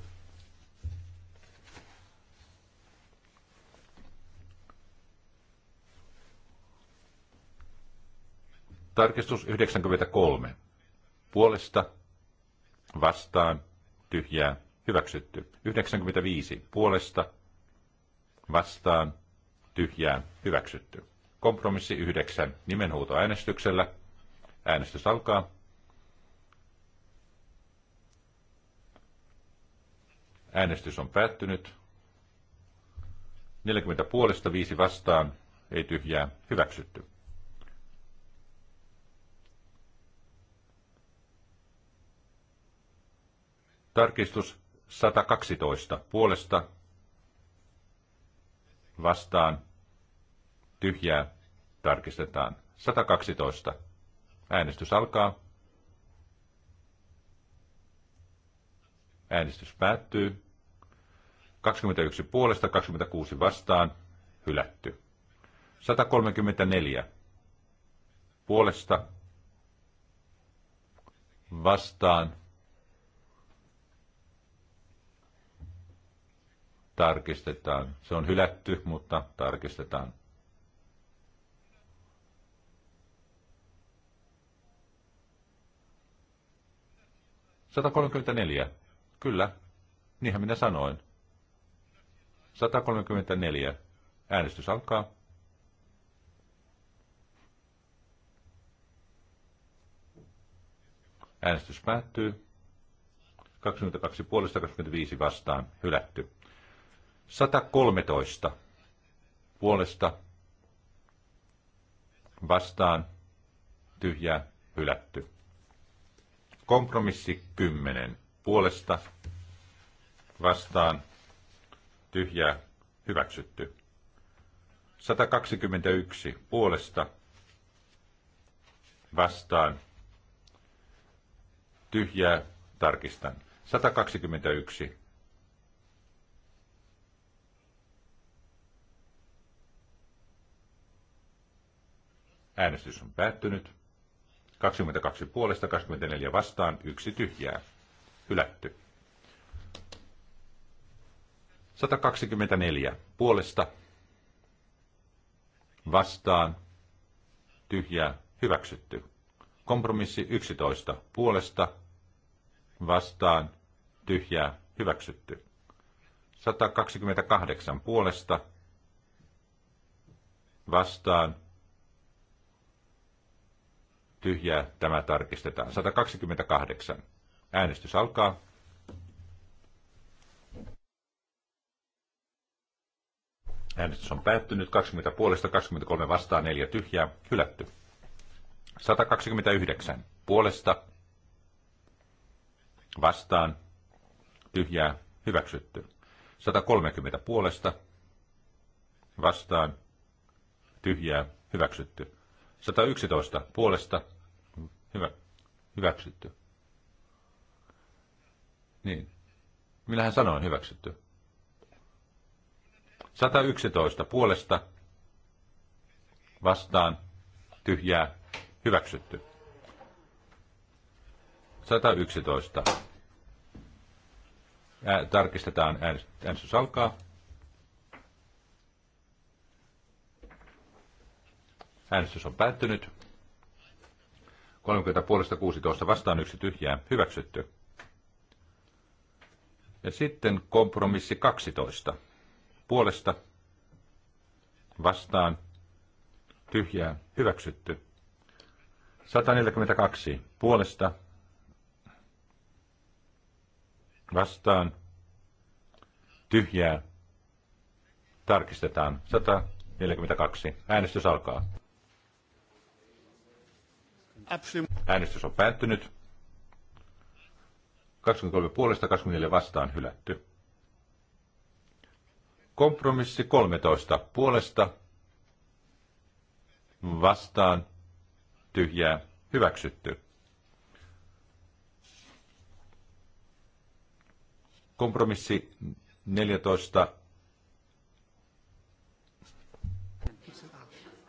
Speaker 1: Tarkistus 93. Puolesta, vastaan, tyhjää, hyväksytty. 95. Puolesta, vastaan, tyhjää, hyväksytty. Kompromissi 9. äänestyksellä. Äänestys alkaa. Äänestys on päättynyt. 40 puolesta, 5 vastaan, ei tyhjää, hyväksytty. Tarkistus 112 puolesta vastaan tyhjää tarkistetaan. 112. Äänestys alkaa. Äänestys päättyy. 21 puolesta, 26 vastaan, hylätty. 134 puolesta, vastaan, Tarkistetaan. Se on hylätty, mutta tarkistetaan. Satakolmekymmentäneljä. Kyllä. Niinhän minä sanoin. 134. Äänestys alkaa. Äänestys päättyy. 22 puolesta 25 vastaan. Hylätty. 113 puolesta vastaan tyhjä hylätty. Kompromissi 10 puolesta vastaan tyhjä hyväksytty. 121 puolesta vastaan tyhjää tarkistan. 121 Äänestys on päättynyt. 22 puolesta, 24 vastaan, yksi tyhjää. Hylätty. 124 puolesta, vastaan, tyhjää, hyväksytty. Kompromissi 11 puolesta, vastaan, tyhjää, hyväksytty. 128 puolesta, vastaan, tyhjää, tämä tarkistetaan. 128. Äänestys alkaa. Äänestys on päättynyt. 20 puolesta, 23 vastaan, 4 tyhjää, hylätty. 129 puolesta, vastaan, tyhjää, hyväksytty. 130 puolesta, vastaan, tyhjää, hyväksytty. 111 puolesta hyvä, hyväksytty. Niin. Minähän sanoin hyväksytty. 111 puolesta vastaan tyhjää hyväksytty. 111. Ää, tarkistetaan äänestys alkaa. Äänestys on päättynyt. 30 puolesta 16 vastaan yksi tyhjää. Hyväksytty. Ja sitten kompromissi 12. Puolesta vastaan tyhjää. Hyväksytty. 142. Puolesta vastaan tyhjää. Tarkistetaan. 142. Äänestys alkaa. Äänestys on päättynyt. 23 puolesta, 24 vastaan hylätty. Kompromissi 13 puolesta, vastaan, tyhjää, hyväksytty. Kompromissi 14.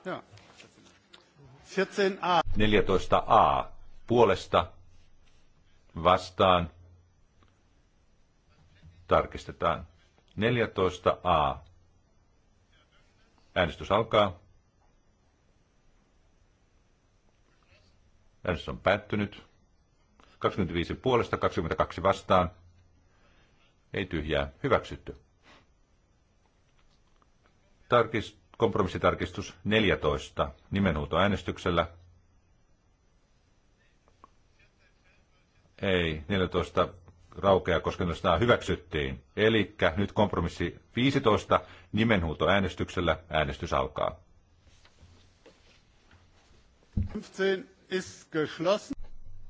Speaker 1: Ja. 14a. 14a puolesta vastaan tarkistetaan. 14a. Äänestys alkaa. Äänestys on päättynyt. 25 puolesta, 22 vastaan. Ei tyhjää. Hyväksytty. Tarkist, kompromissitarkistus 14 nimenhuutoäänestyksellä. äänestyksellä. Ei, 14 raukeaa, koska myös nämä hyväksyttiin. Eli nyt kompromissi 15 nimenhuuto äänestyksellä. Äänestys alkaa. 15 is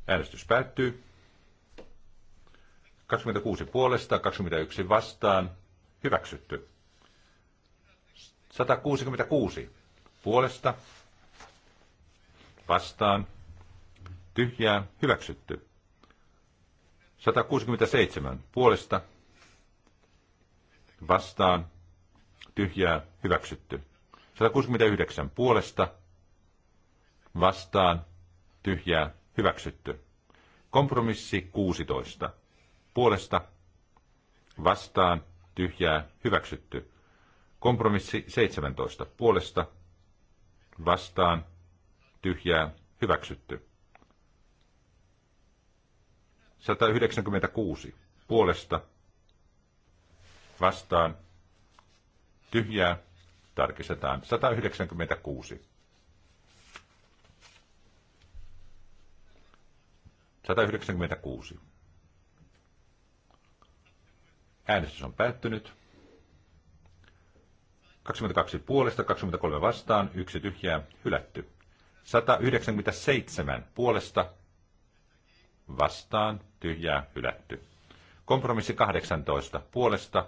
Speaker 1: Äänestys päättyy. 26 puolesta, 21 vastaan. Hyväksytty. 166 puolesta, vastaan, tyhjää, hyväksytty. 167 puolesta vastaan tyhjää hyväksytty. 169 puolesta vastaan tyhjää hyväksytty. Kompromissi 16 puolesta vastaan tyhjää hyväksytty. Kompromissi 17 puolesta vastaan tyhjää hyväksytty. 196 puolesta vastaan tyhjää tarkistetaan 196. 196. Äänestys on päättynyt. 22 puolesta, 23 vastaan, yksi tyhjää, hylätty. 197 puolesta, vastaan, tyhjää, hylätty. Kompromissi 18, puolesta,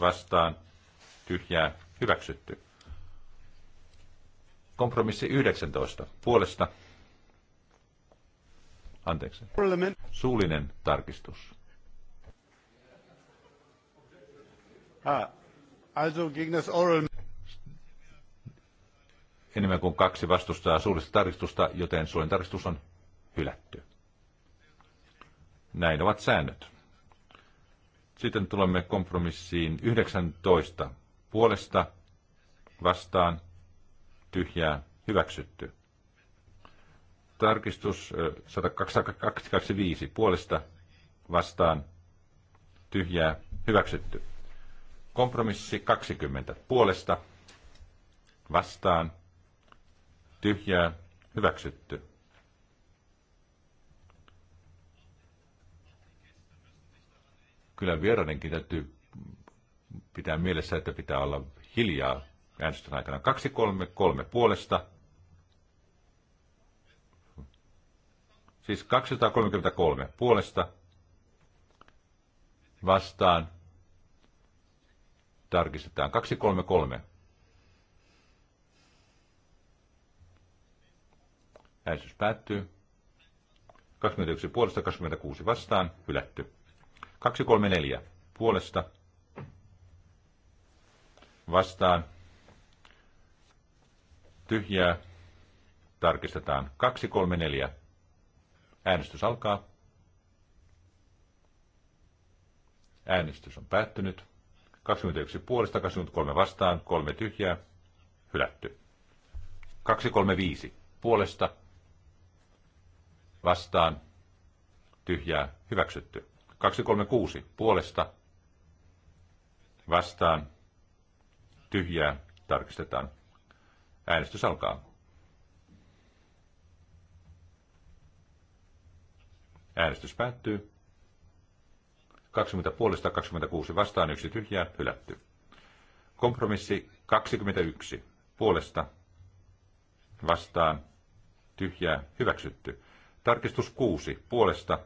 Speaker 1: vastaan, tyhjää, hyväksytty. Kompromissi 19, puolesta, anteeksi, suullinen tarkistus. Ah, also gegen das oral enemmän kuin kaksi vastustaa suullista tarkistusta, joten suullinen tarkistus on hylätty. Näin ovat säännöt. Sitten tulemme kompromissiin 19. Puolesta, vastaan, tyhjää, hyväksytty. Tarkistus 125 Puolesta, vastaan, tyhjää, hyväksytty. Kompromissi 20. Puolesta, vastaan, tyhjää, hyväksytty. kyllä vieraidenkin täytyy pitää mielessä, että pitää olla hiljaa äänestön aikana. 233 puolesta. Siis 233 puolesta vastaan. Tarkistetaan 233. Äänestys päättyy. 21 puolesta 26 vastaan. Hylätty. 234 puolesta vastaan tyhjää tarkistetaan 234. Äänestys alkaa. Äänestys on päättynyt. 21 puolesta, 23 vastaan, 3 tyhjää, hylätty. 235 puolesta, vastaan, tyhjää, hyväksytty. 236 puolesta vastaan tyhjää tarkistetaan. Äänestys alkaa. Äänestys päättyy. 20 puolesta 26 vastaan yksi tyhjää hylätty. Kompromissi 21 puolesta vastaan tyhjää hyväksytty. Tarkistus 6 puolesta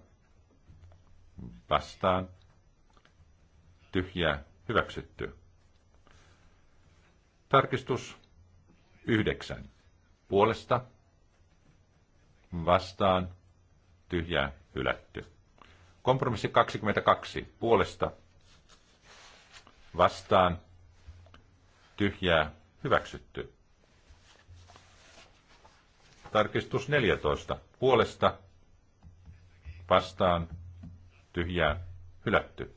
Speaker 1: vastaan, tyhjää, hyväksytty. Tarkistus yhdeksän. Puolesta, vastaan, tyhjää, hylätty. Kompromissi 22. Puolesta, vastaan, tyhjää, hyväksytty. Tarkistus 14. Puolesta, vastaan, tyhjää hylätty.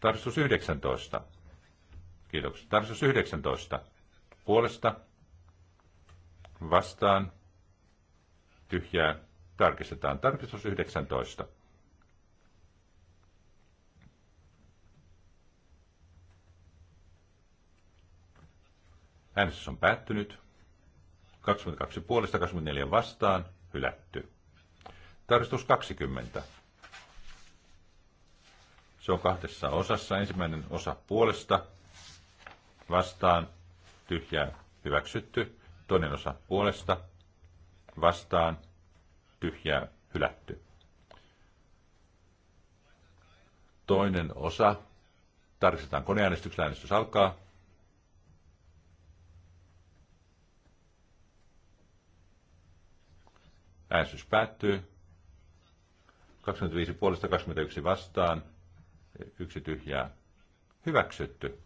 Speaker 1: Tarsus 19. Kiitoksia. Tarsus 19. Puolesta vastaan tyhjää tarkistetaan. Tarkistus 19. Äänestys on päättynyt. 22 puolesta, 24 vastaan, hylätty. Tarkistus 20. Se on kahdessa osassa. Ensimmäinen osa puolesta vastaan tyhjää hyväksytty. Toinen osa puolesta vastaan tyhjää hylätty. Toinen osa tarkistetaan koneäänestyksellä. Äänestys alkaa. Äänestys päättyy. 25 puolesta 21 vastaan, yksi tyhjää hyväksytty.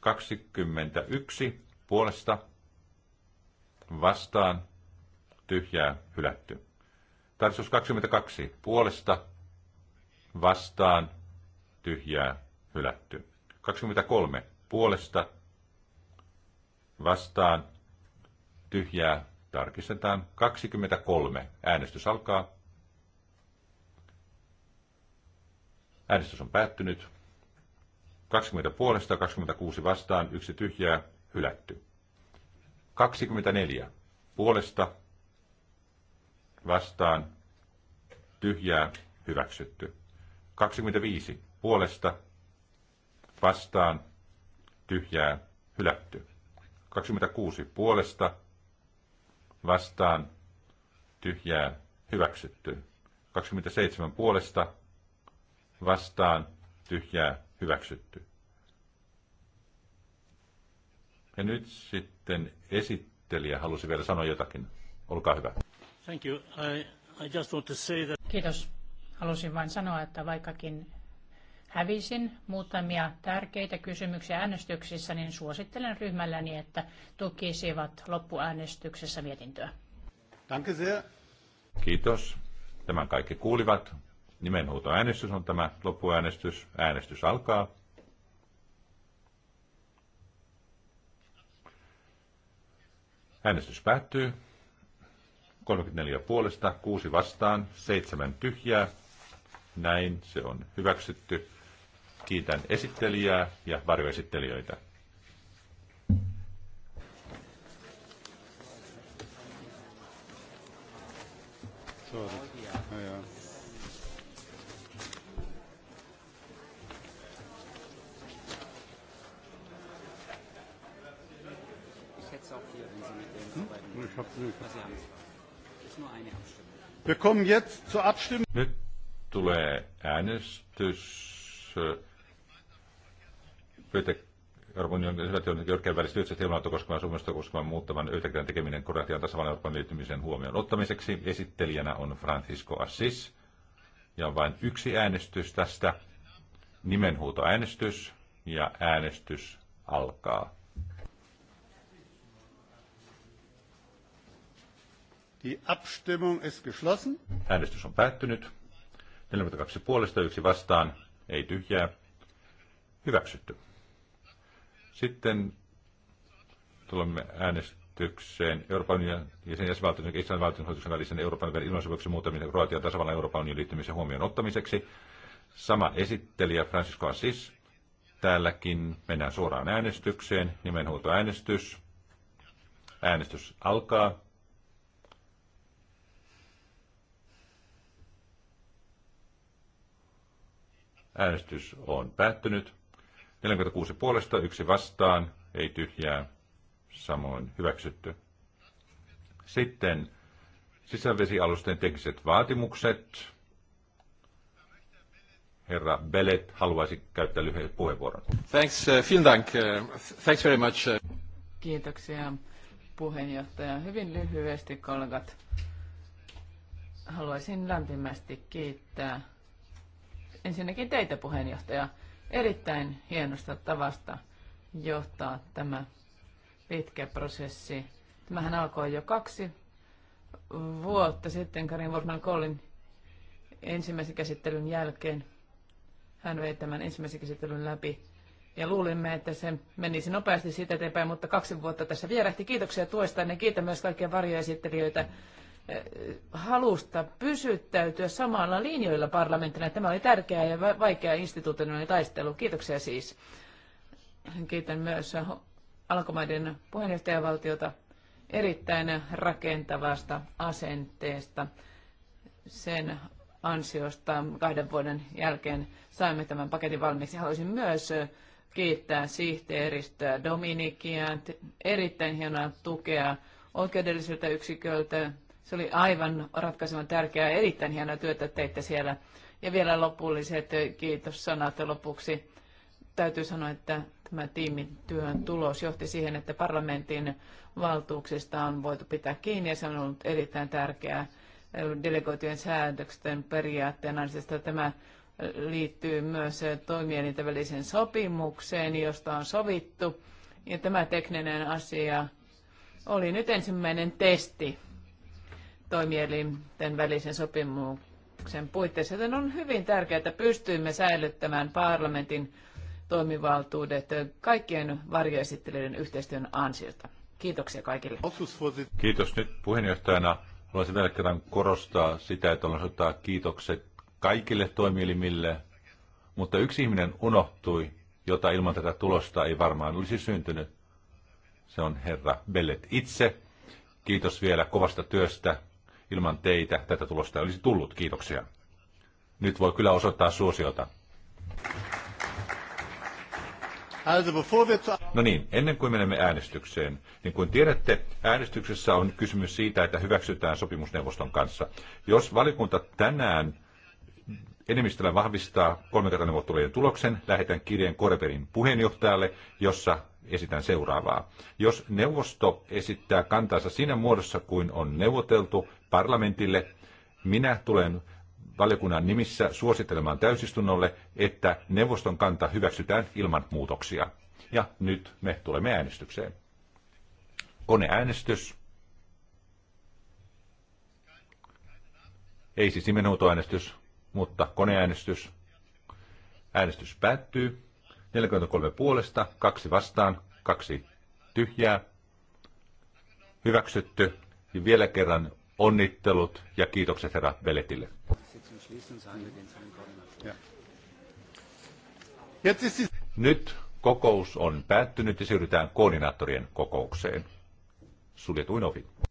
Speaker 1: 21 puolesta vastaan, tyhjää hylätty. Tarkistus 22 puolesta vastaan, tyhjää hylätty. 23 puolesta vastaan, tyhjää tarkistetaan. 23 äänestys alkaa. Äänestys on päättynyt. 20 puolesta, 26 vastaan, yksi tyhjää, hylätty. 24 puolesta, vastaan, tyhjää, hyväksytty. 25 puolesta, vastaan, tyhjää, hylätty. 26 puolesta, vastaan, tyhjää, hyväksytty. 27 puolesta, vastaan tyhjää hyväksytty. Ja nyt sitten esittelijä halusi vielä sanoa jotakin. Olkaa hyvä. Thank you. I, I just want to say that... Kiitos.
Speaker 3: Halusin vain sanoa, että vaikkakin hävisin muutamia tärkeitä kysymyksiä äänestyksissä, niin suosittelen ryhmälläni, että tukisivat loppuäänestyksessä mietintöä.
Speaker 1: Danke sehr. Kiitos. Tämän kaikki kuulivat. Nimenhuutoäänestys on tämä loppuäänestys. Äänestys alkaa. Äänestys päättyy. 34 puolesta, 6 vastaan, 7 tyhjää. Näin se on hyväksytty. Kiitän esittelijää ja varjoesittelijöitä. Sorry. Nyt tulee äänestys. Pyytä Euroopan unionin Georgian välistä yhdessä ilmailta koskevan Suomesta koskevan muuttavan yhtäkään tekeminen Kroatian tasavallan Euroopan liittymisen huomioon ottamiseksi. Esittelijänä on Francisco Assis. Ja on vain yksi äänestys tästä. Nimenhuutoäänestys ja äänestys alkaa. Die Abstimmung ist geschlossen. Äänestys on päättynyt. 42 puolesta, yksi vastaan, ei tyhjää. Hyväksytty. Sitten tulemme äänestykseen Euroopan ja sen jäsenvaltion ja Islannin valtion hallituksen välisen Euroopan unionin ilmaisopimuksen muuttamisen Kroatian tasavallan Euroopan unionin liittymisen huomioon ottamiseksi. Sama esittelijä Francisco Assis. Täälläkin mennään suoraan äänestykseen. Nimenhuutoäänestys. Äänestys alkaa. Äänestys on päättynyt. 46 puolesta, yksi vastaan, ei tyhjää, samoin hyväksytty. Sitten sisävesialusten tekniset vaatimukset. Herra Bellet haluaisi käyttää lyhyen puheenvuoron. Thanks, uh, vielen dank. Uh, thanks very much. Uh.
Speaker 2: Kiitoksia puheenjohtaja. Hyvin lyhyesti kollegat. Haluaisin lämpimästi kiittää ensinnäkin teitä puheenjohtaja erittäin hienosta tavasta johtaa tämä pitkä prosessi. Tämähän alkoi jo kaksi vuotta sitten Karin Wolfman Kollin ensimmäisen käsittelyn jälkeen. Hän vei tämän ensimmäisen käsittelyn läpi ja luulimme, että se menisi nopeasti siitä eteenpäin, mutta kaksi vuotta tässä vierähti. Kiitoksia tuesta ja kiitän myös kaikkia varjoesittelijöitä halusta pysyttäytyä samalla linjoilla parlamenttina. Tämä oli tärkeä ja vaikea instituutioiden taistelu. Kiitoksia siis. Kiitän myös Alkomaiden puheenjohtajavaltiota erittäin rakentavasta asenteesta. Sen ansiosta kahden vuoden jälkeen saimme tämän paketin valmiiksi. Haluaisin myös kiittää sihteeristöä Dominikia, erittäin hienoa tukea oikeudelliselta yksiköltä, se oli aivan ratkaisevan tärkeää ja erittäin hienoa työtä teitte siellä. Ja vielä lopulliset kiitos sanat lopuksi. Täytyy sanoa, että tämä tiimityön tulos johti siihen, että parlamentin valtuuksista on voitu pitää kiinni ja se on ollut erittäin tärkeää delegoitujen säädöksen periaatteen ansiosta. Tämä liittyy myös toimielinten väliseen sopimukseen, josta on sovittu. Ja tämä tekninen asia oli nyt ensimmäinen testi toimielinten välisen sopimuksen puitteissa, joten on hyvin tärkeää, että pystyimme säilyttämään parlamentin toimivaltuudet kaikkien varjoesittelyiden yhteistyön ansiota. Kiitoksia kaikille.
Speaker 1: Kiitos nyt puheenjohtajana. Haluaisin vielä kerran korostaa sitä, että haluan ottaa kiitokset kaikille toimielimille, mutta yksi ihminen unohtui, jota ilman tätä tulosta ei varmaan olisi syntynyt. Se on herra Bellet itse. Kiitos vielä kovasta työstä Ilman teitä tätä tulosta olisi tullut. Kiitoksia. Nyt voi kyllä osoittaa suosiota. No niin, ennen kuin menemme äänestykseen, niin kuin tiedätte, äänestyksessä on kysymys siitä, että hyväksytään sopimusneuvoston kanssa. Jos valikunta tänään enemmistöllä vahvistaa kolmikantaneuvottelujen tuloksen, lähetän kirjeen Koreperin puheenjohtajalle, jossa esitän seuraavaa. Jos neuvosto esittää kantansa siinä muodossa kuin on neuvoteltu parlamentille, minä tulen valiokunnan nimissä suosittelemaan täysistunnolle, että neuvoston kanta hyväksytään ilman muutoksia. Ja nyt me tulemme äänestykseen. Koneäänestys. Ei siis nimenhuutoäänestys, mutta koneäänestys. Äänestys päättyy. 43 puolesta, kaksi vastaan, kaksi tyhjää. Hyväksytty. Ja vielä kerran onnittelut ja kiitokset herra Veletille. Nyt kokous on päättynyt ja siirrytään koordinaattorien kokoukseen. Suljetuin ovi.